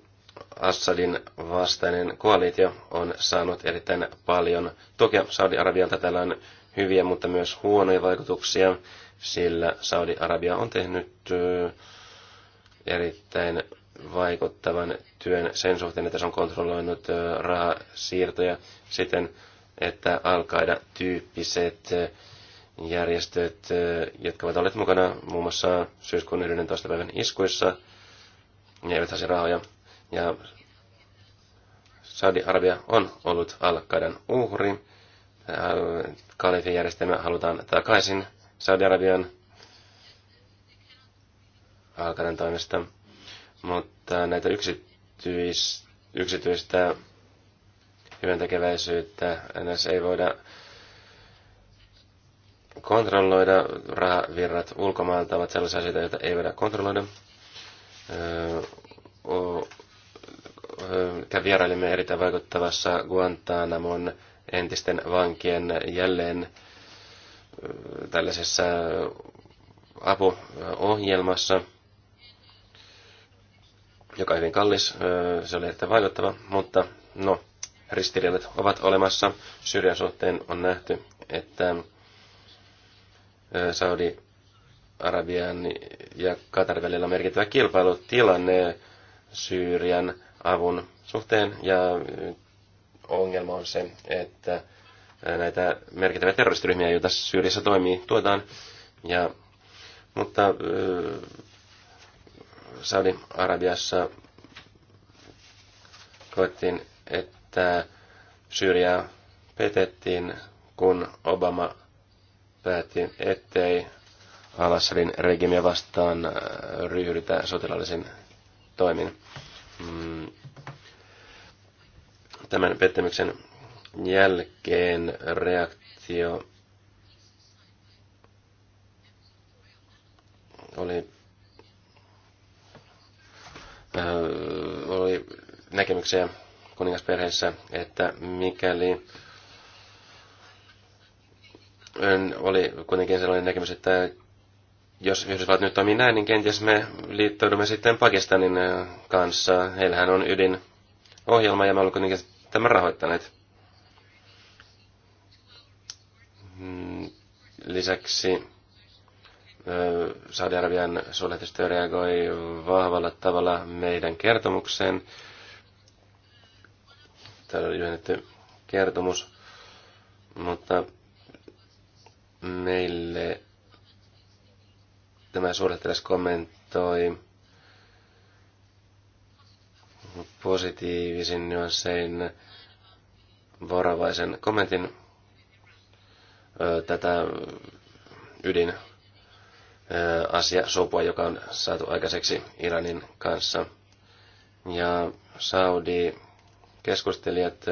Speaker 2: Assadin vastainen koalitio on saanut erittäin paljon tukea Saudi-Arabialta. Täällä on hyviä, mutta myös huonoja vaikutuksia, sillä Saudi-Arabia on tehnyt erittäin vaikuttavan työn sen suhteen, että se on kontrolloinut rahasiirtoja siten, että al tyyppiset järjestöt, jotka ovat olleet mukana muun muassa syyskuun 11. päivän iskuissa, ne eivät saisi rahoja ja Saudi-Arabia on ollut al uhri. Äh, Kalifin järjestelmä halutaan takaisin Saudi-Arabian al toimesta. Mutta näitä yksityis, yksityistä hyväntekeväisyyttä NS ei voida kontrolloida. Rahavirrat ulkomailta ovat sellaisia asioita, joita ei voida kontrolloida vierailimme erittäin vaikuttavassa Guantanamon entisten vankien jälleen tällaisessa apuohjelmassa, joka on hyvin kallis. Se oli erittäin vaikuttava, mutta no, ristiriidat ovat olemassa. Syyrian suhteen on nähty, että Saudi Arabian ja Katar välillä on merkittävä kilpailutilanne Syyrian avun suhteen ja ongelma on se, että näitä merkittäviä terroristiryhmiä, joita Syyriassa toimii, tuetaan. Ja, mutta Saudi-Arabiassa koettiin, että Syyriaa petettiin, kun Obama päätti, ettei Al-Assadin regimiä vastaan ryhdytä sotilaallisen toimin. Mm. tämän pettymyksen jälkeen reaktio oli, äh, oli näkemyksiä kuningasperheessä, että mikäli oli kuitenkin sellainen näkemys, että jos Yhdysvallat nyt toimii näin, niin kenties me liittoudumme sitten Pakistanin kanssa. Heillähän on ydinohjelma ja me olemme kuitenkin tämän rahoittaneet. Mm, lisäksi Saudi-Arabian suurlähetystö reagoi vahvalla tavalla meidän kertomukseen. Täällä on yhdennetty kertomus, mutta meille Tämä suurettilas kommentoi positiivisin nyanssein varovaisen kommentin ö, tätä ydin asia sopua, joka on saatu aikaiseksi Iranin kanssa. Ja Saudi-keskustelijat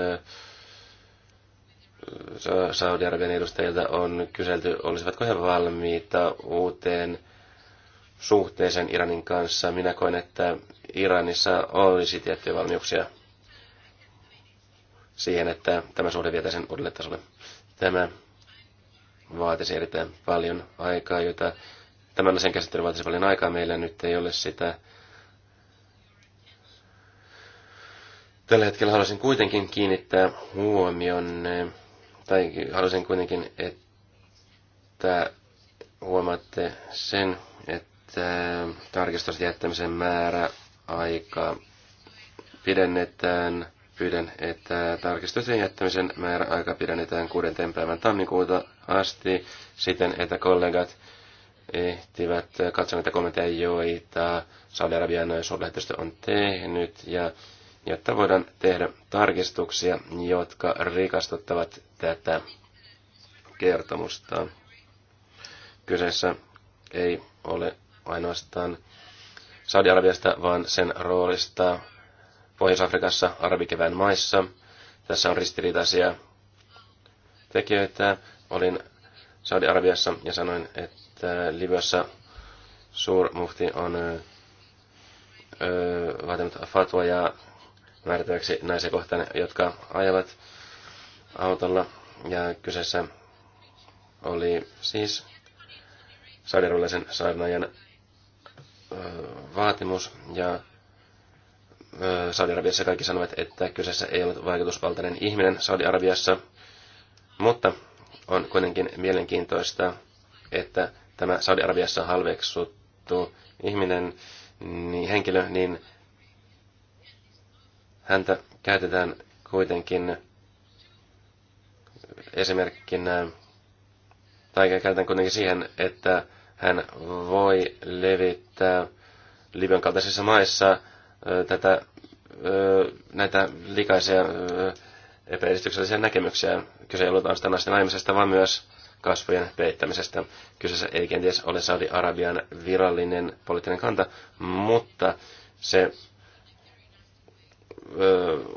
Speaker 2: Saudi-Arabian edustajilta on kyselty, olisivatko he valmiita uuteen suhteeseen Iranin kanssa. Minä koen, että Iranissa olisi tiettyjä valmiuksia siihen, että tämä suhde vietäisiin uudelle tasolle. Tämä vaatisi erittäin paljon aikaa, jota tämän asian käsittely vaatisi paljon aikaa. Meillä nyt ei ole sitä. Tällä hetkellä haluaisin kuitenkin kiinnittää huomion, tai haluaisin kuitenkin, että huomaatte sen, Tarkistusten jättämisen määrä aika pidennetään. Pyydän, että tarkistusten jättämisen määrä aika pidennetään 6. päivän tammikuuta asti siten, että kollegat ehtivät katsoa näitä kommentteja, joita Saudi-Arabian suurlähetystö on tehnyt, ja jotta voidaan tehdä tarkistuksia, jotka rikastuttavat tätä kertomusta. Kyseessä ei ole ainoastaan Saudi-Arabiasta, vaan sen roolista Pohjois-Afrikassa, Arabikevään maissa. Tässä on ristiriitaisia tekijöitä. Olin Saudi-Arabiassa ja sanoin, että Libyassa suurmuhti on öö, vaatinut ja määritelmäksi naisia kohtaan, jotka ajavat autolla. Ja kyseessä oli siis saudarilaisen saarnaajan vaatimus ja Saudi-Arabiassa kaikki sanovat, että kyseessä ei ole vaikutusvaltainen ihminen Saudi-Arabiassa, mutta on kuitenkin mielenkiintoista, että tämä Saudi-Arabiassa halveksuttu ihminen, niin henkilö, niin häntä käytetään kuitenkin esimerkkinä, tai käytetään kuitenkin siihen, että hän voi levittää Libyan kaltaisissa maissa tätä, näitä likaisia epäedistyksellisiä näkemyksiä. Kyse ei ollut ainoastaan naisten naimisesta, vaan myös kasvojen peittämisestä. Kyseessä ei kenties ole Saudi-Arabian virallinen poliittinen kanta, mutta se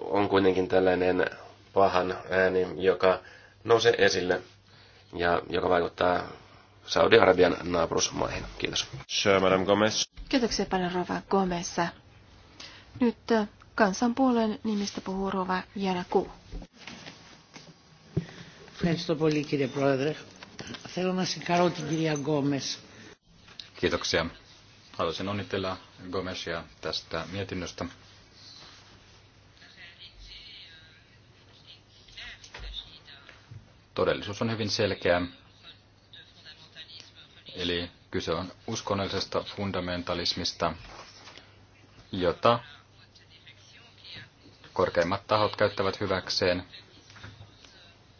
Speaker 2: on kuitenkin tällainen pahan ääni, joka nousee esille ja joka vaikuttaa Saudi-Arabian naapurusmaihin. Kiitos.
Speaker 3: Kiitoksia paljon Rova Gomez. Nyt äh, kansanpuolen nimistä puhuu Rova Jaraku. Ευχαριστώ
Speaker 1: Kiitoksia. Haluaisin onnitella Gomesia tästä mietinnöstä. Todellisuus on hyvin selkeä Eli kyse on uskonnollisesta fundamentalismista, jota korkeimmat tahot käyttävät hyväkseen.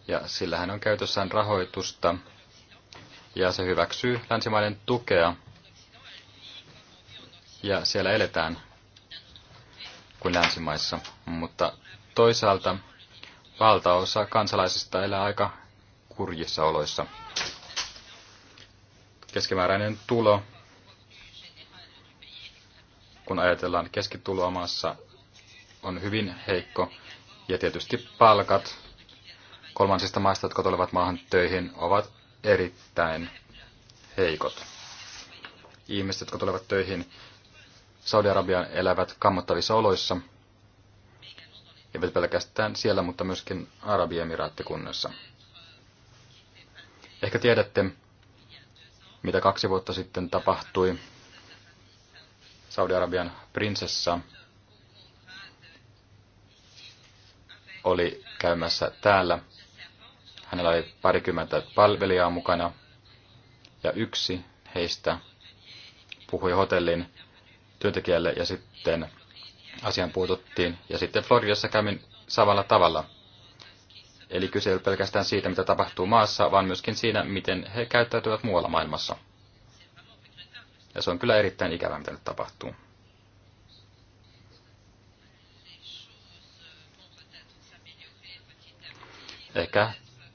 Speaker 1: Ja sillähän on käytössään rahoitusta. Ja se hyväksyy länsimaiden tukea. Ja siellä eletään kuin länsimaissa. Mutta toisaalta valtaosa kansalaisista elää aika kurjissa oloissa keskimääräinen tulo, kun ajatellaan keskituloa maassa, on hyvin heikko. Ja tietysti palkat kolmansista maista, jotka tulevat maahan töihin, ovat erittäin heikot. Ihmiset, jotka tulevat töihin Saudi-Arabiaan, elävät kammottavissa oloissa, eivät pelkästään siellä, mutta myöskin Arabiemiraattikunnassa. Ehkä tiedätte, mitä kaksi vuotta sitten tapahtui. Saudi-Arabian prinsessa oli käymässä täällä. Hänellä oli parikymmentä palvelijaa mukana ja yksi heistä puhui hotellin työntekijälle ja sitten asian puututtiin. Ja sitten Floridassa kävin samalla tavalla. Eli kyse ei ole pelkästään siitä, mitä tapahtuu maassa, vaan myöskin siinä, miten he käyttäytyvät muualla maailmassa. Ja se on kyllä erittäin ikävää, mitä nyt tapahtuu. Ehkä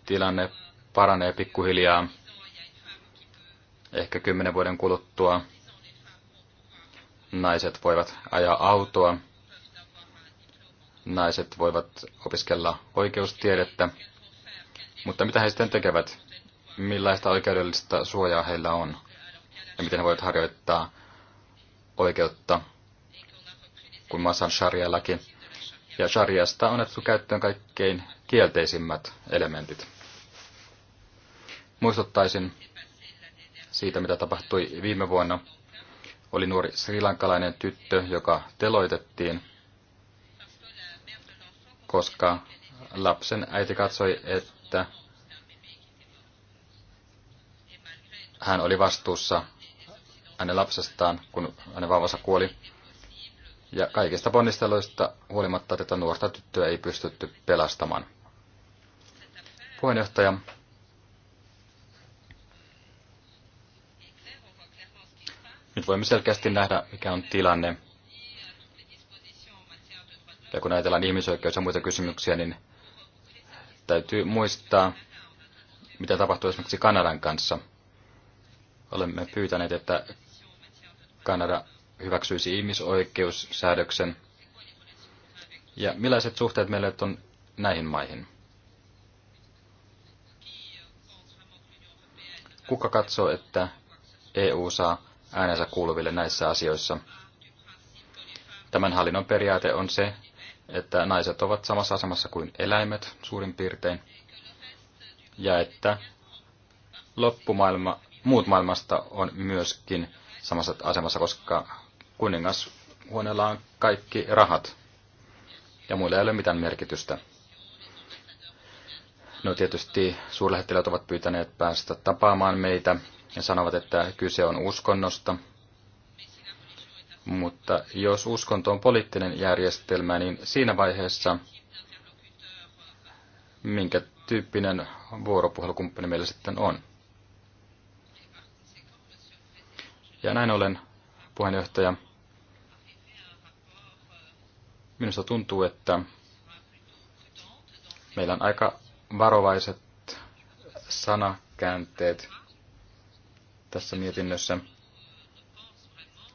Speaker 1: tilanne paranee pikkuhiljaa. Ehkä kymmenen vuoden kuluttua naiset voivat ajaa autoa naiset voivat opiskella oikeustiedettä, mutta mitä he sitten tekevät? Millaista oikeudellista suojaa heillä on? Ja miten he voivat harjoittaa oikeutta, kun maassa on sharia-laki? Ja shariasta on otettu käyttöön kaikkein kielteisimmät elementit. Muistuttaisin siitä, mitä tapahtui viime vuonna. Oli nuori srilankalainen tyttö, joka teloitettiin – koska lapsen äiti katsoi, että hän oli vastuussa hänen lapsestaan, kun hänen vauvansa kuoli. Ja kaikista ponnisteluista huolimatta tätä nuorta tyttöä ei pystytty pelastamaan. Puheenjohtaja, nyt voimme selkeästi nähdä, mikä on tilanne ja kun ajatellaan ihmisoikeus- ja muita kysymyksiä, niin täytyy muistaa, mitä tapahtuu esimerkiksi Kanadan kanssa. Olemme pyytäneet, että Kanada hyväksyisi ihmisoikeussäädöksen. Ja millaiset suhteet meillä on näihin maihin? Kuka katsoo, että EU saa äänensä kuuluville näissä asioissa? Tämän hallinnon periaate on se, että naiset ovat samassa asemassa kuin eläimet suurin piirtein, ja että loppumaailma, muut maailmasta on myöskin samassa asemassa, koska kuningashuoneella on kaikki rahat, ja muille ei ole mitään merkitystä. No tietysti suurlähettiläät ovat pyytäneet päästä tapaamaan meitä ja sanovat, että kyse on uskonnosta – mutta jos uskonto on poliittinen järjestelmä, niin siinä vaiheessa minkä tyyppinen vuoropuhelukumppani meillä sitten on. Ja näin olen puheenjohtaja, minusta tuntuu, että meillä on aika varovaiset sanakäänteet tässä mietinnössä.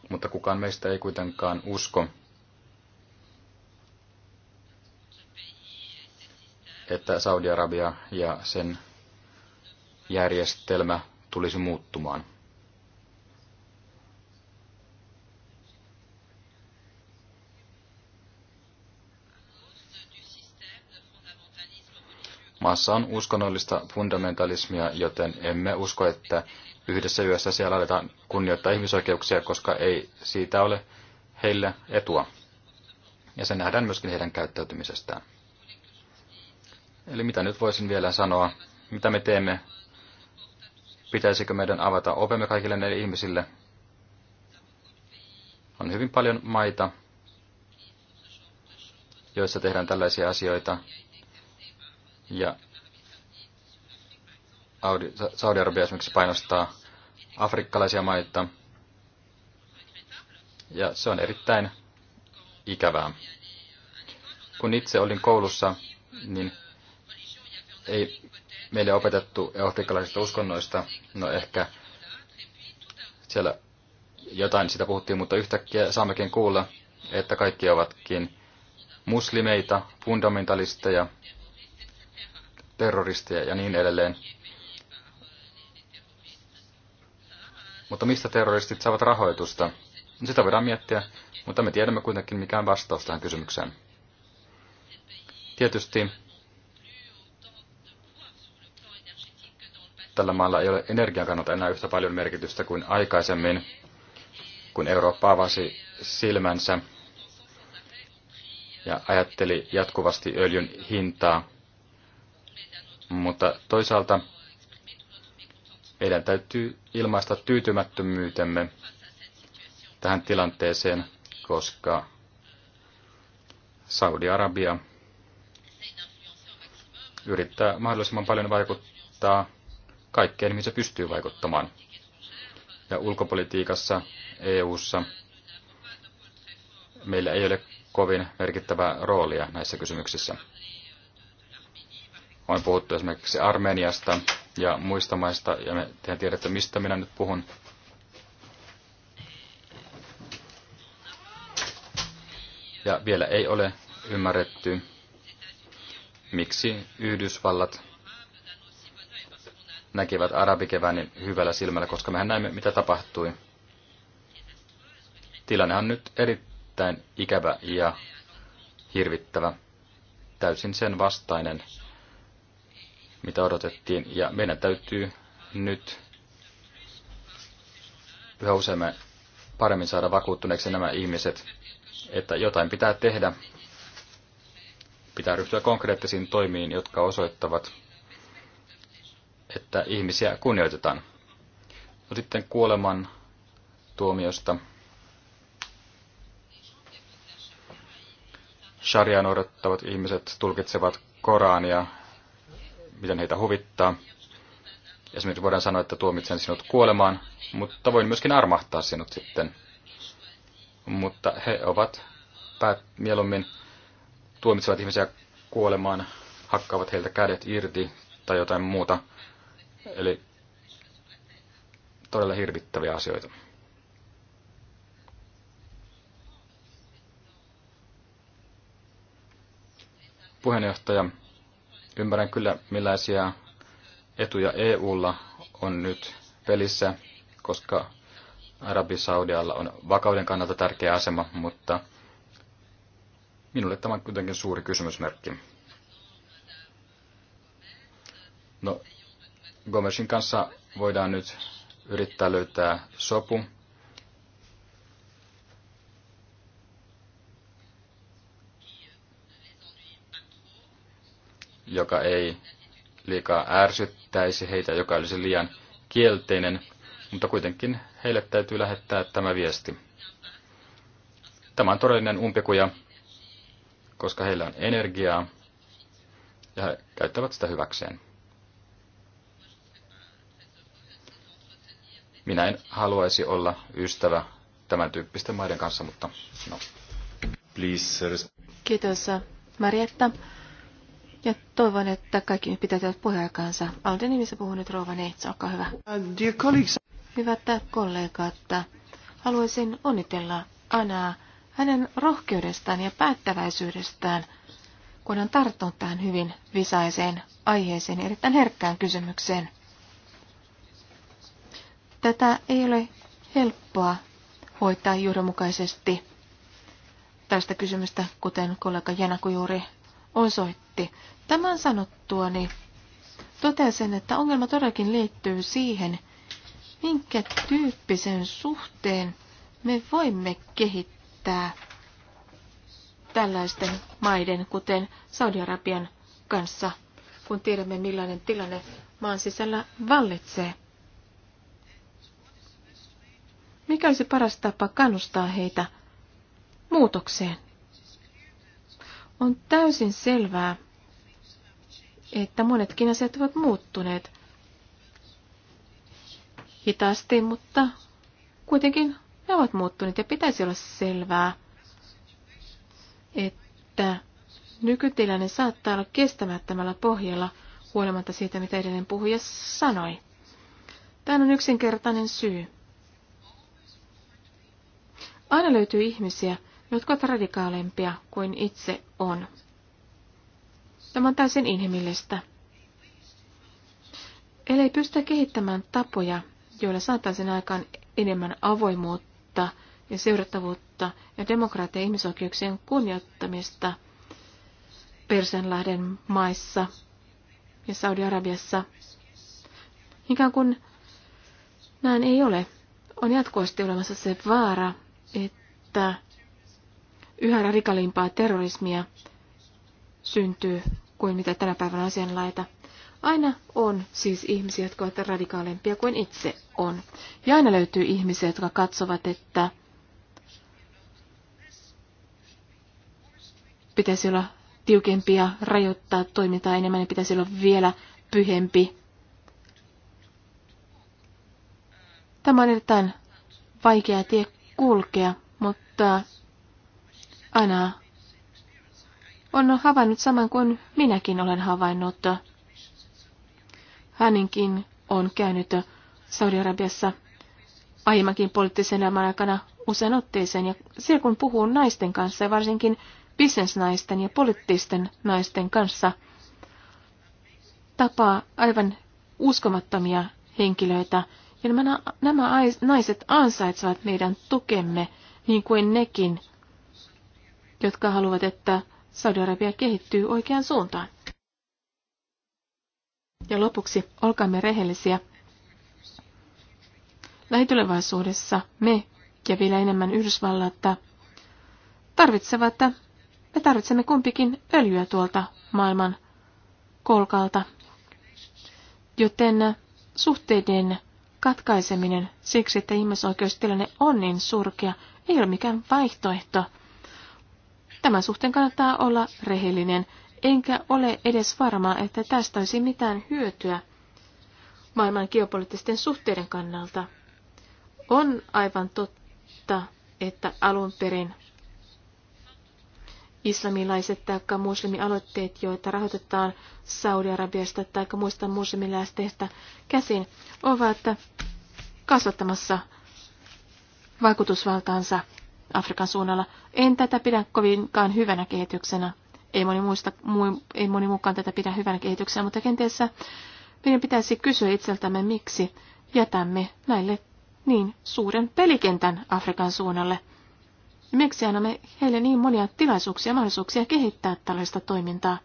Speaker 1: Mutta kukaan meistä ei kuitenkaan usko, että Saudi-Arabia ja sen järjestelmä tulisi muuttumaan. Maassa on uskonnollista fundamentalismia, joten emme usko, että yhdessä yössä siellä aletaan kunnioittaa ihmisoikeuksia, koska ei siitä ole heille etua. Ja se nähdään myöskin heidän käyttäytymisestään. Eli mitä nyt voisin vielä sanoa? Mitä me teemme? Pitäisikö meidän avata ovemme kaikille näille ihmisille? On hyvin paljon maita, joissa tehdään tällaisia asioita. Ja Saudi-Arabia esimerkiksi painostaa afrikkalaisia maita. Ja se on erittäin ikävää. Kun itse olin koulussa, niin ei meille opetettu afrikkalaisista uskonnoista. No ehkä siellä jotain sitä puhuttiin, mutta yhtäkkiä saammekin kuulla, että kaikki ovatkin muslimeita, fundamentalisteja, terroristeja ja niin edelleen. Mutta mistä terroristit saavat rahoitusta? Sitä voidaan miettiä, mutta me tiedämme kuitenkin, mikä on vastaus tähän kysymykseen. Tietysti tällä maalla ei ole energian kannalta enää yhtä paljon merkitystä kuin aikaisemmin, kun Eurooppa avasi silmänsä ja ajatteli jatkuvasti öljyn hintaa. Mutta toisaalta meidän täytyy ilmaista tyytymättömyytemme tähän tilanteeseen, koska Saudi-Arabia yrittää mahdollisimman paljon vaikuttaa kaikkeen, mihin se pystyy vaikuttamaan. Ja ulkopolitiikassa, EU:ssa meillä ei ole kovin merkittävää roolia näissä kysymyksissä. On puhuttu esimerkiksi Armeniasta, ja muista maista, ja me, tehän tiedätte, mistä minä nyt puhun. Ja vielä ei ole ymmärretty, miksi Yhdysvallat näkivät arabikevään hyvällä silmällä, koska mehän näimme, mitä tapahtui. Tilanne on nyt erittäin ikävä ja hirvittävä, täysin sen vastainen mitä odotettiin. Ja meidän täytyy nyt yhä useamme paremmin saada vakuuttuneeksi nämä ihmiset, että jotain pitää tehdä. Pitää ryhtyä konkreettisiin toimiin, jotka osoittavat, että ihmisiä kunnioitetaan. No sitten kuoleman tuomiosta. Sharia noudattavat ihmiset tulkitsevat Korania miten heitä huvittaa. Esimerkiksi voidaan sanoa, että tuomitsen sinut kuolemaan, mutta voin myöskin armahtaa sinut sitten. Mutta he ovat päät, mieluummin tuomitsevat ihmisiä kuolemaan, hakkaavat heiltä kädet irti tai jotain muuta. Eli todella hirvittäviä asioita. Puheenjohtaja, Ymmärrän kyllä, millaisia etuja EUlla on nyt pelissä, koska Saudialla on vakauden kannalta tärkeä asema, mutta minulle tämä on kuitenkin suuri kysymysmerkki. No, Gomesin kanssa voidaan nyt yrittää löytää sopu joka ei liikaa ärsyttäisi heitä, joka olisi liian kielteinen, mutta kuitenkin heille täytyy lähettää tämä viesti. Tämä on todellinen umpikuja, koska heillä on energiaa ja he käyttävät sitä hyväkseen. Minä en haluaisi olla ystävä tämän tyyppisten maiden kanssa, mutta no. Please,
Speaker 3: Kiitos. Marietta, ja toivon, että kaikki pitäytyvät puheaikaansa. Alden nimissä puhuu nyt Rouva Neits, olkaa hyvä. Dear colleagues. Hyvät kollegat, haluaisin onnitella Anaa hänen rohkeudestaan ja päättäväisyydestään, kun hän tarttuu tähän hyvin visaiseen aiheeseen, erittäin herkkään kysymykseen. Tätä ei ole helppoa hoitaa johdonmukaisesti tästä kysymystä, kuten kollega Janaku juuri osoitti. Tämän sanottuani totesin, että ongelma todellakin liittyy siihen, minkä tyyppisen suhteen me voimme kehittää tällaisten maiden, kuten Saudi-Arabian kanssa, kun tiedämme millainen tilanne maan sisällä vallitsee. Mikä olisi paras tapa kannustaa heitä muutokseen? On täysin selvää, että monetkin asiat ovat muuttuneet. Hitaasti, mutta kuitenkin ne ovat muuttuneet ja pitäisi olla selvää, että nykytilanne saattaa olla kestämättömällä pohjalla huolimatta siitä, mitä edellinen puhuja sanoi. Tämä on yksinkertainen syy. Aina löytyy ihmisiä, jotka ovat radikaalimpia kuin itse on. Tämä on täysin inhimillistä. Eli pystytä kehittämään tapoja, joilla saataisiin aikaan enemmän avoimuutta ja seurattavuutta ja demokraatia ihmisoikeuksien kunnioittamista Persianlahden maissa ja Saudi-Arabiassa. Ikään kuin näin ei ole. On jatkuvasti olemassa se vaara, että yhä radikaalimpaa terrorismia syntyy kuin mitä tänä päivänä asianlaita. Aina on siis ihmisiä, jotka ovat radikaalimpia kuin itse on. Ja aina löytyy ihmisiä, jotka katsovat, että pitäisi olla tiukempia, rajoittaa toimintaa enemmän ja niin pitäisi olla vielä pyhempi. Tämä on erittäin vaikea tie kulkea, mutta Ana on havainnut saman kuin minäkin olen havainnut. Hänenkin on käynyt Saudi-Arabiassa aiemmankin poliittisen elämän aikana usein otteeseen. Ja siellä kun puhuu naisten kanssa ja varsinkin bisnesnaisten ja poliittisten naisten kanssa, tapaa aivan uskomattomia henkilöitä. Ja nämä, nämä naiset ansaitsevat meidän tukemme, niin kuin nekin jotka haluavat, että Saudi-Arabia kehittyy oikeaan suuntaan. Ja lopuksi olkaamme rehellisiä. Lähitulevaisuudessa me ja vielä enemmän Yhdysvallat tarvitsevat, me tarvitsemme kumpikin öljyä tuolta maailman kolkalta. Joten suhteiden katkaiseminen siksi, että ihmisoikeustilanne on niin surkea, ei ole mikään vaihtoehto – Tämän suhteen kannattaa olla rehellinen, enkä ole edes varma, että tästä olisi mitään hyötyä maailman geopoliittisten suhteiden kannalta. On aivan totta, että alun perin islamilaiset tai muslimialoitteet, joita rahoitetaan Saudi-Arabiasta tai muista muslimiläisteistä käsin, ovat kasvattamassa vaikutusvaltaansa Afrikan suunnalla. En tätä pidä kovinkaan hyvänä kehityksenä. Ei moni, muista, muu, ei moni mukaan tätä pidä hyvänä kehityksenä, mutta kenties meidän pitäisi kysyä itseltämme, miksi jätämme näille niin suuren pelikentän Afrikan suunnalle. Miksi annamme heille niin monia tilaisuuksia ja mahdollisuuksia kehittää tällaista toimintaa?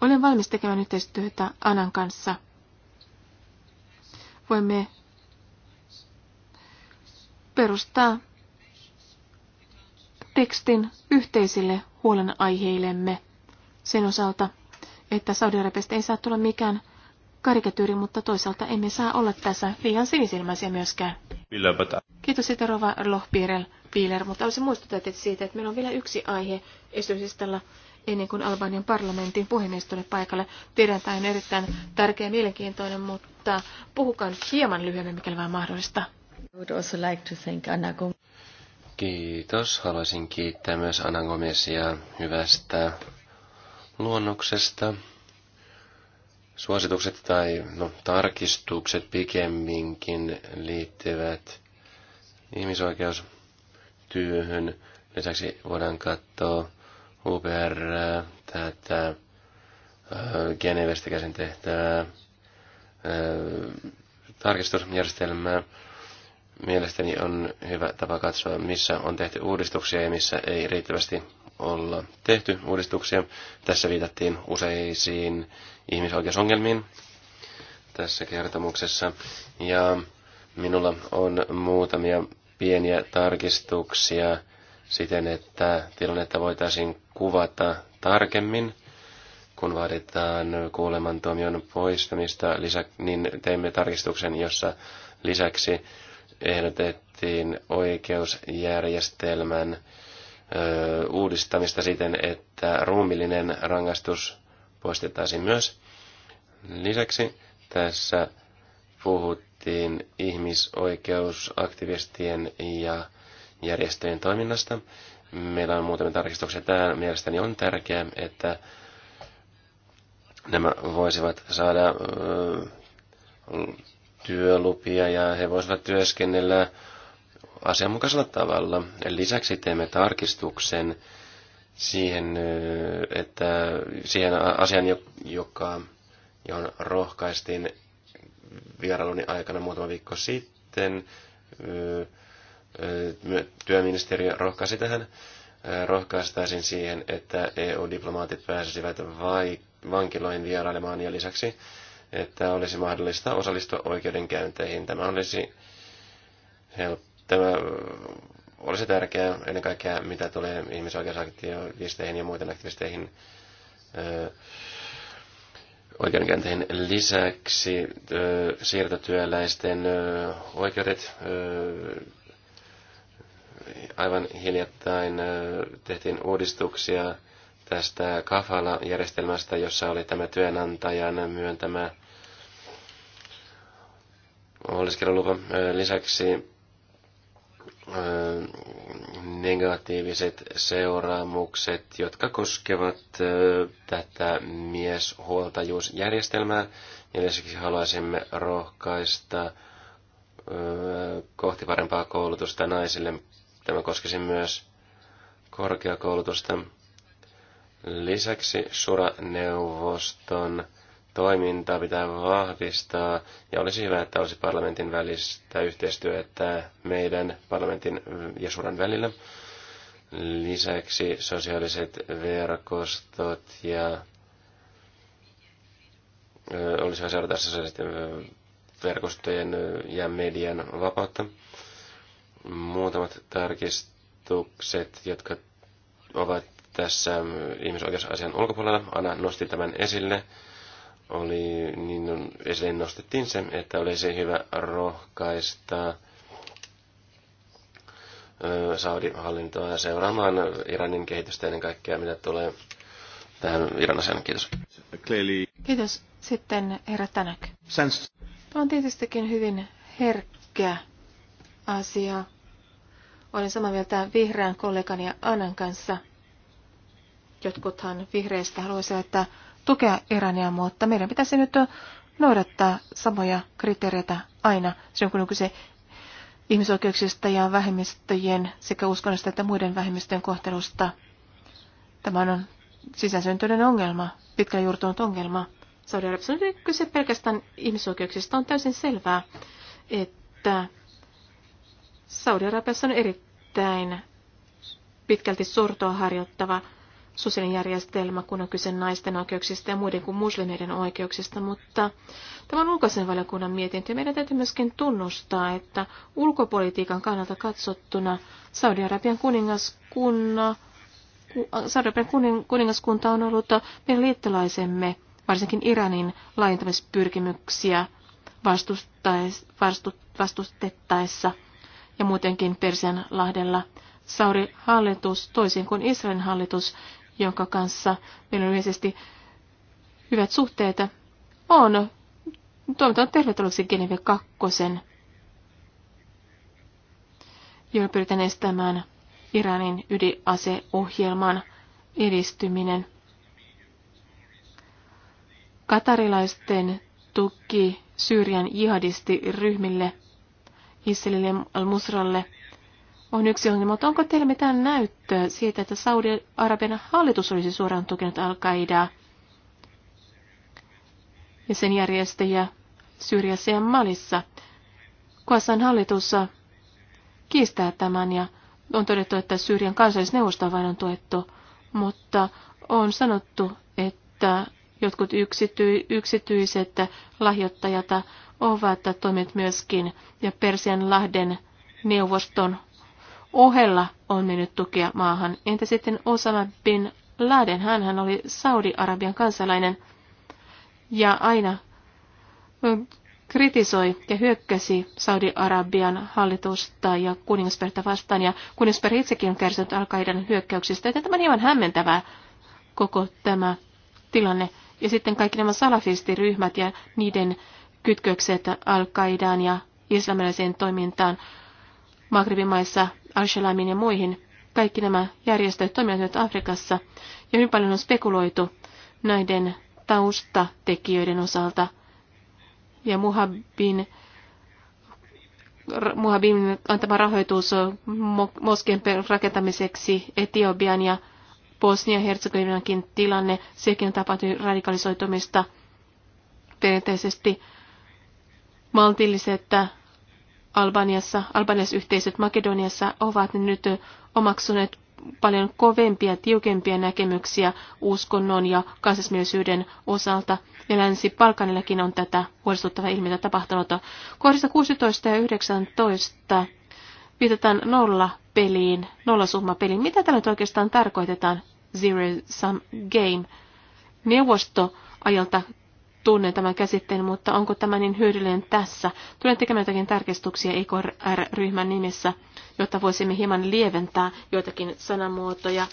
Speaker 3: Olen valmis tekemään yhteistyötä Anan kanssa. Voimme perustaa tekstin yhteisille huolenaiheillemme sen osalta, että Saudi-Arabiasta ei saa tulla mikään karikatyyri, mutta toisaalta emme saa olla tässä liian sinisilmäisiä myöskään. Kiitos siitä Rova Lohpiirel Piiler, mutta olisin muistuttaa että siitä, että meillä on vielä yksi aihe esityslistalla ennen kuin Albanian parlamentin puhemies tulee paikalle. Tiedän, tämä on erittäin tärkeä ja mielenkiintoinen, mutta puhukaan hieman lyhyemmin, mikäli vain mahdollista like
Speaker 2: Kiitos. Haluaisin kiittää myös Anna Gomesia hyvästä luonnoksesta. Suositukset tai no, tarkistukset pikemminkin liittyvät ihmisoikeustyöhön. Lisäksi voidaan katsoa UPR, tätä Genevestä käsin tehtävää tarkistusjärjestelmää mielestäni on hyvä tapa katsoa, missä on tehty uudistuksia ja missä ei riittävästi olla tehty uudistuksia. Tässä viitattiin useisiin ihmisoikeusongelmiin tässä kertomuksessa. Ja minulla on muutamia pieniä tarkistuksia siten, että tilannetta voitaisiin kuvata tarkemmin, kun vaaditaan kuolemantuomion poistamista, lisä, niin teemme tarkistuksen, jossa lisäksi ehdotettiin oikeusjärjestelmän ö, uudistamista siten, että ruumillinen rangaistus poistettaisiin myös. Lisäksi tässä puhuttiin ihmisoikeusaktivistien ja järjestöjen toiminnasta. Meillä on muutamia tarkistuksia Tämä Mielestäni on tärkeää, että nämä voisivat saada työlupia ja he voisivat työskennellä asianmukaisella tavalla. Lisäksi teemme tarkistuksen siihen, että siihen asian, joka, johon rohkaistiin vierailuni aikana muutama viikko sitten, työministeriö rohkaisi tähän, rohkaistaisin siihen, että EU-diplomaatit pääsisivät vai, vankiloihin vierailemaan ja lisäksi että olisi mahdollista osallistua oikeudenkäynteihin. Tämä olisi, help, tämä olisi tärkeää ennen kaikkea, mitä tulee ihmisoikeusaktivisteihin ja muiden aktivisteihin oikeudenkäynteihin lisäksi siirtotyöläisten oikeudet aivan hiljattain tehtiin uudistuksia tästä kafala-järjestelmästä, jossa oli tämä työnantajan myöntämä oleskelulupa. Lisäksi negatiiviset seuraamukset, jotka koskevat tätä mieshuoltajuusjärjestelmää. Ja lisäksi haluaisimme rohkaista kohti parempaa koulutusta naisille. Tämä koskisi myös korkeakoulutusta. Lisäksi suraneuvoston neuvoston toimintaa pitää vahvistaa ja olisi hyvä, että olisi parlamentin välistä yhteistyötä meidän parlamentin ja suuran välillä. Lisäksi sosiaaliset verkostot ja olisi hyvä seurata sosiaalisten verkostojen ja median vapautta. Muutamat tarkistukset, jotka ovat tässä ihmisoikeusasian ulkopuolella. Anna nosti tämän esille oli, niin esiin nostettiin se, että olisi hyvä rohkaista Saudi-hallintoa seuraamaan Iranin kehitystä ennen kaikkea, mitä tulee tähän Iran asiaan. Kiitos.
Speaker 3: Kiitos. Sitten herra Tänäk. Tämä on tietystikin hyvin herkkä asia. Olen samaa mieltä vihreän kollegani Anan kanssa. Jotkuthan vihreistä haluaisivat, että tukea Irania, mutta meidän pitäisi nyt noudattaa samoja kriteereitä aina, se kun on kyse ihmisoikeuksista ja vähemmistöjen sekä uskonnosta että muiden vähemmistöjen kohtelusta. Tämä on sisäsyntyinen ongelma, pitkä juurtunut ongelma. Saudi-Arabiassa on kyse pelkästään ihmisoikeuksista. On täysin selvää, että Saudi-Arabiassa on erittäin pitkälti sortoa harjoittava sosiaalinen järjestelmä, kun on kyse naisten oikeuksista ja muiden kuin muslimeiden oikeuksista, mutta tämä on ulkoisen valiokunnan mietintö. Meidän täytyy myöskin tunnustaa, että ulkopolitiikan kannalta katsottuna Saudi-Arabian kuningaskunna, äh, Saudi-Arabian kuning, kuningaskunta on ollut meidän liittolaisemme, varsinkin Iranin laajentamispyrkimyksiä vastustettaessa ja muutenkin Persianlahdella. saudi hallitus toisin kuin Israelin hallitus, jonka kanssa meillä on yleisesti hyvät suhteet, on toimittanut tervetulleeksi Geneve 2, jolla pyritään estämään Iranin ydinaseohjelman edistyminen. Katarilaisten tuki Syyrian jihadistiryhmille, Isselille al-Musralle – on yksi ongelma. Mutta onko teillä mitään näyttöä siitä, että Saudi-Arabian hallitus olisi suoraan tukenut al qaidaa ja sen järjestäjiä Syyriassa ja Malissa? Kuassan hallitus kiistää tämän ja on todettu, että Syyrian kansallisneuvostoa vain on tuettu, mutta on sanottu, että jotkut yksity- yksityiset lahjoittajat ovat toimineet myöskin ja Persian lahden neuvoston ohella on mennyt tukea maahan. Entä sitten Osama bin Laden? hän oli Saudi-Arabian kansalainen ja aina kritisoi ja hyökkäsi Saudi-Arabian hallitusta ja kuningasperhettä vastaan, ja kuningasperhe itsekin on kärsinyt al hyökkäyksistä, että tämä on hieman hämmentävää koko tämä tilanne. Ja sitten kaikki nämä salafistiryhmät ja niiden kytkökset al ja islamilaiseen toimintaan Maghribin maissa, al ja muihin. Kaikki nämä järjestöt toimivat nyt Afrikassa ja hyvin paljon on spekuloitu näiden taustatekijöiden osalta. Ja Muhabin, Muhabin antama rahoitus mosken rakentamiseksi Etiopian ja Bosnia-Herzegovinankin tilanne, sekin tapahtui radikalisoitumista perinteisesti maltilliset Albaniassa, Albanes-yhteisöt, Makedoniassa ovat nyt omaksuneet paljon kovempia, tiukempia näkemyksiä uskonnon ja kansallismielisyyden osalta, ja länsi palkanillakin on tätä huolestuttavaa ilmiötä tapahtunut. Kohdissa 16 ja 19 viitataan nollapeliin, peliin. Mitä tällä nyt oikeastaan tarkoitetaan? Zero sum game. Neuvosto ajalta tunne tämän käsitteen, mutta onko tämä niin hyödyllinen tässä? Tulen tekemään jotakin tarkistuksia IKR-ryhmän e nimissä, jotta voisimme hieman lieventää joitakin sanamuotoja.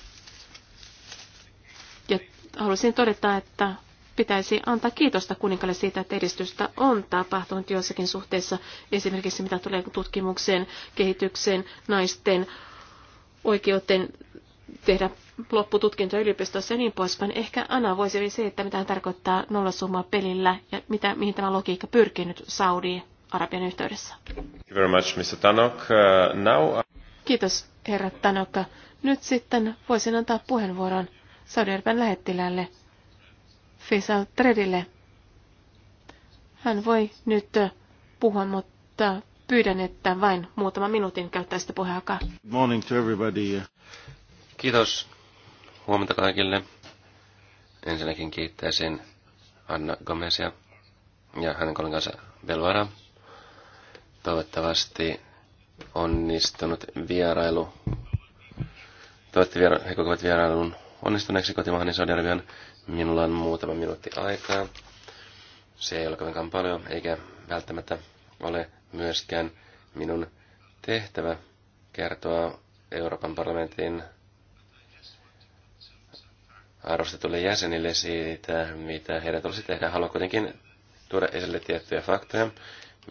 Speaker 3: Ja haluaisin todeta, että pitäisi antaa kiitosta kuninkalle siitä, että edistystä on tapahtunut joissakin suhteissa, esimerkiksi mitä tulee tutkimukseen, kehitykseen, naisten oikeuteen tehdä loppututkinto yliopistossa ja niin poispäin. Ehkä Anna voisi että mitä hän tarkoittaa nollasumma pelillä ja mitä, mihin tämä logiikka pyrkii nyt Saudi Arabian yhteydessä.
Speaker 2: much, Mr. Tanok. Uh, now. Uh,
Speaker 3: Kiitos, herra Tanok. Nyt sitten voisin antaa puheenvuoron Saudi-Arabian lähettilälle, Faisal Tredille. Hän voi nyt puhua, mutta pyydän, että vain muutama minuutin käyttäisitte puheenaikaa.
Speaker 2: Morning to everybody. Kiitos Huomenta kaikille. Ensinnäkin kiittäisin Anna Gomesia ja hänen kollegansa Belvara. Toivottavasti onnistunut vierailu. Toivottavasti he kokevat vierailun onnistuneeksi kotimaahan niin Saudi-Arabian. Minulla on muutama minuutti aikaa. Se ei ole kovinkaan paljon, eikä välttämättä ole myöskään minun tehtävä kertoa Euroopan parlamentin Arvostetulle jäsenille siitä, mitä heidän tulisi tehdä. Haluan kuitenkin tuoda esille tiettyjä faktoja.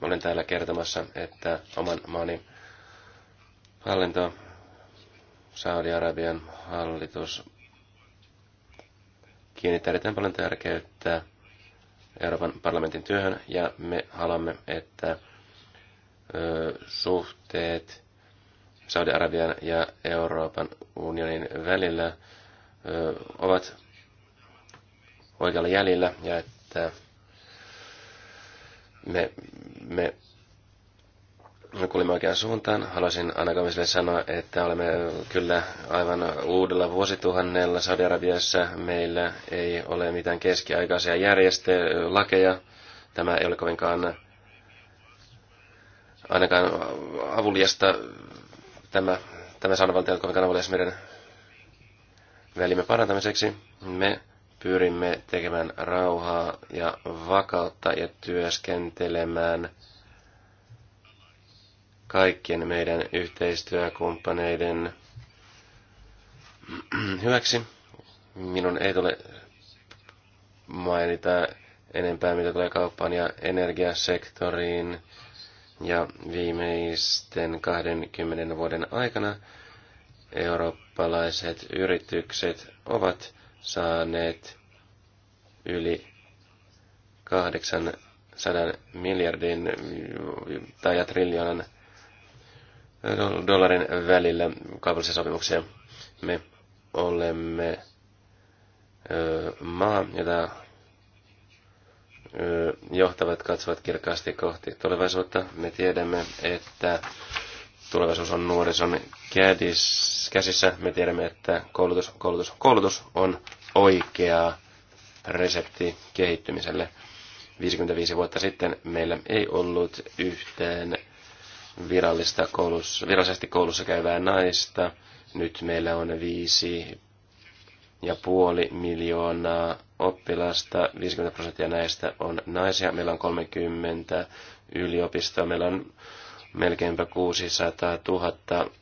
Speaker 2: Mä olen täällä kertomassa, että oman maani hallinto, Saudi-Arabian hallitus, kiinnittää erittäin paljon tärkeyttä Euroopan parlamentin työhön, ja me haluamme, että ö, suhteet Saudi-Arabian ja Euroopan unionin välillä ovat oikealla jäljellä ja että me, me kuulimme oikeaan suuntaan. Haluaisin Anagamiselle sanoa, että olemme kyllä aivan uudella vuosituhannella Saudi-Arabiassa. Meillä ei ole mitään keskiaikaisia järjestelakeja. Tämä ei ole kovinkaan ainakaan avuliasta tämä, tämä sanavaltio, joka on avulias meidän välimme parantamiseksi me pyrimme tekemään rauhaa ja vakautta ja työskentelemään kaikkien meidän yhteistyökumppaneiden hyväksi. Minun ei tule mainita enempää, mitä tulee kauppaan ja energiasektoriin. Ja viimeisten 20 vuoden aikana Eurooppa eurooppalaiset yritykset ovat saaneet yli 800 miljardin tai triljoonan dollarin välillä kaupallisia sopimuksia. Me olemme ö, maa, jota ö, johtavat katsovat kirkkaasti kohti tulevaisuutta. Me tiedämme, että tulevaisuus on nuorison käsissä. Me tiedämme, että koulutus, koulutus, koulutus on oikea resepti kehittymiselle. 55 vuotta sitten meillä ei ollut yhtään virallista koulussa, virallisesti koulussa käyvää naista. Nyt meillä on viisi ja puoli miljoonaa oppilasta, 50 prosenttia näistä on naisia. Meillä on 30 yliopistoa, meillä on melkeinpä 600 000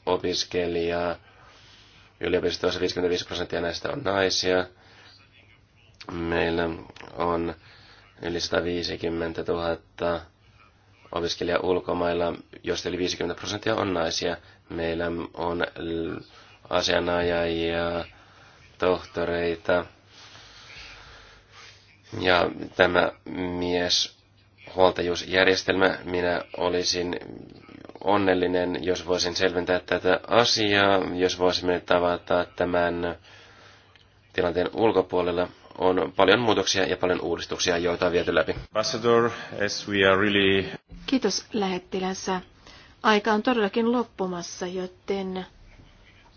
Speaker 2: opiskelijaa. Yliopistossa 55 prosenttia näistä on naisia. Meillä on yli 150 000 opiskelijaa ulkomailla, joista yli 50 prosenttia on naisia. Meillä on asianajajia, tohtoreita. Ja tämä mies huoltajuusjärjestelmä. Minä olisin onnellinen, jos voisin selventää tätä asiaa, jos voisimme tavata tämän tilanteen ulkopuolella. On paljon muutoksia ja paljon uudistuksia, joita on viety läpi. Ambassador, as we are really...
Speaker 3: Kiitos lähettilänsä. Aika on todellakin loppumassa, joten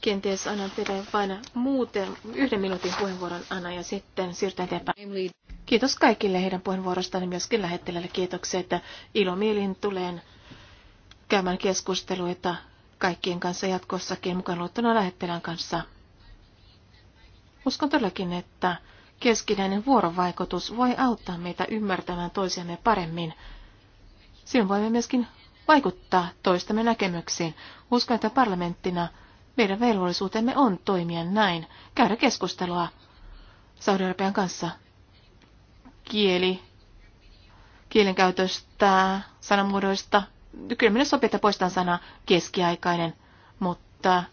Speaker 3: kenties annan teille vain muuten yhden minuutin puheenvuoron Anna ja sitten siirrytään eteenpäin. Kiitos kaikille heidän puheenvuorostaan ja myöskin lähettelijälle kiitoksia, että ilomielin tulee käymään keskusteluita kaikkien kanssa jatkossakin mukaan luottuna lähettelän kanssa. Uskon todellakin, että keskinäinen vuorovaikutus voi auttaa meitä ymmärtämään toisiamme paremmin. Silloin voimme myöskin vaikuttaa toistamme näkemyksiin. Uskon, että parlamenttina meidän velvollisuutemme on toimia näin, käydä keskustelua Saudi-Arabian kanssa kieli, kielenkäytöstä, sanamuodoista. Kyllä minä sopii, että poistan sana keskiaikainen, mutta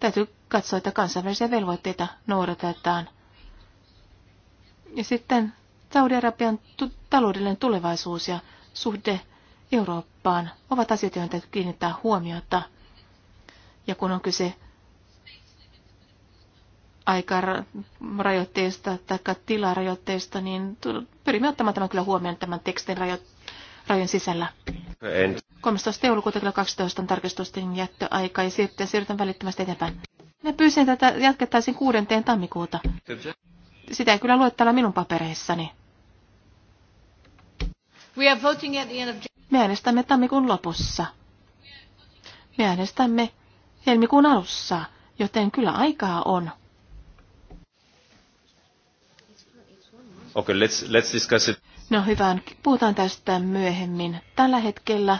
Speaker 3: täytyy katsoa, että kansainvälisiä velvoitteita noudatetaan. Ja sitten Saudi-Arabian taloudellinen tulevaisuus ja suhde Eurooppaan ovat asioita, joihin täytyy kiinnittää huomiota. Ja kun on kyse aikarajoitteista tai tilarajoitteista, niin pyrimme ottamaan tämän kyllä huomioon tämän tekstin rajojen sisällä. En. 13. joulukuuta kello 12 on tarkistusten jättöaika ja siirrytään, siirrytään välittömästi eteenpäin. Minä pyysin tätä jatkettaisiin 6. tammikuuta. Sitä ei kyllä lue täällä minun papereissani. We are voting at the end of... Me äänestämme tammikuun lopussa. Me äänestämme helmikuun alussa, joten kyllä aikaa on.
Speaker 1: Okay, let's, let's discuss it.
Speaker 3: No hyvä, puhutaan tästä myöhemmin. Tällä hetkellä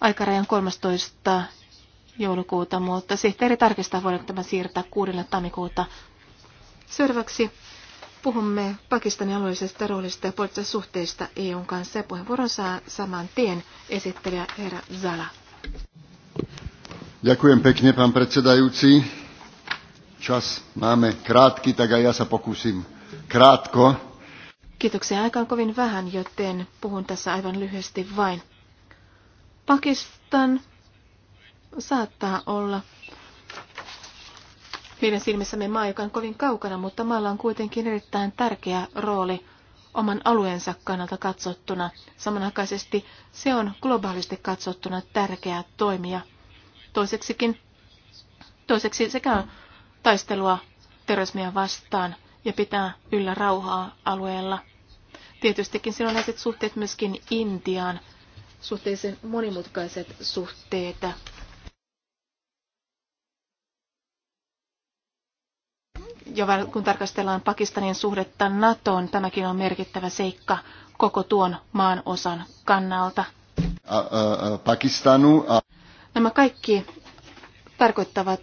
Speaker 3: aikarajan 13. joulukuuta, mutta sihteeri tarkistaa, voidaanko tämä siirtää 6. tammikuuta. Seuraavaksi puhumme Pakistanin alueellisesta roolista ja poliittisesta suhteista EUn kanssa. puheenvuoron saa saman tien esittelijä herra Zala.
Speaker 1: Ďakujem pekne, pán predsedajúci. Čas máme krátky, tak aj ja sa pokúsim Kratko.
Speaker 3: Kiitoksia. Aika on kovin vähän, joten puhun tässä aivan lyhyesti vain. Pakistan saattaa olla meidän silmissämme maa, joka on kovin kaukana, mutta maalla on kuitenkin erittäin tärkeä rooli oman alueensa kannalta katsottuna. Samanaikaisesti se on globaalisti katsottuna tärkeä toimija. Toiseksikin, toiseksi sekä taistelua terrorismia vastaan ja pitää yllä rauhaa alueella. Tietystikin sellaiset suhteet myöskin Intiaan, suhteellisen monimutkaiset suhteet. Jo kun tarkastellaan Pakistanin suhdetta NATOon, tämäkin on merkittävä seikka koko tuon maan osan kannalta.
Speaker 1: Pakistanu.
Speaker 3: Nämä kaikki tarkoittavat,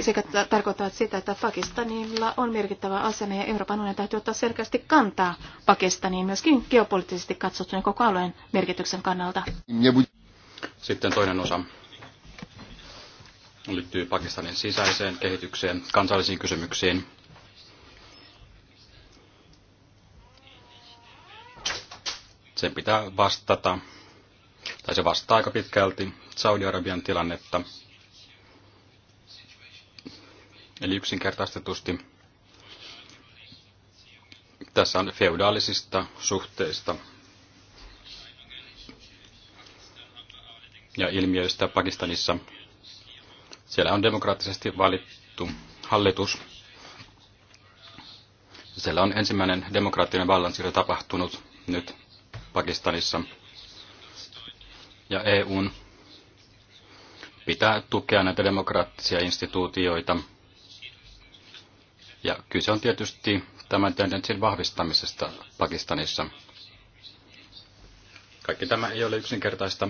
Speaker 3: sekä tarkoittavat sitä, että Pakistanilla on merkittävä asema ja Euroopan unionin täytyy ottaa selkeästi kantaa Pakistaniin myöskin geopoliittisesti katsottuna koko alueen merkityksen kannalta.
Speaker 1: Sitten toinen osa liittyy Pakistanin sisäiseen kehitykseen, kansallisiin kysymyksiin. Sen pitää vastata, tai se vastaa aika pitkälti Saudi-Arabian tilannetta – Eli yksinkertaistetusti tässä on feudaalisista suhteista ja ilmiöistä Pakistanissa. Siellä on demokraattisesti valittu hallitus. Siellä on ensimmäinen demokraattinen vallansiirto tapahtunut nyt Pakistanissa. Ja EUn pitää tukea näitä demokraattisia instituutioita – ja kyse on tietysti tämän tendenssin vahvistamisesta Pakistanissa. Kaikki tämä ei ole yksinkertaista.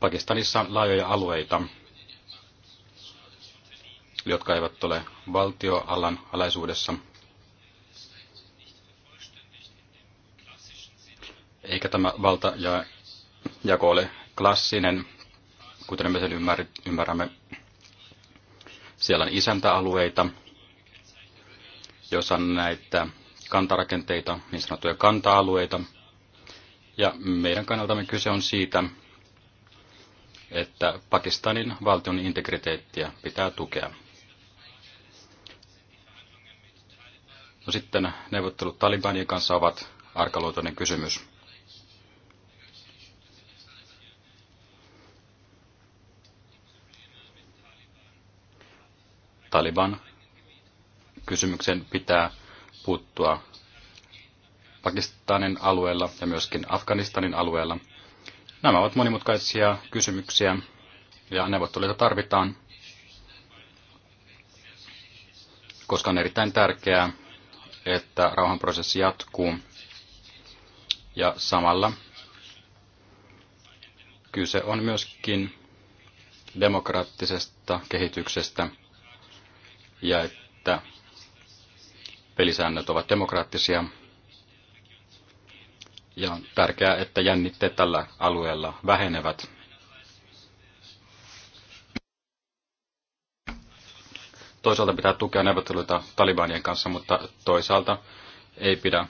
Speaker 1: Pakistanissa on laajoja alueita, jotka eivät ole valtioalan alaisuudessa. Eikä tämä valta ja jako ole klassinen, kuten me sen ymmärrämme. Siellä on isäntäalueita, jossa on näitä kantarakenteita, niin sanottuja kanta-alueita. Ja meidän kannaltamme kyse on siitä, että Pakistanin valtion integriteettiä pitää tukea. No sitten neuvottelut Talibanien kanssa ovat arkaluotoinen kysymys. Taliban kysymyksen pitää puuttua Pakistanin alueella ja myöskin Afganistanin alueella. Nämä ovat monimutkaisia kysymyksiä ja neuvotteluita tarvitaan, koska on erittäin tärkeää, että rauhanprosessi jatkuu ja samalla kyse on myöskin demokraattisesta kehityksestä ja että pelisäännöt ovat demokraattisia. Ja on tärkeää, että jännitteet tällä alueella vähenevät. Toisaalta pitää tukea neuvotteluita talibanien kanssa, mutta toisaalta ei pidä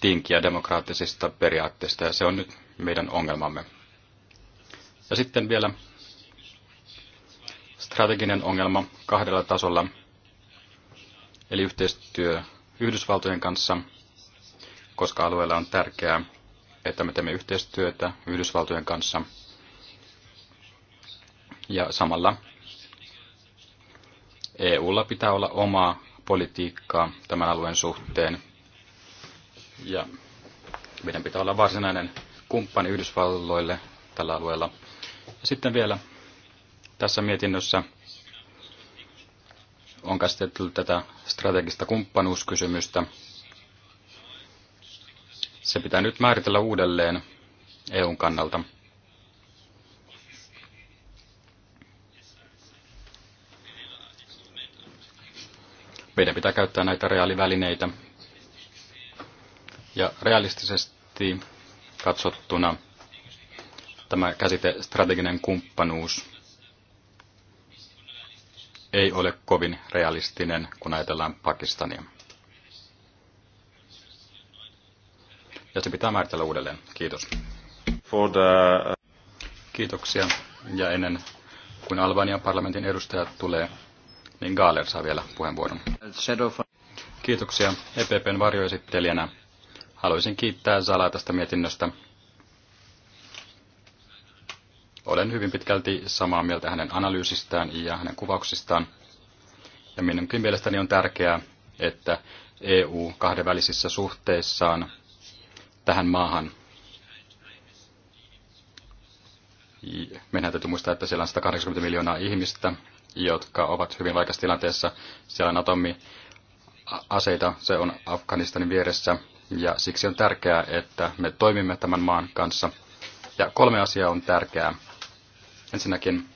Speaker 1: tinkiä demokraattisista periaatteista, ja se on nyt meidän ongelmamme. Ja sitten vielä strateginen ongelma kahdella tasolla – eli yhteistyö Yhdysvaltojen kanssa, koska alueella on tärkeää, että me teemme yhteistyötä Yhdysvaltojen kanssa. Ja samalla EUlla pitää olla omaa politiikkaa tämän alueen suhteen. Ja meidän pitää olla varsinainen kumppani Yhdysvalloille tällä alueella. Ja sitten vielä tässä mietinnössä on käsitelty tätä strategista kumppanuuskysymystä. Se pitää nyt määritellä uudelleen EUn kannalta. Meidän pitää käyttää näitä reaalivälineitä. Ja realistisesti katsottuna tämä käsite strateginen kumppanuus ei ole kovin realistinen, kun ajatellaan Pakistania. Ja se pitää määritellä uudelleen. Kiitos. For the... Kiitoksia. Ja ennen kuin Albanian parlamentin edustaja tulee, niin Gaaler saa vielä puheenvuoron. Kiitoksia EPPn varjoesittelijänä. Haluaisin kiittää Zalaa tästä mietinnöstä. Olen hyvin pitkälti samaa mieltä hänen analyysistään ja hänen kuvauksistaan. Ja minunkin mielestäni on tärkeää, että EU kahdenvälisissä suhteissaan tähän maahan. Meidän täytyy muistaa, että siellä on 180 miljoonaa ihmistä, jotka ovat hyvin vaikassa tilanteessa. Siellä on atomiaseita, se on Afganistanin vieressä, ja siksi on tärkeää, että me toimimme tämän maan kanssa. Ja kolme asiaa on tärkeää. Ensinnäkin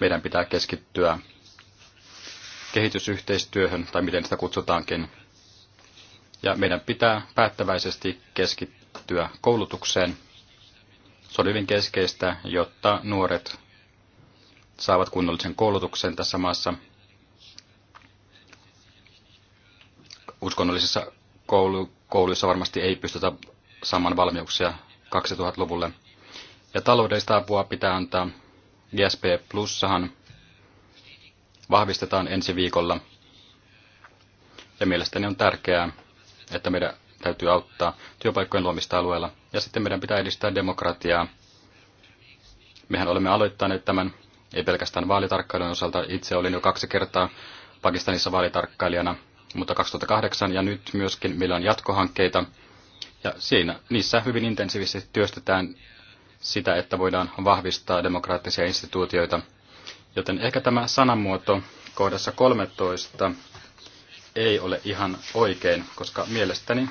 Speaker 1: meidän pitää keskittyä kehitysyhteistyöhön, tai miten sitä kutsutaankin. Ja meidän pitää päättäväisesti keskittyä koulutukseen. Se on hyvin keskeistä, jotta nuoret saavat kunnollisen koulutuksen tässä maassa. Uskonnollisissa koulu, kouluissa varmasti ei pystytä saamaan valmiuksia 2000-luvulle. Ja taloudellista apua pitää antaa. GSP Plussahan vahvistetaan ensi viikolla. Ja mielestäni on tärkeää, että meidän täytyy auttaa työpaikkojen luomista alueella. Ja sitten meidän pitää edistää demokratiaa. Mehän olemme aloittaneet tämän, ei pelkästään vaalitarkkailun osalta. Itse olin jo kaksi kertaa Pakistanissa vaalitarkkailijana, mutta 2008 ja nyt myöskin meillä on jatkohankkeita. Ja siinä, niissä hyvin intensiivisesti työstetään sitä, että voidaan vahvistaa demokraattisia instituutioita. Joten ehkä tämä sanamuoto kohdassa 13 ei ole ihan oikein, koska mielestäni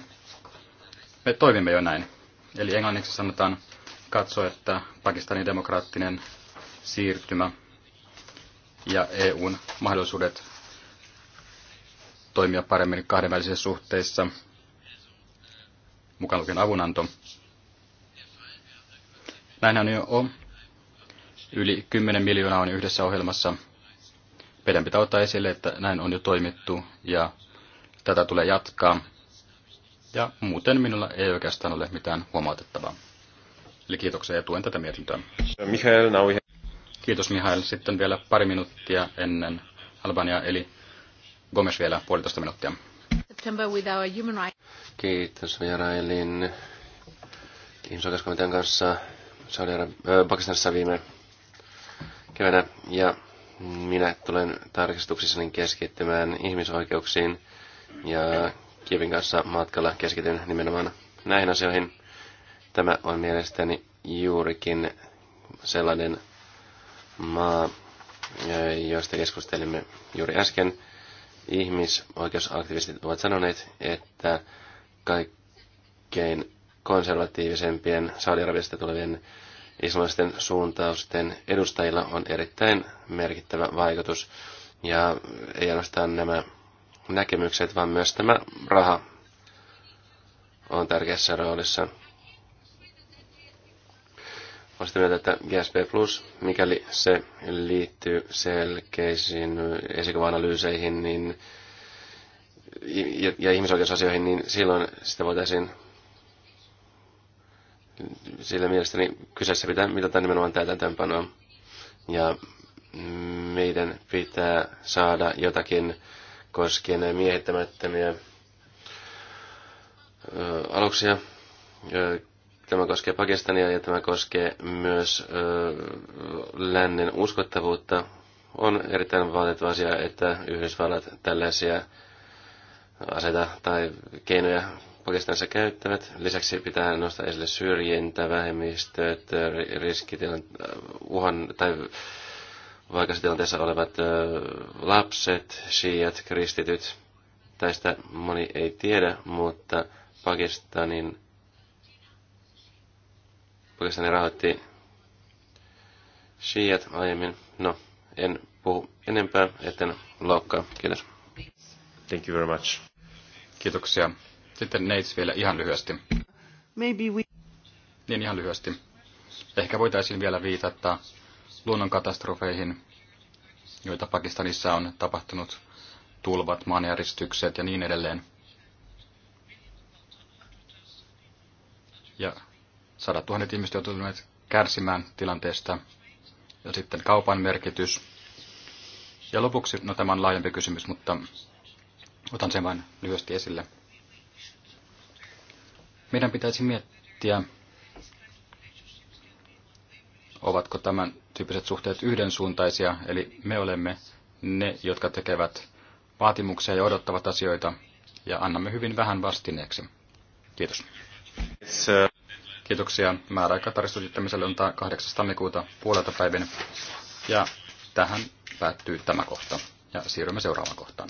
Speaker 1: me toimimme jo näin. Eli englanniksi sanotaan katso, että Pakistanin demokraattinen siirtymä ja EUn mahdollisuudet toimia paremmin kahdenvälisissä suhteissa, mukaan lukien avunanto, Näinhän jo on. Yli 10 miljoonaa on yhdessä ohjelmassa. Meidän pitää ottaa esille, että näin on jo toimittu ja tätä tulee jatkaa. Ja muuten minulla ei oikeastaan ole mitään huomautettavaa. Eli kiitoksia ja tuen tätä mietintöä. Mihail, Kiitos Mihail. Sitten vielä pari minuuttia ennen Albania, eli Gomes vielä puolitoista minuuttia.
Speaker 2: Kiitos vierailin ihmisoikeuskomitean kanssa saudi Pakistanissa viime keväänä ja minä tulen tarkistuksissani keskittymään ihmisoikeuksiin ja Kievin kanssa matkalla keskityn nimenomaan näihin asioihin. Tämä on mielestäni juurikin sellainen maa, josta keskustelimme juuri äsken. Ihmisoikeusaktivistit ovat sanoneet, että kaikkein konservatiivisempien Saudi-Arabiasta tulevien islamisten suuntausten edustajilla on erittäin merkittävä vaikutus. Ja ei ainoastaan nämä näkemykset, vaan myös tämä raha on tärkeässä roolissa. On sitä mieltä, että GSP Plus, mikäli se liittyy selkeisiin esikuva-analyyseihin niin, ja, ja ihmisoikeusasioihin, niin silloin sitä voitaisiin sillä mielestäni kyseessä pitää mitata nimenomaan täytäntöönpanoa. Ja meidän pitää saada jotakin koskien miehittämättömiä aluksia. Tämä koskee Pakistania ja tämä koskee myös lännen uskottavuutta. On erittäin valitettava asia, että Yhdysvallat tällaisia aseita tai keinoja Pakistanissa käyttävät. Lisäksi pitää nostaa esille syrjintä, vähemmistöt, riskitilanteet, äh, uhan tai vaikassa tilanteessa olevat äh, lapset, shiat, kristityt. Tästä moni ei tiedä, mutta Pakistanin Pakistani rahoitti shiat aiemmin. No, en puhu enempää, etten loukkaa. Kiitos. Thank you very much.
Speaker 1: Kiitoksia. Sitten Neits vielä ihan lyhyesti. Maybe we... Niin ihan lyhyesti. Ehkä voitaisiin vielä viitata luonnonkatastrofeihin, joita Pakistanissa on tapahtunut, tulvat, maanjäristykset ja niin edelleen. Ja sadat tuhannet ihmiset joutuneet kärsimään tilanteesta. Ja sitten kaupan merkitys. Ja lopuksi, no tämä on laajempi kysymys, mutta otan sen vain lyhyesti esille. Meidän pitäisi miettiä, ovatko tämän tyyppiset suhteet yhdensuuntaisia, eli me olemme ne, jotka tekevät vaatimuksia ja odottavat asioita, ja annamme hyvin vähän vastineeksi. Kiitos. Kiitoksia. Määräaika tarkistusjättämiselle on 8. tammikuuta puolelta päivin. Ja tähän päättyy tämä kohta. Ja siirrymme seuraavaan kohtaan.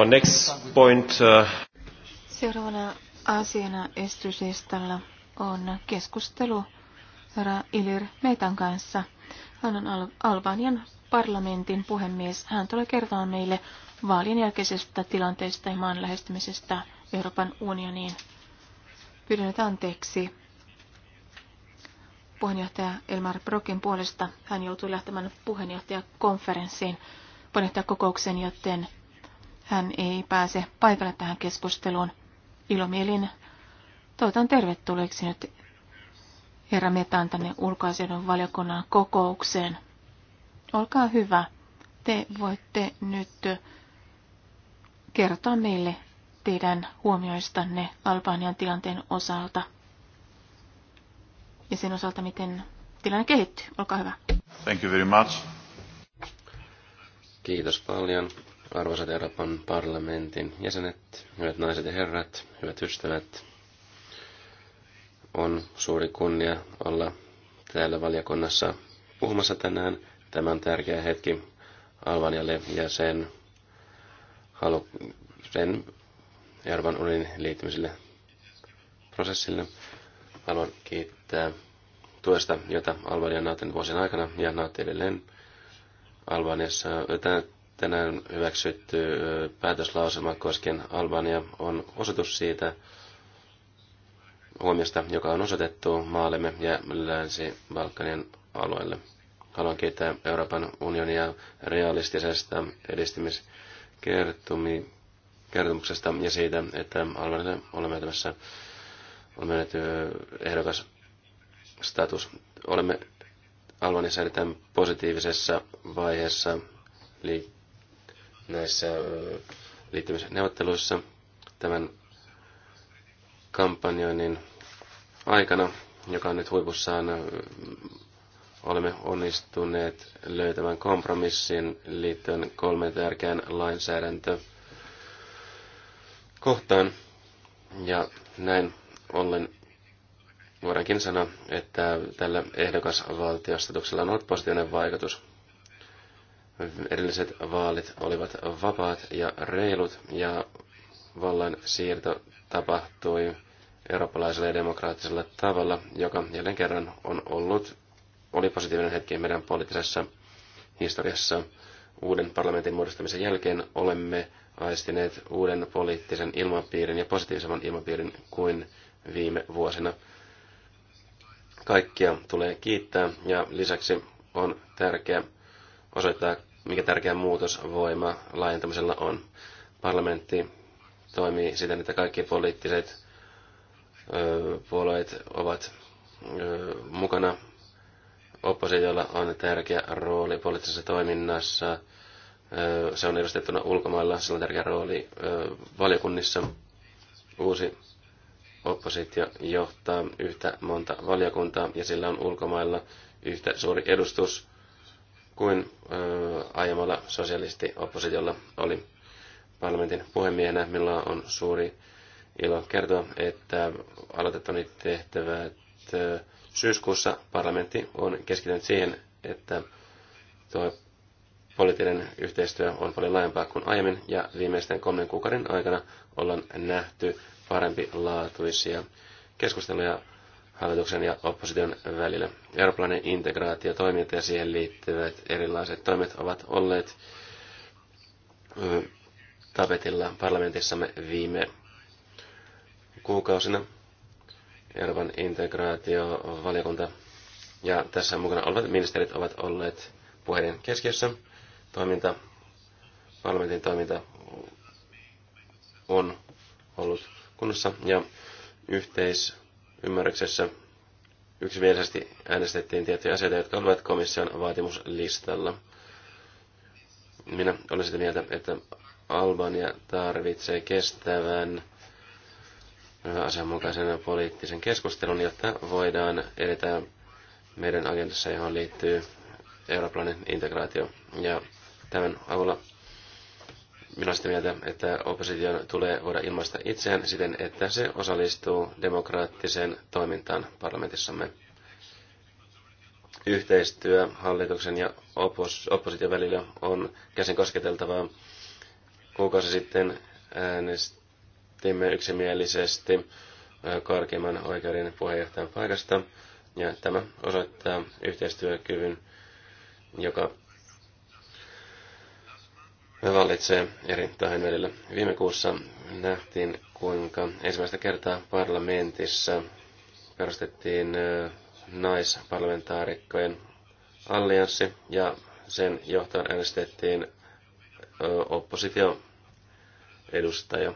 Speaker 2: Our next point, uh...
Speaker 3: Seuraavana asiana estyslistalla on keskustelu herra Ilir Meitan kanssa. Hän on Al- Albanian parlamentin puhemies. Hän tulee kertomaan meille vaalien jälkeisestä tilanteesta ja maan lähestymisestä Euroopan unioniin. Pyydän nyt anteeksi puheenjohtaja Elmar Brokin puolesta. Hän joutui lähtemään puheenjohtajakonferenssiin, puheenjohtajakokoukseen, joten hän ei pääse paikalle tähän keskusteluun. Ilomielin toivotan tervetulleeksi nyt herra Metan tänne ulkoasioiden valiokunnan kokoukseen. Olkaa hyvä. Te voitte nyt kertoa meille teidän huomioistanne Albanian tilanteen osalta ja sen osalta, miten tilanne kehittyy. Olkaa hyvä.
Speaker 2: Thank you very much. Kiitos paljon Arvoisat Euroopan parlamentin jäsenet, hyvät naiset ja herrat, hyvät ystävät, on suuri kunnia olla täällä valiokunnassa puhumassa tänään. Tämä on tärkeä hetki Albanialle ja sen, halu, sen Euroopan unionin liittymiselle prosessille. Haluan kiittää tuesta, jota Albania on vuosien aikana ja nautti edelleen Albaniassa tänään hyväksytty päätöslausema koskien Albania on osoitus siitä huomiosta, joka on osoitettu maallemme ja Länsi-Balkanin alueelle. Haluan kiittää Euroopan unionia realistisesta edistymiskertomuksesta ja siitä, että Albanialle olemme tämässä on myönnetty ehdokas status. Olemme Albanissa erittäin positiivisessa vaiheessa liikkeelle näissä liittymisneuvotteluissa tämän kampanjoinnin aikana, joka on nyt huipussaan, olemme onnistuneet löytämään kompromissin liittyen kolme tärkeän lainsäädäntö kohtaan. Ja näin ollen voidaankin sanoa, että tällä ehdokasvaltiostatuksella on ollut positiivinen vaikutus edelliset vaalit olivat vapaat ja reilut ja vallan siirto tapahtui eurooppalaisella ja demokraattisella tavalla, joka jälleen kerran on ollut, oli positiivinen hetki meidän poliittisessa historiassa. Uuden parlamentin muodostamisen jälkeen olemme aistineet uuden poliittisen ilmapiirin ja positiivisemman ilmapiirin kuin viime vuosina. Kaikkia tulee kiittää ja lisäksi on tärkeää osoittaa mikä tärkeä muutos voima laajentamisella on. Parlamentti toimii siten, että kaikki poliittiset ö, puolueet ovat ö, mukana. Oppositiolla on tärkeä rooli poliittisessa toiminnassa. Ö, se on edustettuna ulkomailla, sillä on tärkeä rooli ö, valiokunnissa. Uusi oppositio johtaa yhtä monta valiokuntaa ja sillä on ulkomailla yhtä suuri edustus kuin aiemmalla sosialistioppositiolla oli parlamentin puhemiehenä. Minulla on suuri ilo kertoa, että aloitettani tehtävät syyskuussa parlamentti on keskittynyt siihen, että tuo poliittinen yhteistyö on paljon laajempaa kuin aiemmin, ja viimeisten kolmen kuukauden aikana ollaan nähty parempi laatuisia keskusteluja hallituksen ja opposition välillä. Eurooppalainen integraatiotoiminta ja siihen liittyvät erilaiset toimet ovat olleet tapetilla parlamentissamme viime kuukausina. Euroopan integraatiovaliokunta ja tässä mukana olevat ministerit ovat olleet puheiden keskiössä. Toiminta, parlamentin toiminta on ollut kunnossa ja yhteis ymmärryksessä yksimielisesti äänestettiin tiettyjä asioita, jotka olivat komission vaatimuslistalla. Minä olen sitä mieltä, että Albania tarvitsee kestävän äh, asianmukaisen poliittisen keskustelun, jotta voidaan edetä meidän agendassa, johon liittyy eurooppalainen integraatio. Ja tämän avulla minä sitä mieltä, että opposition tulee voida ilmaista itseään siten, että se osallistuu demokraattiseen toimintaan parlamentissamme. Yhteistyö hallituksen ja oppos- opposition välillä on käsin kosketeltavaa. Kuukausi sitten äänestimme yksimielisesti korkeimman oikeuden puheenjohtajan paikasta, ja tämä osoittaa yhteistyökyvyn, joka vallitsee eri tahojen välillä. Viime kuussa nähtiin, kuinka ensimmäistä kertaa parlamentissa perustettiin naisparlamentaarikkojen allianssi ja sen johtajan äänestettiin edustaja.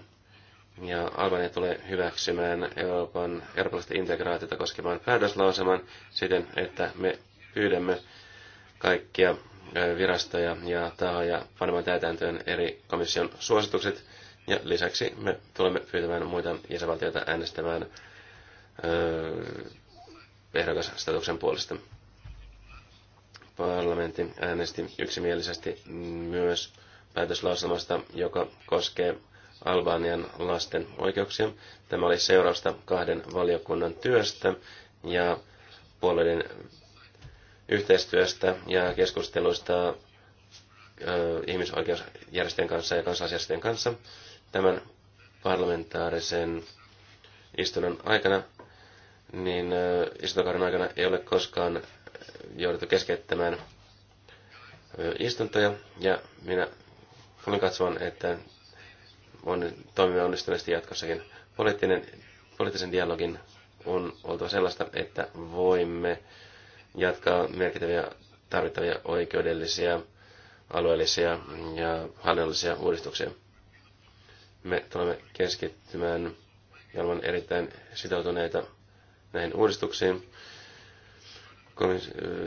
Speaker 2: Ja Albania tulee hyväksymään Euroopan eurooppalaista integraatiota koskevan päätöslauseman siten, että me pyydämme kaikkia virasto ja ja panemaan täytäntöön eri komission suositukset. Ja lisäksi me tulemme pyytämään muita jäsenvaltioita äänestämään öö, ehdokasstatuksen puolesta. Parlamentti äänesti yksimielisesti myös päätöslauselmasta, joka koskee Albanian lasten oikeuksia. Tämä oli seurausta kahden valiokunnan työstä ja puolueiden yhteistyöstä ja keskusteluista ihmisoikeusjärjestöjen kanssa ja kansalaisjärjestöjen kanssa tämän parlamentaarisen istunnon aikana, niin istuntokauden aikana ei ole koskaan jouduttu keskeyttämään istuntoja, ja minä olen katsomaan, että on, toimimme onnistuneesti jatkossakin. Poliittinen, poliittisen dialogin on oltava sellaista, että voimme jatkaa merkittäviä tarvittavia oikeudellisia, alueellisia ja hallinnollisia uudistuksia. Me tulemme keskittymään ja olemme erittäin sitoutuneita näihin uudistuksiin.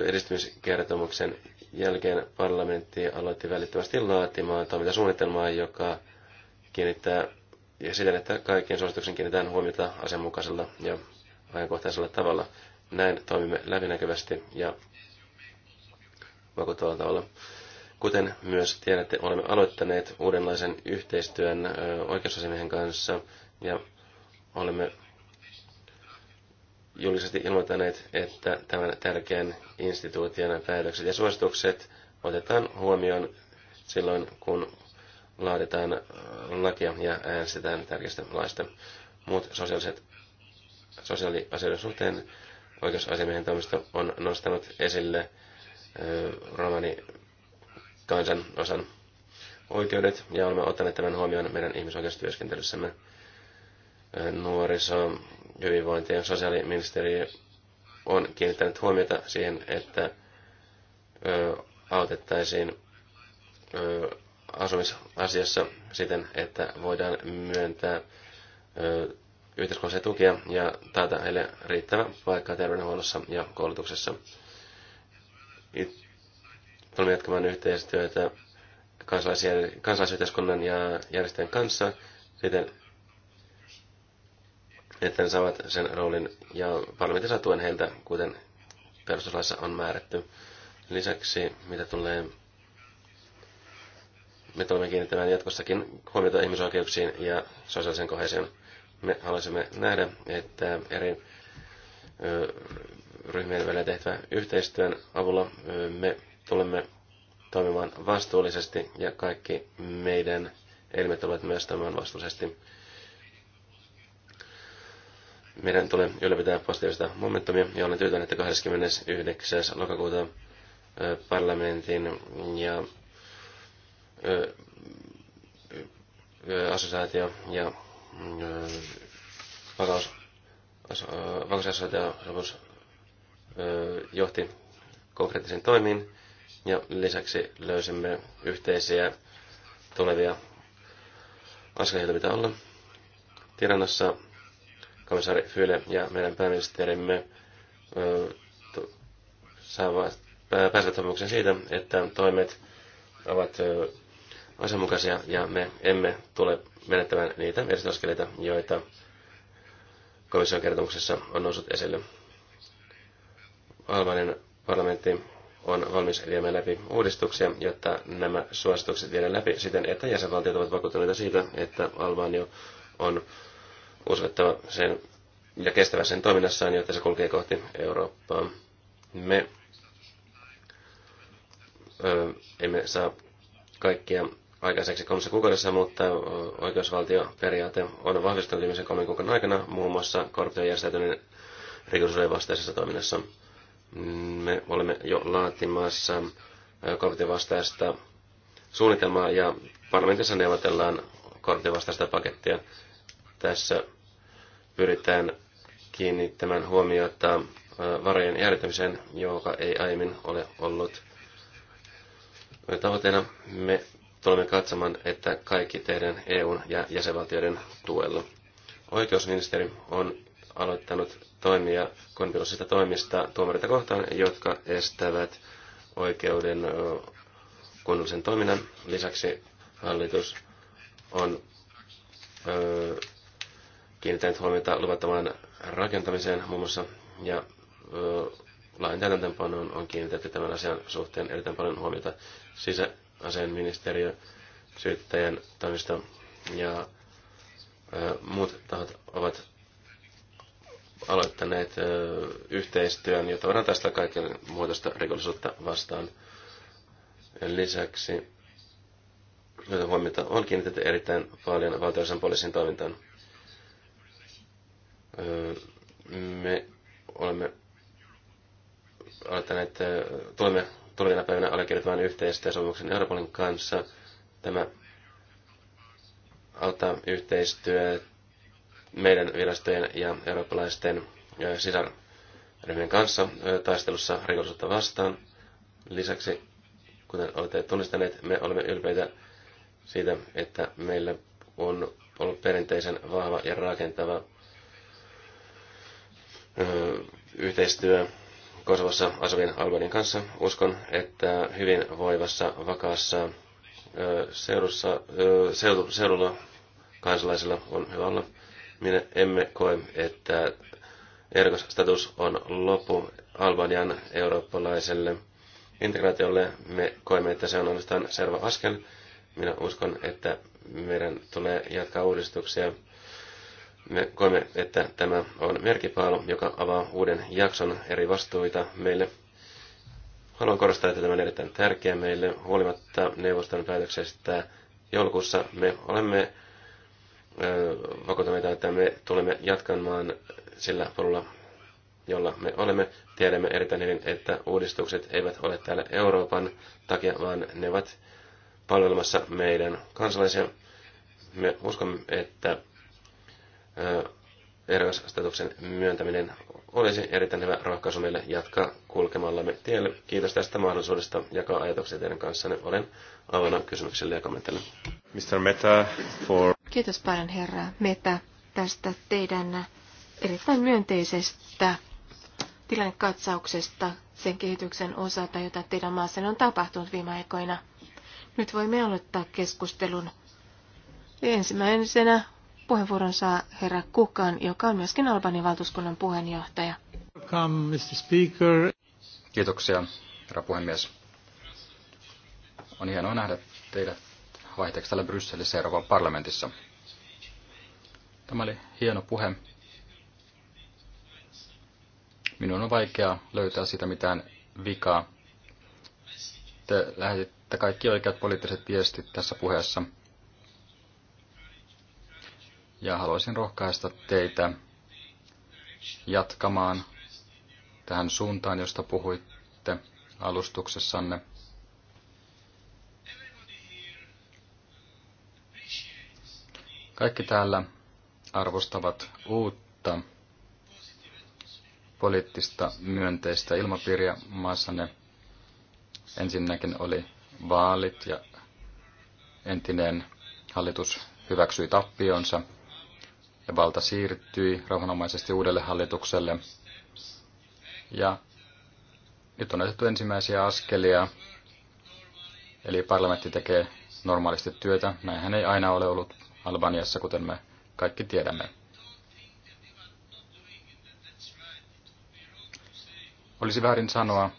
Speaker 2: Edistymiskertomuksen jälkeen parlamentti aloitti välittömästi laatimaan toimintasuunnitelmaa, joka kiinnittää ja siten, että kaikkien suosituksen kiinnitetään huomiota asianmukaisella ja ajankohtaisella tavalla. Näin toimimme läpinäkyvästi ja vakuuttavalla tavalla. Kuten myös tiedätte, olemme aloittaneet uudenlaisen yhteistyön oikeusasiamiehen kanssa ja olemme julkisesti ilmoittaneet, että tämän tärkeän instituution päätökset ja suositukset otetaan huomioon silloin, kun laaditaan lakia ja äänestetään tärkeistä laista. Muut sosiaaliset, sosiaaliasioiden suhteen oikeusasiamiehen toimisto on nostanut esille romani kansan osan oikeudet ja olemme ottaneet tämän huomioon meidän ihmisoikeustyöskentelyssämme. Nuoriso, hyvinvointi ja sosiaaliministeriö on kiinnittänyt huomiota siihen, että autettaisiin asumisasiassa siten, että voidaan myöntää yhteiskunnallisia tukia ja taata heille riittävä paikka terveydenhuollossa ja koulutuksessa. tulemme jatkamaan yhteistyötä kansalaisyhteiskunnan ja järjestöjen kanssa siten, että ne saavat sen roolin ja parlamentin tuen heiltä, kuten perustuslaissa on määrätty. Lisäksi, mitä tulee, me tulemme kiinnittämään jatkossakin huomiota ihmisoikeuksiin ja sosiaalisen kohesion me haluaisimme nähdä, että eri ryhmien välillä tehtävän yhteistyön avulla me tulemme toimimaan vastuullisesti ja kaikki meidän elimet tulevat myös toimimaan vastuullisesti. Meidän tulee ylläpitää positiivista momentumia ja olen tyytyväinen, että 29. lokakuuta parlamentin ja assosiaatio ja Äh, vakaus, äh, ja äh, johti konkreettisiin toimiin ja lisäksi löysimme yhteisiä tulevia askeleita, mitä olla. Tiranassa komissaari Fyle ja meidän pääministerimme saavat pääsevät siitä, että toimet ovat asianmukaisia ja me emme tule menettämään niitä edistysaskeleita, joita komission kertomuksessa on noussut esille. Albanian parlamentti on valmis viemään läpi uudistuksia, jotta nämä suositukset viedään läpi siten, että jäsenvaltiot ovat vakuuttuneita siitä, että Albania on uskottava sen ja kestävä sen toiminnassaan, jotta se kulkee kohti Eurooppaa. Me ö, emme saa kaikkia aikaiseksi kolmessa kuukaudessa, mutta oikeusvaltioperiaate on vahvistunut viimeisen kolmen kuukauden aikana muun muassa korruption järjestäytyneen rikollisuuden vastaisessa toiminnassa. Me olemme jo laatimassa korruption vastaista suunnitelmaa ja parlamentissa neuvotellaan korruption vastaista pakettia. Tässä pyritään kiinnittämään huomiota varojen järjestämiseen, joka ei aiemmin ole ollut tavoitteena. Me tulemme katsomaan, että kaikki teidän EUn ja jäsenvaltioiden tuella. Oikeusministeri on aloittanut toimia konvirusista toimista tuomareita kohtaan, jotka estävät oikeuden kunnollisen toiminnan. Lisäksi hallitus on kiinnittänyt huomiota luvattomaan rakentamiseen muun muassa, ja lain täytäntöönpanoon on kiinnitetty tämän asian suhteen erittäin paljon huomiota. Sisä, aseenministeriö, syyttäjän toimisto ja muut tahot ovat aloittaneet yhteistyön, jota voidaan tästä kaiken muotoista rikollisuutta vastaan. Lisäksi joita huomiota on kiinnitetty erittäin paljon valtioisen poliisin toimintaan. Me olemme aloittaneet, tulemme tulevina päivinä allekirjoittavan yhteistyösopimuksen Europolin kanssa. Tämä auttaa yhteistyö meidän virastojen ja eurooppalaisten sisarryhmien kanssa taistelussa rikollisuutta vastaan. Lisäksi, kuten olette tunnistaneet, me olemme ylpeitä siitä, että meillä on ollut perinteisen vahva ja rakentava yhteistyö Kosovossa asuvien albanien kanssa. Uskon, että hyvin voivassa, vakaassa seudussa, seutu, seudulla kansalaisilla on hyvä olla. Minä emme koe, että status on loppu Albanian eurooppalaiselle integraatiolle. Me koemme, että se on ainoastaan selvä askel. Minä uskon, että meidän tulee jatkaa uudistuksia me koemme, että tämä on merkipaalu, joka avaa uuden jakson eri vastuita meille. Haluan korostaa, että tämä on erittäin tärkeä meille. Huolimatta neuvoston päätöksestä joulukuussa me olemme vakuutamme, että me tulemme jatkamaan sillä polulla, jolla me olemme. Tiedämme erittäin hyvin, että uudistukset eivät ole täällä Euroopan takia, vaan ne ovat palvelemassa meidän kansalaisia. Me uskomme, että erässtatuksen myöntäminen olisi erittäin hyvä rohkaisu meille jatkaa kulkemallamme tielle. Kiitos tästä mahdollisuudesta jakaa ajatuksia teidän kanssanne. Olen avoinna kysymyksille ja kommenteille. Mr. Meta for...
Speaker 3: Kiitos paljon herra Meta tästä teidän erittäin myönteisestä tilannekatsauksesta sen kehityksen osalta, jota teidän maassanne on tapahtunut viime aikoina. Nyt voimme aloittaa keskustelun. Ensimmäisenä Puheenvuoron saa herra Kukan, joka on myöskin Albanin valtuuskunnan puheenjohtaja.
Speaker 1: Welcome, Mr. Speaker. Kiitoksia, herra puhemies. On hienoa nähdä teidät vaihteeksi täällä Brysselissä Euroopan parlamentissa. Tämä oli hieno puhe. Minun on vaikea löytää sitä mitään vikaa. Te lähetitte kaikki oikeat poliittiset viestit tässä puheessa ja haluaisin rohkaista teitä jatkamaan tähän suuntaan, josta puhuitte alustuksessanne. Kaikki täällä arvostavat uutta poliittista myönteistä ilmapiiriä maassanne. Ensinnäkin oli vaalit ja entinen hallitus hyväksyi tappionsa – ja valta siirtyi rauhanomaisesti uudelle hallitukselle. Ja nyt on otettu ensimmäisiä askelia, eli parlamentti tekee normaalisti työtä. Näinhän ei aina ole ollut Albaniassa, kuten me kaikki tiedämme. Olisi väärin sanoa,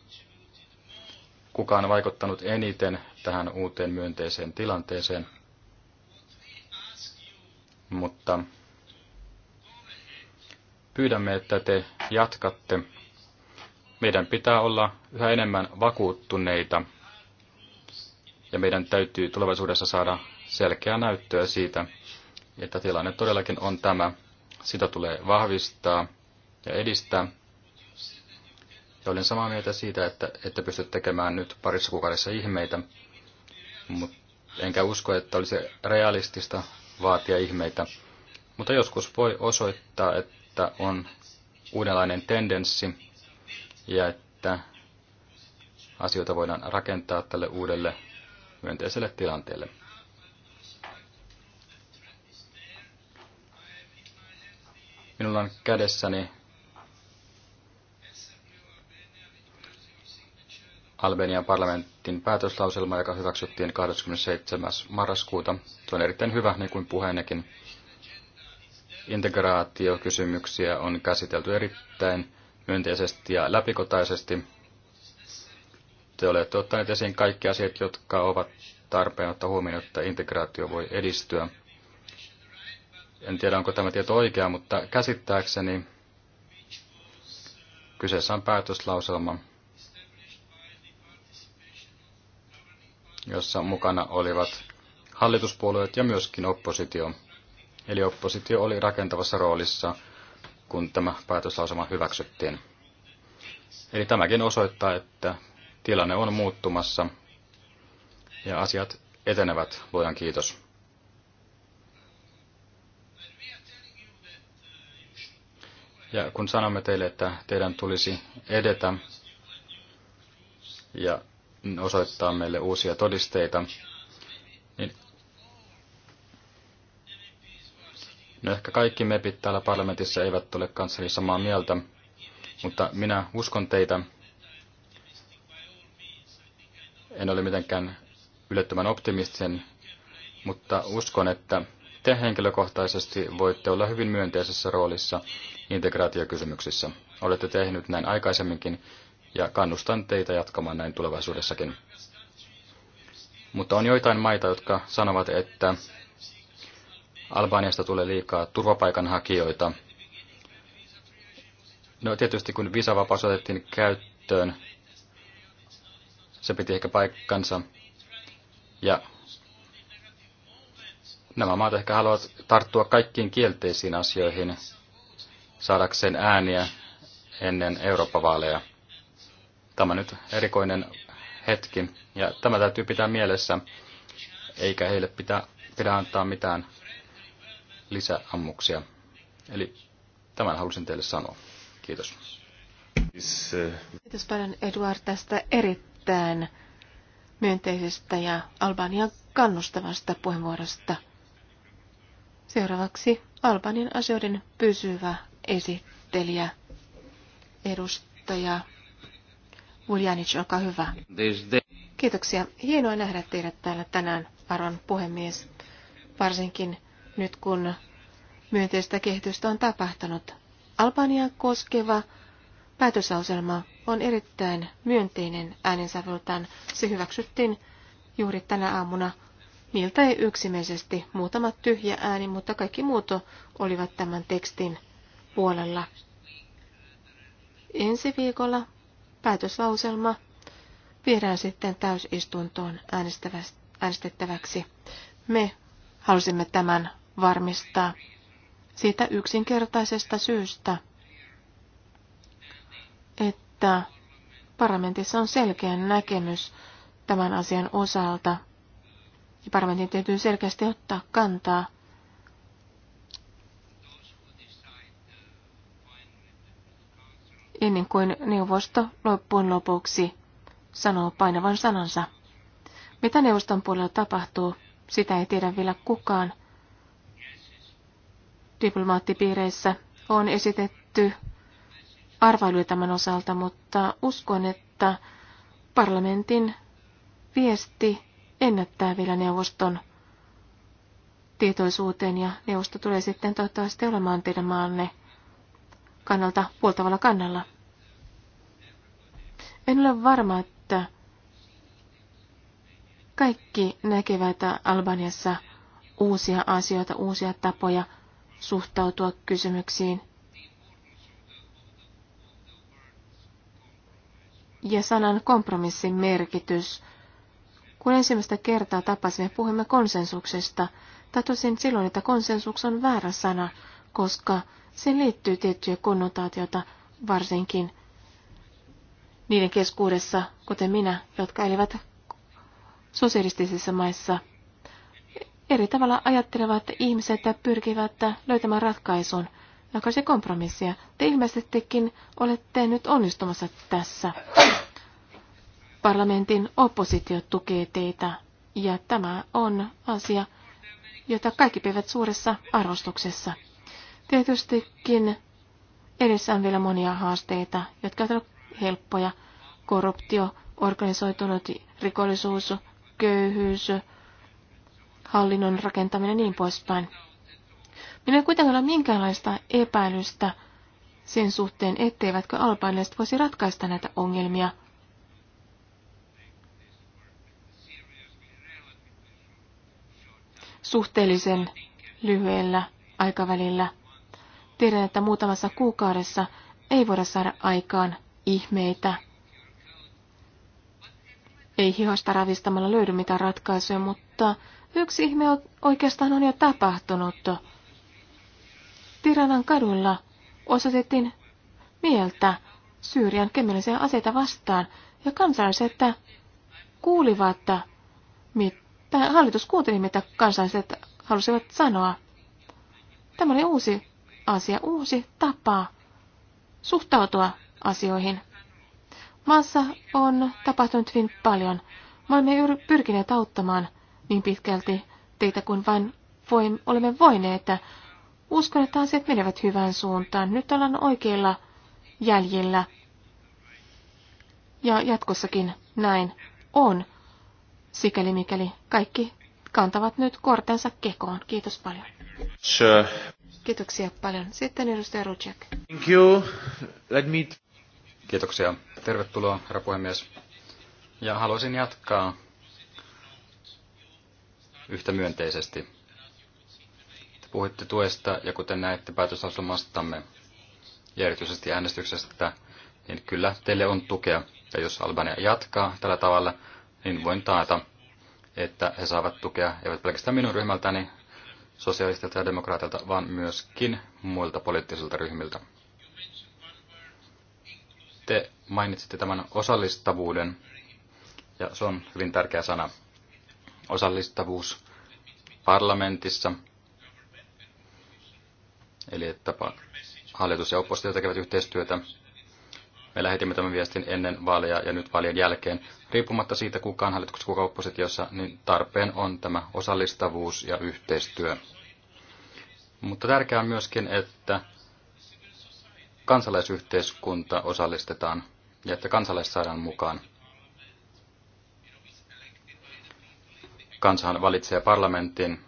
Speaker 1: kuka on vaikuttanut eniten tähän uuteen myönteiseen tilanteeseen, mutta pyydämme, että te jatkatte. Meidän pitää olla yhä enemmän vakuuttuneita ja meidän täytyy tulevaisuudessa saada selkeää näyttöä siitä, että tilanne todellakin on tämä. Sitä tulee vahvistaa ja edistää. Ja olen samaa mieltä siitä, että ette pysty tekemään nyt parissa kuukaudessa ihmeitä, mutta enkä usko, että olisi realistista vaatia ihmeitä. Mutta joskus voi osoittaa, että että on uudenlainen tendenssi ja että asioita voidaan rakentaa tälle uudelle myönteiselle tilanteelle. Minulla on kädessäni Albanian parlamentin päätöslauselma, joka hyväksyttiin 27. marraskuuta. Se on erittäin hyvä, niin kuin puheennekin integraatiokysymyksiä on käsitelty erittäin myönteisesti ja läpikotaisesti. Te olette ottaneet esiin kaikki asiat, jotka ovat tarpeen ottaa huomioon, että integraatio voi edistyä. En tiedä, onko tämä tieto oikea, mutta käsittääkseni kyseessä on päätöslauselma, jossa mukana olivat hallituspuolueet ja myöskin oppositio. Eli oppositio oli rakentavassa roolissa, kun tämä päätöslausuma hyväksyttiin. Eli tämäkin osoittaa, että tilanne on muuttumassa ja asiat etenevät, luojan kiitos. Ja kun sanomme teille, että teidän tulisi edetä ja osoittaa meille uusia todisteita, No ehkä kaikki mepit täällä parlamentissa eivät ole kanssani siis samaa mieltä, mutta minä uskon teitä. En ole mitenkään yllättömän optimistisen, mutta uskon, että te henkilökohtaisesti voitte olla hyvin myönteisessä roolissa integraatiokysymyksissä. Olette tehnyt näin aikaisemminkin ja kannustan teitä jatkamaan näin tulevaisuudessakin. Mutta on joitain maita, jotka sanovat, että Albaniasta tulee liikaa turvapaikanhakijoita. No tietysti kun visavapaus otettiin käyttöön, se piti ehkä paikkansa. Ja nämä maat ehkä haluavat tarttua kaikkiin kielteisiin asioihin saadakseen ääniä ennen Eurooppa-vaaleja. Tämä nyt erikoinen hetki, ja tämä täytyy pitää mielessä, eikä heille pitää, pidä antaa mitään lisäammuksia. Eli tämän halusin teille sanoa. Kiitos.
Speaker 3: Kiitos paljon Eduard tästä erittäin myönteisestä ja Albanian kannustavasta puheenvuorosta. Seuraavaksi Albanian asioiden pysyvä esittelijä, edustaja Vuljanic, olkaa hyvä. Kiitoksia. Hienoa nähdä teidät täällä tänään, arvon puhemies. Varsinkin nyt kun myönteistä kehitystä on tapahtunut. Albania koskeva päätösauselma on erittäin myönteinen äänensävyltään. Se hyväksyttiin juuri tänä aamuna miltä ei yksimielisesti muutama tyhjä ääni, mutta kaikki muut olivat tämän tekstin puolella. Ensi viikolla päätöslauselma viedään sitten täysistuntoon äänestettäväksi. Me halusimme tämän varmistaa. Siitä yksinkertaisesta syystä, että parlamentissa on selkeä näkemys tämän asian osalta. Ja parlamentin täytyy selkeästi ottaa kantaa. Ennen kuin neuvosto loppuun lopuksi sanoo painavan sanansa. Mitä neuvoston puolella tapahtuu, sitä ei tiedä vielä kukaan diplomaattipiireissä on esitetty arvailuja tämän osalta, mutta uskon, että parlamentin viesti ennättää vielä neuvoston tietoisuuteen ja neuvosto tulee sitten toivottavasti olemaan teidän maanne kannalta puoltavalla kannalla. En ole varma, että kaikki näkevät Albaniassa uusia asioita, uusia tapoja – suhtautua kysymyksiin. Ja sanan kompromissin merkitys. Kun ensimmäistä kertaa tapasimme, puhumme konsensuksesta. Tatusin silloin, että konsensus on väärä sana, koska se liittyy tiettyjä konnotaatioita, varsinkin niiden keskuudessa, kuten minä, jotka elivät sosialistisissa maissa eri tavalla ajattelevat ihmiset pyrkivät löytämään ratkaisun, se kompromissia. Te ilmeisestikin olette nyt onnistumassa tässä. Parlamentin oppositio tukee teitä, ja tämä on asia, jota kaikki pidät suuressa arvostuksessa. Tietystikin edessä on vielä monia haasteita, jotka ovat helppoja. Korruptio, organisoitunut rikollisuus, köyhyys, hallinnon rakentaminen ja niin poispäin. Minä ei kuitenkaan ole minkäänlaista epäilystä sen suhteen, etteivätkö albaanialaiset voisi ratkaista näitä ongelmia. Suhteellisen lyhyellä aikavälillä. Tiedän, että muutamassa kuukaudessa ei voida saada aikaan ihmeitä. Ei hihasta ravistamalla löydy mitään ratkaisuja, mutta Yksi ihme oikeastaan on jo tapahtunut. Tiranan kadulla osoitettiin mieltä Syyrian kemiallisia aseita vastaan, ja kansalaiset kuulivat, mitä hallitus kuunteli, mitä kansalaiset halusivat sanoa. Tämä oli uusi asia, uusi tapa suhtautua asioihin. Maassa on tapahtunut hyvin paljon. Me olemme pyrkineet auttamaan niin pitkälti teitä kuin vain voin, olemme voineet. Uskon, että asiat menevät hyvään suuntaan. Nyt ollaan oikeilla jäljillä. Ja jatkossakin näin on, sikäli mikäli kaikki kantavat nyt kortensa kekoon. Kiitos paljon. Sure. Kiitoksia paljon. Sitten edustaja Rucek.
Speaker 1: Thank you. Let me... Kiitoksia. Tervetuloa, herra puhemies. Ja haluaisin jatkaa yhtä myönteisesti. Te puhuitte tuesta ja kuten näette päätösasemastamme ja erityisesti äänestyksestä, niin kyllä teille on tukea. Ja jos Albania jatkaa tällä tavalla, niin voin taata, että he saavat tukea, eivät pelkästään minun ryhmältäni, sosiaalistilta ja demokraatilta, vaan myöskin muilta poliittisilta ryhmiltä. Te mainitsitte tämän osallistavuuden, ja se on hyvin tärkeä sana osallistavuus parlamentissa, eli että hallitus ja oppositio tekevät yhteistyötä. Me lähetimme tämän viestin ennen vaaleja ja nyt vaalien jälkeen. Riippumatta siitä, kuka on hallituksessa, kuka oppositiossa, niin tarpeen on tämä osallistavuus ja yhteistyö. Mutta tärkeää on myöskin, että kansalaisyhteiskunta osallistetaan ja että kansalaiset saadaan mukaan. Kansahan valitsee parlamentin.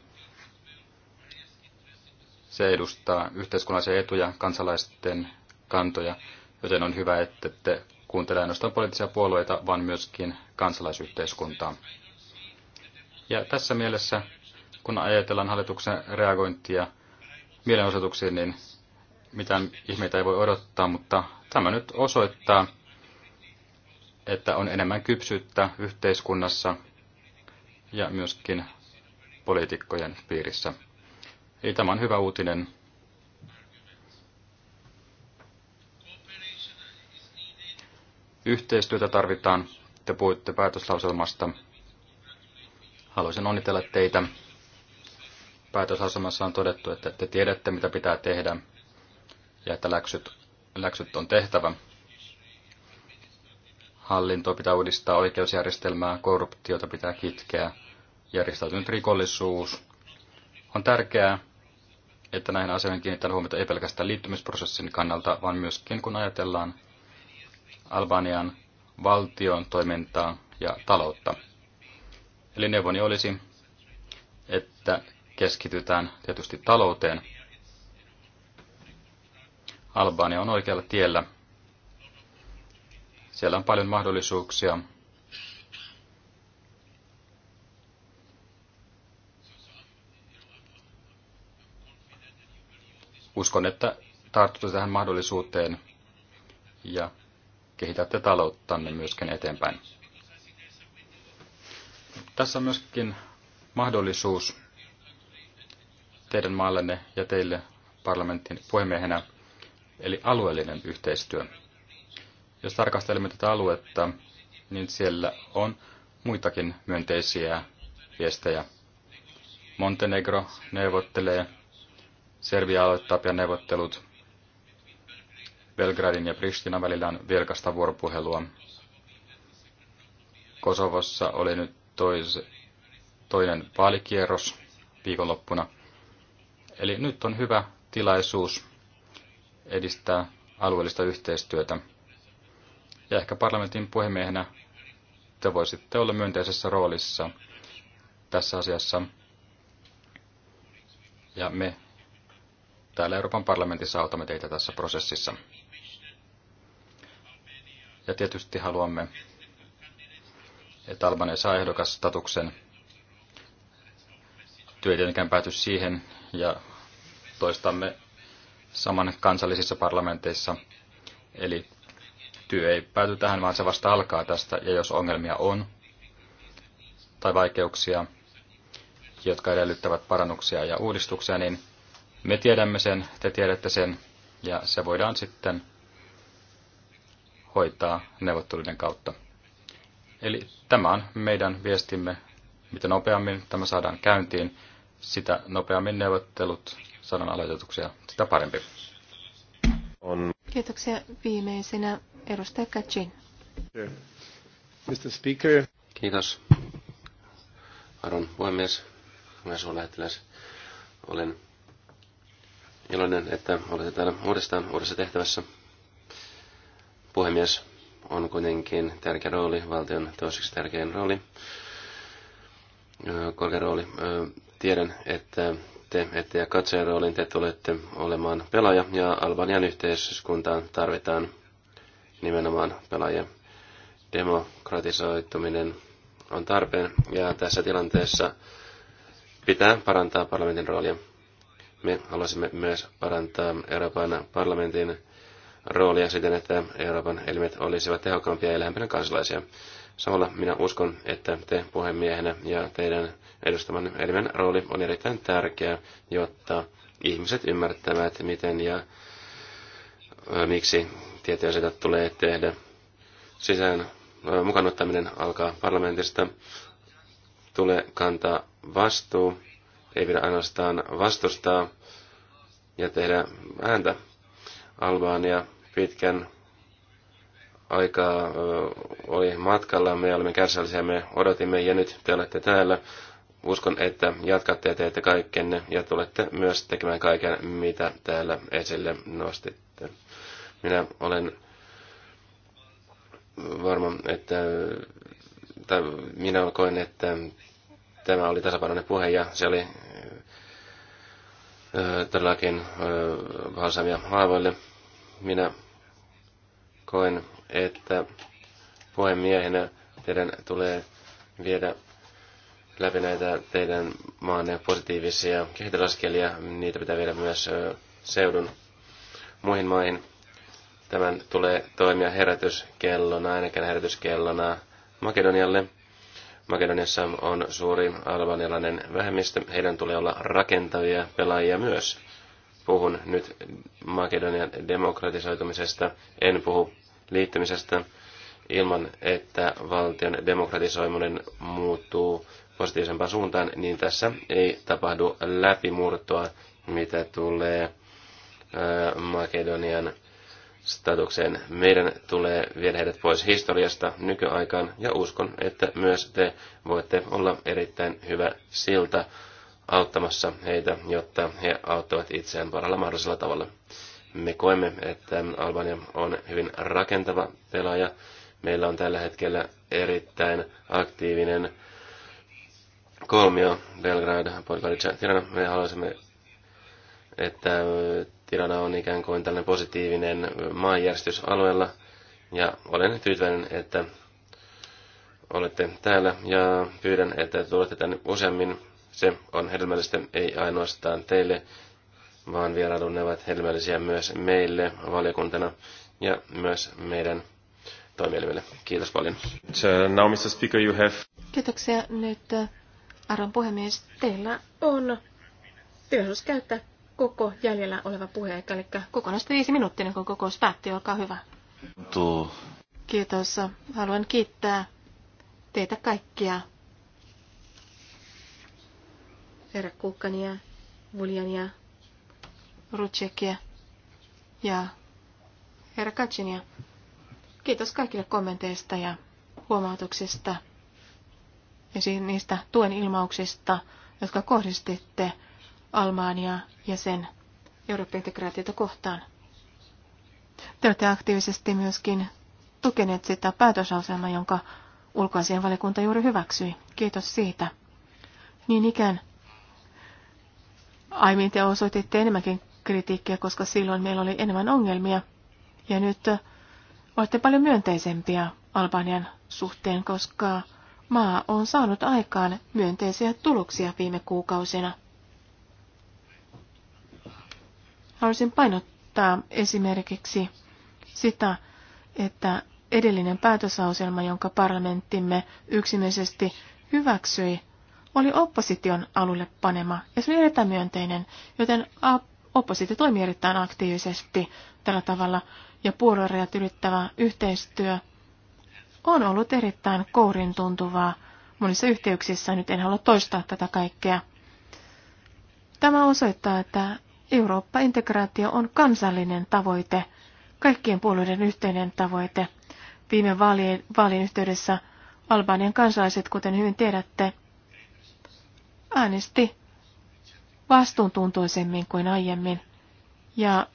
Speaker 1: Se edustaa yhteiskunnallisia etuja, kansalaisten kantoja, joten on hyvä, että te kuuntelee ainoastaan poliittisia puolueita, vaan myöskin kansalaisyhteiskuntaa. Ja tässä mielessä, kun ajatellaan hallituksen reagointia mielenosoituksiin, niin mitään ihmeitä ei voi odottaa, mutta tämä nyt osoittaa, että on enemmän kypsyyttä yhteiskunnassa ja myöskin poliitikkojen piirissä. Eli tämä on hyvä uutinen. Yhteistyötä tarvitaan. Te puhuitte päätöslauselmasta. Haluaisin onnitella teitä. Päätöslauselmassa on todettu, että te tiedätte, mitä pitää tehdä ja että läksyt, läksyt on tehtävä hallintoa pitää uudistaa, oikeusjärjestelmää, korruptiota pitää kitkeä, järjestäytynyt rikollisuus. On tärkeää, että näihin asioihin kiinnitetään huomiota ei pelkästään liittymisprosessin kannalta, vaan myöskin kun ajatellaan Albanian valtion toimintaa ja taloutta. Eli neuvoni olisi, että keskitytään tietysti talouteen. Albania on oikealla tiellä siellä on paljon mahdollisuuksia. Uskon, että tartutte tähän mahdollisuuteen ja kehitätte talouttanne myöskin eteenpäin. Tässä on myöskin mahdollisuus teidän maallenne ja teille parlamentin puhemiehenä, eli alueellinen yhteistyö. Jos tarkastelemme tätä aluetta, niin siellä on muitakin myönteisiä viestejä. Montenegro neuvottelee, Serbia aloittaa pian neuvottelut, Belgradin ja Pristinan välillä on vilkasta vuoropuhelua. Kosovossa oli nyt tois, toinen vaalikierros viikonloppuna. Eli nyt on hyvä tilaisuus edistää alueellista yhteistyötä. Ja ehkä parlamentin puhemiehenä te voisitte olla myönteisessä roolissa tässä asiassa. Ja me täällä Euroopan parlamentissa autamme teitä tässä prosessissa. Ja tietysti haluamme, että Albania saa ehdokasstatuksen. Työ ei tietenkään pääty siihen ja toistamme saman kansallisissa parlamenteissa. Eli työ ei pääty tähän, vaan se vasta alkaa tästä, ja jos ongelmia on tai vaikeuksia, jotka edellyttävät parannuksia ja uudistuksia, niin me tiedämme sen, te tiedätte sen, ja se voidaan sitten hoitaa neuvotteluiden kautta. Eli tämä on meidän viestimme, mitä nopeammin tämä saadaan käyntiin, sitä nopeammin neuvottelut saadaan aloitetuksia, sitä parempi.
Speaker 2: On.
Speaker 3: Kiitoksia viimeisenä edustaja Kacin.
Speaker 2: Mr. Speaker. Kiitos. Aron puhemies, hyvä lähettiläs. Olen iloinen, että olette täällä uudestaan uudessa tehtävässä. Puhemies on kuitenkin tärkeä rooli, valtion toiseksi tärkein rooli, korkea rooli. Tiedän, että tiedätte, että ja katsojan roolin te tulette olemaan pelaaja, ja Albanian yhteiskuntaan tarvitaan nimenomaan pelaajia. Demokratisoituminen on tarpeen, ja tässä tilanteessa pitää parantaa parlamentin roolia. Me haluaisimme myös parantaa Euroopan parlamentin roolia siten, että Euroopan elimet olisivat tehokkaampia ja lähempänä kansalaisia. Samalla minä uskon, että te puhemiehenä ja teidän edustaman elimen rooli on erittäin tärkeä, jotta ihmiset ymmärtävät, miten ja miksi tietoja sitä tulee tehdä. Sisään mukanottaminen alkaa parlamentista. Tulee kantaa vastuu, ei pidä ainoastaan vastustaa ja tehdä ääntä. Albaania pitkän aikaa oli matkalla, me olimme kärsällisiä, me odotimme ja nyt te olette täällä. Uskon, että jatkatte ja teette kaikkenne ja tulette myös tekemään kaiken, mitä täällä esille nostitte. Minä olen varma, että tai minä koen, että tämä oli tasapainoinen puhe ja se oli todellakin valsamia haavoille. Minä koen, että puhemiehenä teidän tulee viedä läpi näitä teidän maanne positiivisia kehitysaskelia. Niitä pitää viedä myös seudun muihin maihin. Tämän tulee toimia herätyskellona, ainakin herätyskellona Makedonialle. Makedoniassa on suuri albanialainen vähemmistö. Heidän tulee olla rakentavia pelaajia myös. Puhun nyt Makedonian demokratisoitumisesta. En puhu liittymisestä ilman, että valtion demokratisoiminen muuttuu positiivisempaan suuntaan, niin tässä ei tapahdu läpimurtoa, mitä tulee Makedonian statukseen. Meidän tulee viedä heidät pois historiasta nykyaikaan ja uskon, että myös te voitte olla erittäin hyvä silta auttamassa heitä, jotta he auttavat itseään parhaalla mahdollisella tavalla. Me koemme, että Albania on hyvin rakentava pelaaja. Meillä on tällä hetkellä erittäin aktiivinen kolmio Belgrad, Podgorica ja Tirana. Me haluaisimme, että Tirana on ikään kuin tällainen positiivinen maanjärjestys alueella. Ja olen tyytyväinen, että olette täällä ja pyydän, että tulette tänne useammin. Se on hedelmällistä ei ainoastaan teille, vaan vierailun ne ovat hedelmällisiä myös meille valiokuntana ja myös meidän toimielimille. Kiitos paljon. Uh, now, Mr. Speaker, you have...
Speaker 3: Kiitoksia. Nyt uh, arvon puhemies, teillä on tilaisuus käyttää koko jäljellä oleva puhe, eli kokonaisesti viisi minuuttinen, niin kun kokous päätti, Olkaa hyvä. Tuo. Kiitos. Haluan kiittää teitä kaikkia. Herra Kukkania, Vuljania, Rucekia ja herra Katsinia. Kiitos kaikille kommenteista ja huomautuksista ja niistä tuen ilmauksista, jotka kohdistitte Almaania ja sen Euroopan integraatiota kohtaan. Te olette aktiivisesti myöskin tukeneet sitä päätösasemaa, jonka ulkoasian valiokunta juuri hyväksyi. Kiitos siitä. Niin ikään. Aiemmin te osoititte enemmänkin kritiikkiä, koska silloin meillä oli enemmän ongelmia. Ja nyt äh, olette paljon myönteisempiä Albanian suhteen, koska maa on saanut aikaan myönteisiä tuloksia viime kuukausina. Haluaisin painottaa esimerkiksi sitä, että edellinen päätösauselma, jonka parlamenttimme yksimielisesti hyväksyi, oli opposition alulle panema, ja se oli erittäin myönteinen, joten oppositio toimii erittäin aktiivisesti tällä tavalla ja puoluerajat ylittävä yhteistyö on ollut erittäin kourin tuntuvaa monissa yhteyksissä. Nyt en halua toistaa tätä kaikkea. Tämä osoittaa, että Eurooppa-integraatio on kansallinen tavoite, kaikkien puolueiden yhteinen tavoite. Viime vaalien, vaalien yhteydessä Albanian kansalaiset, kuten hyvin tiedätte, äänesti vastuuntuntoisemmin kuin aiemmin. Ja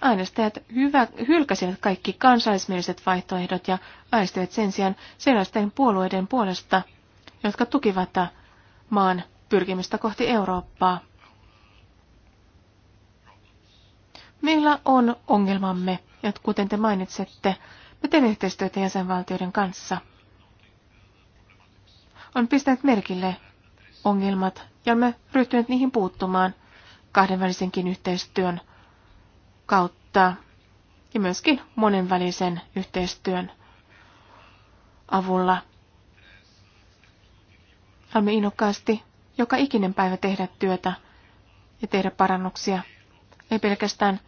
Speaker 3: äänestäjät hyvä, hylkäsivät kaikki kansallismieliset vaihtoehdot ja äänestivät sen sijaan sellaisten puolueiden puolesta, jotka tukivat maan pyrkimistä kohti Eurooppaa. Meillä on ongelmamme, ja kuten te mainitsette, me teemme yhteistyötä jäsenvaltioiden kanssa. On pistänyt merkille ongelmat ja olemme ryhtyneet niihin puuttumaan kahdenvälisenkin yhteistyön kautta ja myöskin monenvälisen yhteistyön avulla. Haluamme innokkaasti joka ikinen päivä tehdä työtä ja tehdä parannuksia. Ei pelkästään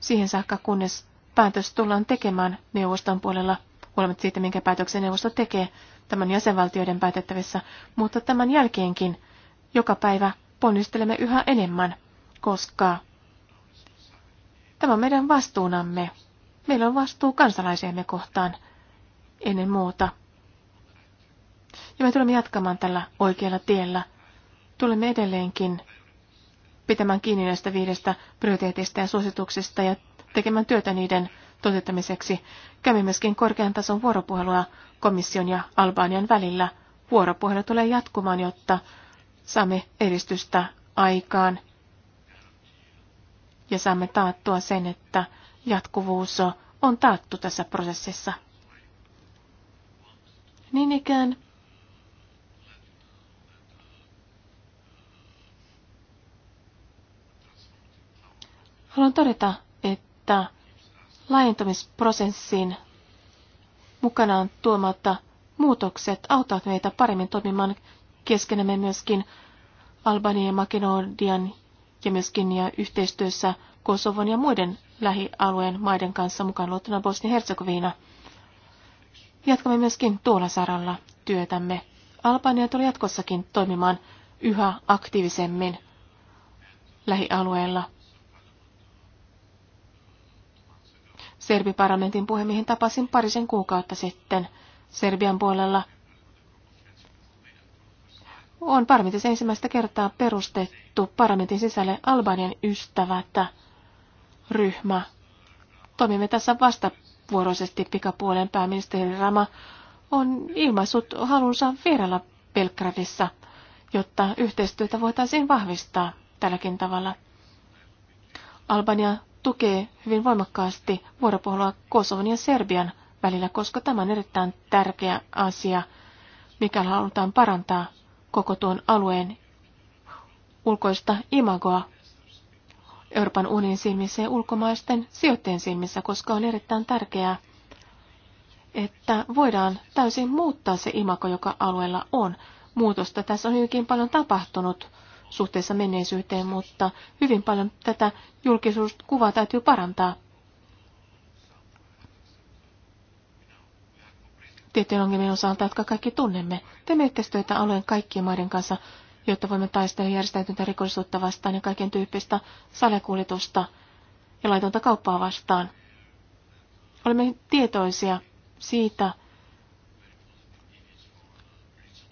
Speaker 3: siihen saakka, kunnes päätös tullaan tekemään neuvoston puolella, huolimatta siitä, minkä päätöksen neuvosto tekee tämän jäsenvaltioiden päätettävissä, mutta tämän jälkeenkin joka päivä ponnistelemme yhä enemmän, koska tämä on meidän vastuunamme. Meillä on vastuu kansalaisiamme kohtaan ennen muuta. Ja me tulemme jatkamaan tällä oikealla tiellä. Tulemme edelleenkin pitämään kiinni näistä viidestä prioriteetista ja suosituksista ja tekemään työtä niiden toteuttamiseksi. Kävi myöskin korkean tason vuoropuhelua komission ja Albanian välillä. Vuoropuhelu tulee jatkumaan, jotta saamme edistystä aikaan ja saamme taattua sen, että jatkuvuus on taattu tässä prosessissa. Niin ikään haluan todeta, että laajentumisprosessin mukanaan tuomatta muutokset auttavat meitä paremmin toimimaan keskenämme myöskin Albanian ja Makedonian ja myöskin ja yhteistyössä Kosovon ja muiden lähialueen maiden kanssa mukaan luottuna Bosnia-Herzegovina. Jatkamme myöskin tuolla saralla työtämme. Albania tulee jatkossakin toimimaan yhä aktiivisemmin lähialueella Serbiparlamentin puhemiehen tapasin parisen kuukautta sitten Serbian puolella. On parlamentissa ensimmäistä kertaa perustettu parlamentin sisälle Albanian ystävät ryhmä. Toimimme tässä vastavuoroisesti pikapuolen pääministeri Rama on ilmaissut halunsa vierailla Belgradissa, jotta yhteistyötä voitaisiin vahvistaa tälläkin tavalla. Albania tukee hyvin voimakkaasti vuoropuhelua Kosovan ja Serbian välillä, koska tämä on erittäin tärkeä asia, mikäli halutaan parantaa koko tuon alueen ulkoista imagoa Euroopan unionin silmissä ja ulkomaisten sijoittajien silmissä, koska on erittäin tärkeää, että voidaan täysin muuttaa se imago, joka alueella on. Muutosta tässä on hyvinkin paljon tapahtunut suhteessa menneisyyteen, mutta hyvin paljon tätä julkisuuskuvaa täytyy parantaa. Tieteen ongelmien osalta, jotka kaikki tunnemme. Teemme yhteistyötä alueen kaikkien maiden kanssa, jotta voimme taistella järjestäytyntä rikollisuutta vastaan ja kaiken tyyppistä salakuljetusta ja laitonta kauppaa vastaan. Olemme tietoisia siitä,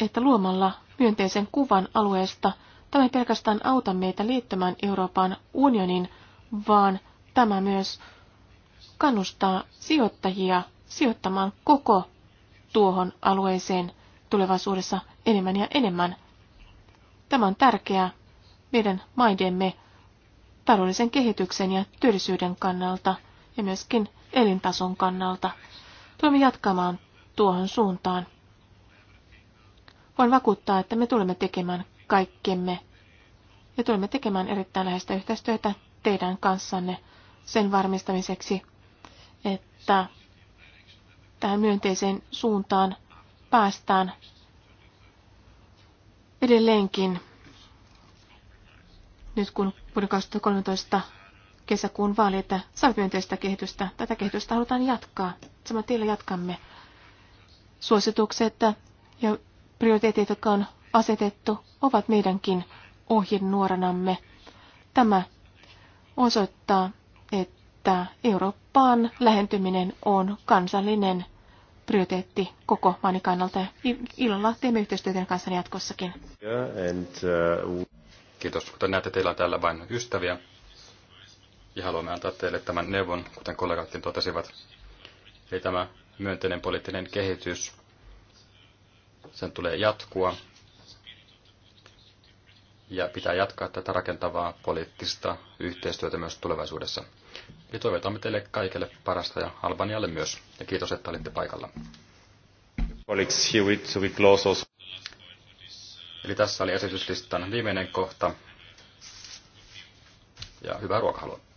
Speaker 3: että luomalla myönteisen kuvan alueesta – Tämä ei pelkästään auta meitä liittymään Euroopan unionin, vaan tämä myös kannustaa sijoittajia sijoittamaan koko tuohon alueeseen tulevaisuudessa enemmän ja enemmän. Tämä on tärkeää meidän maidemme taloudellisen kehityksen ja työllisyyden kannalta ja myöskin elintason kannalta. Tulemme jatkamaan tuohon suuntaan. Voin vakuuttaa, että me tulemme tekemään kaikkemme ja tulemme tekemään erittäin läheistä yhteistyötä teidän kanssanne sen varmistamiseksi, että tähän myönteiseen suuntaan päästään edelleenkin nyt kun vuoden 2013 kesäkuun vaalit saavat myönteistä kehitystä. Tätä kehitystä halutaan jatkaa. Samalla tiellä jatkamme suositukset ja prioriteetit, jotka on asetettu, ovat meidänkin ohjenuoranamme. Tämä osoittaa, että Eurooppaan lähentyminen on kansallinen prioriteetti koko maani kannalta. Ilolla teemme yhteistyötä kanssa jatkossakin.
Speaker 2: Uh,
Speaker 1: Kiitos. Kuten näette, teillä on täällä vain ystäviä. Ja haluamme antaa teille tämän neuvon, kuten kollegatkin totesivat. Eli tämä myönteinen poliittinen kehitys, sen tulee jatkua ja pitää jatkaa tätä rakentavaa poliittista yhteistyötä myös tulevaisuudessa. Ja toivotamme teille kaikille parasta ja Albanialle myös. Ja kiitos, että olitte paikalla. Eli tässä oli esityslistan viimeinen kohta. Ja hyvää ruokahalua.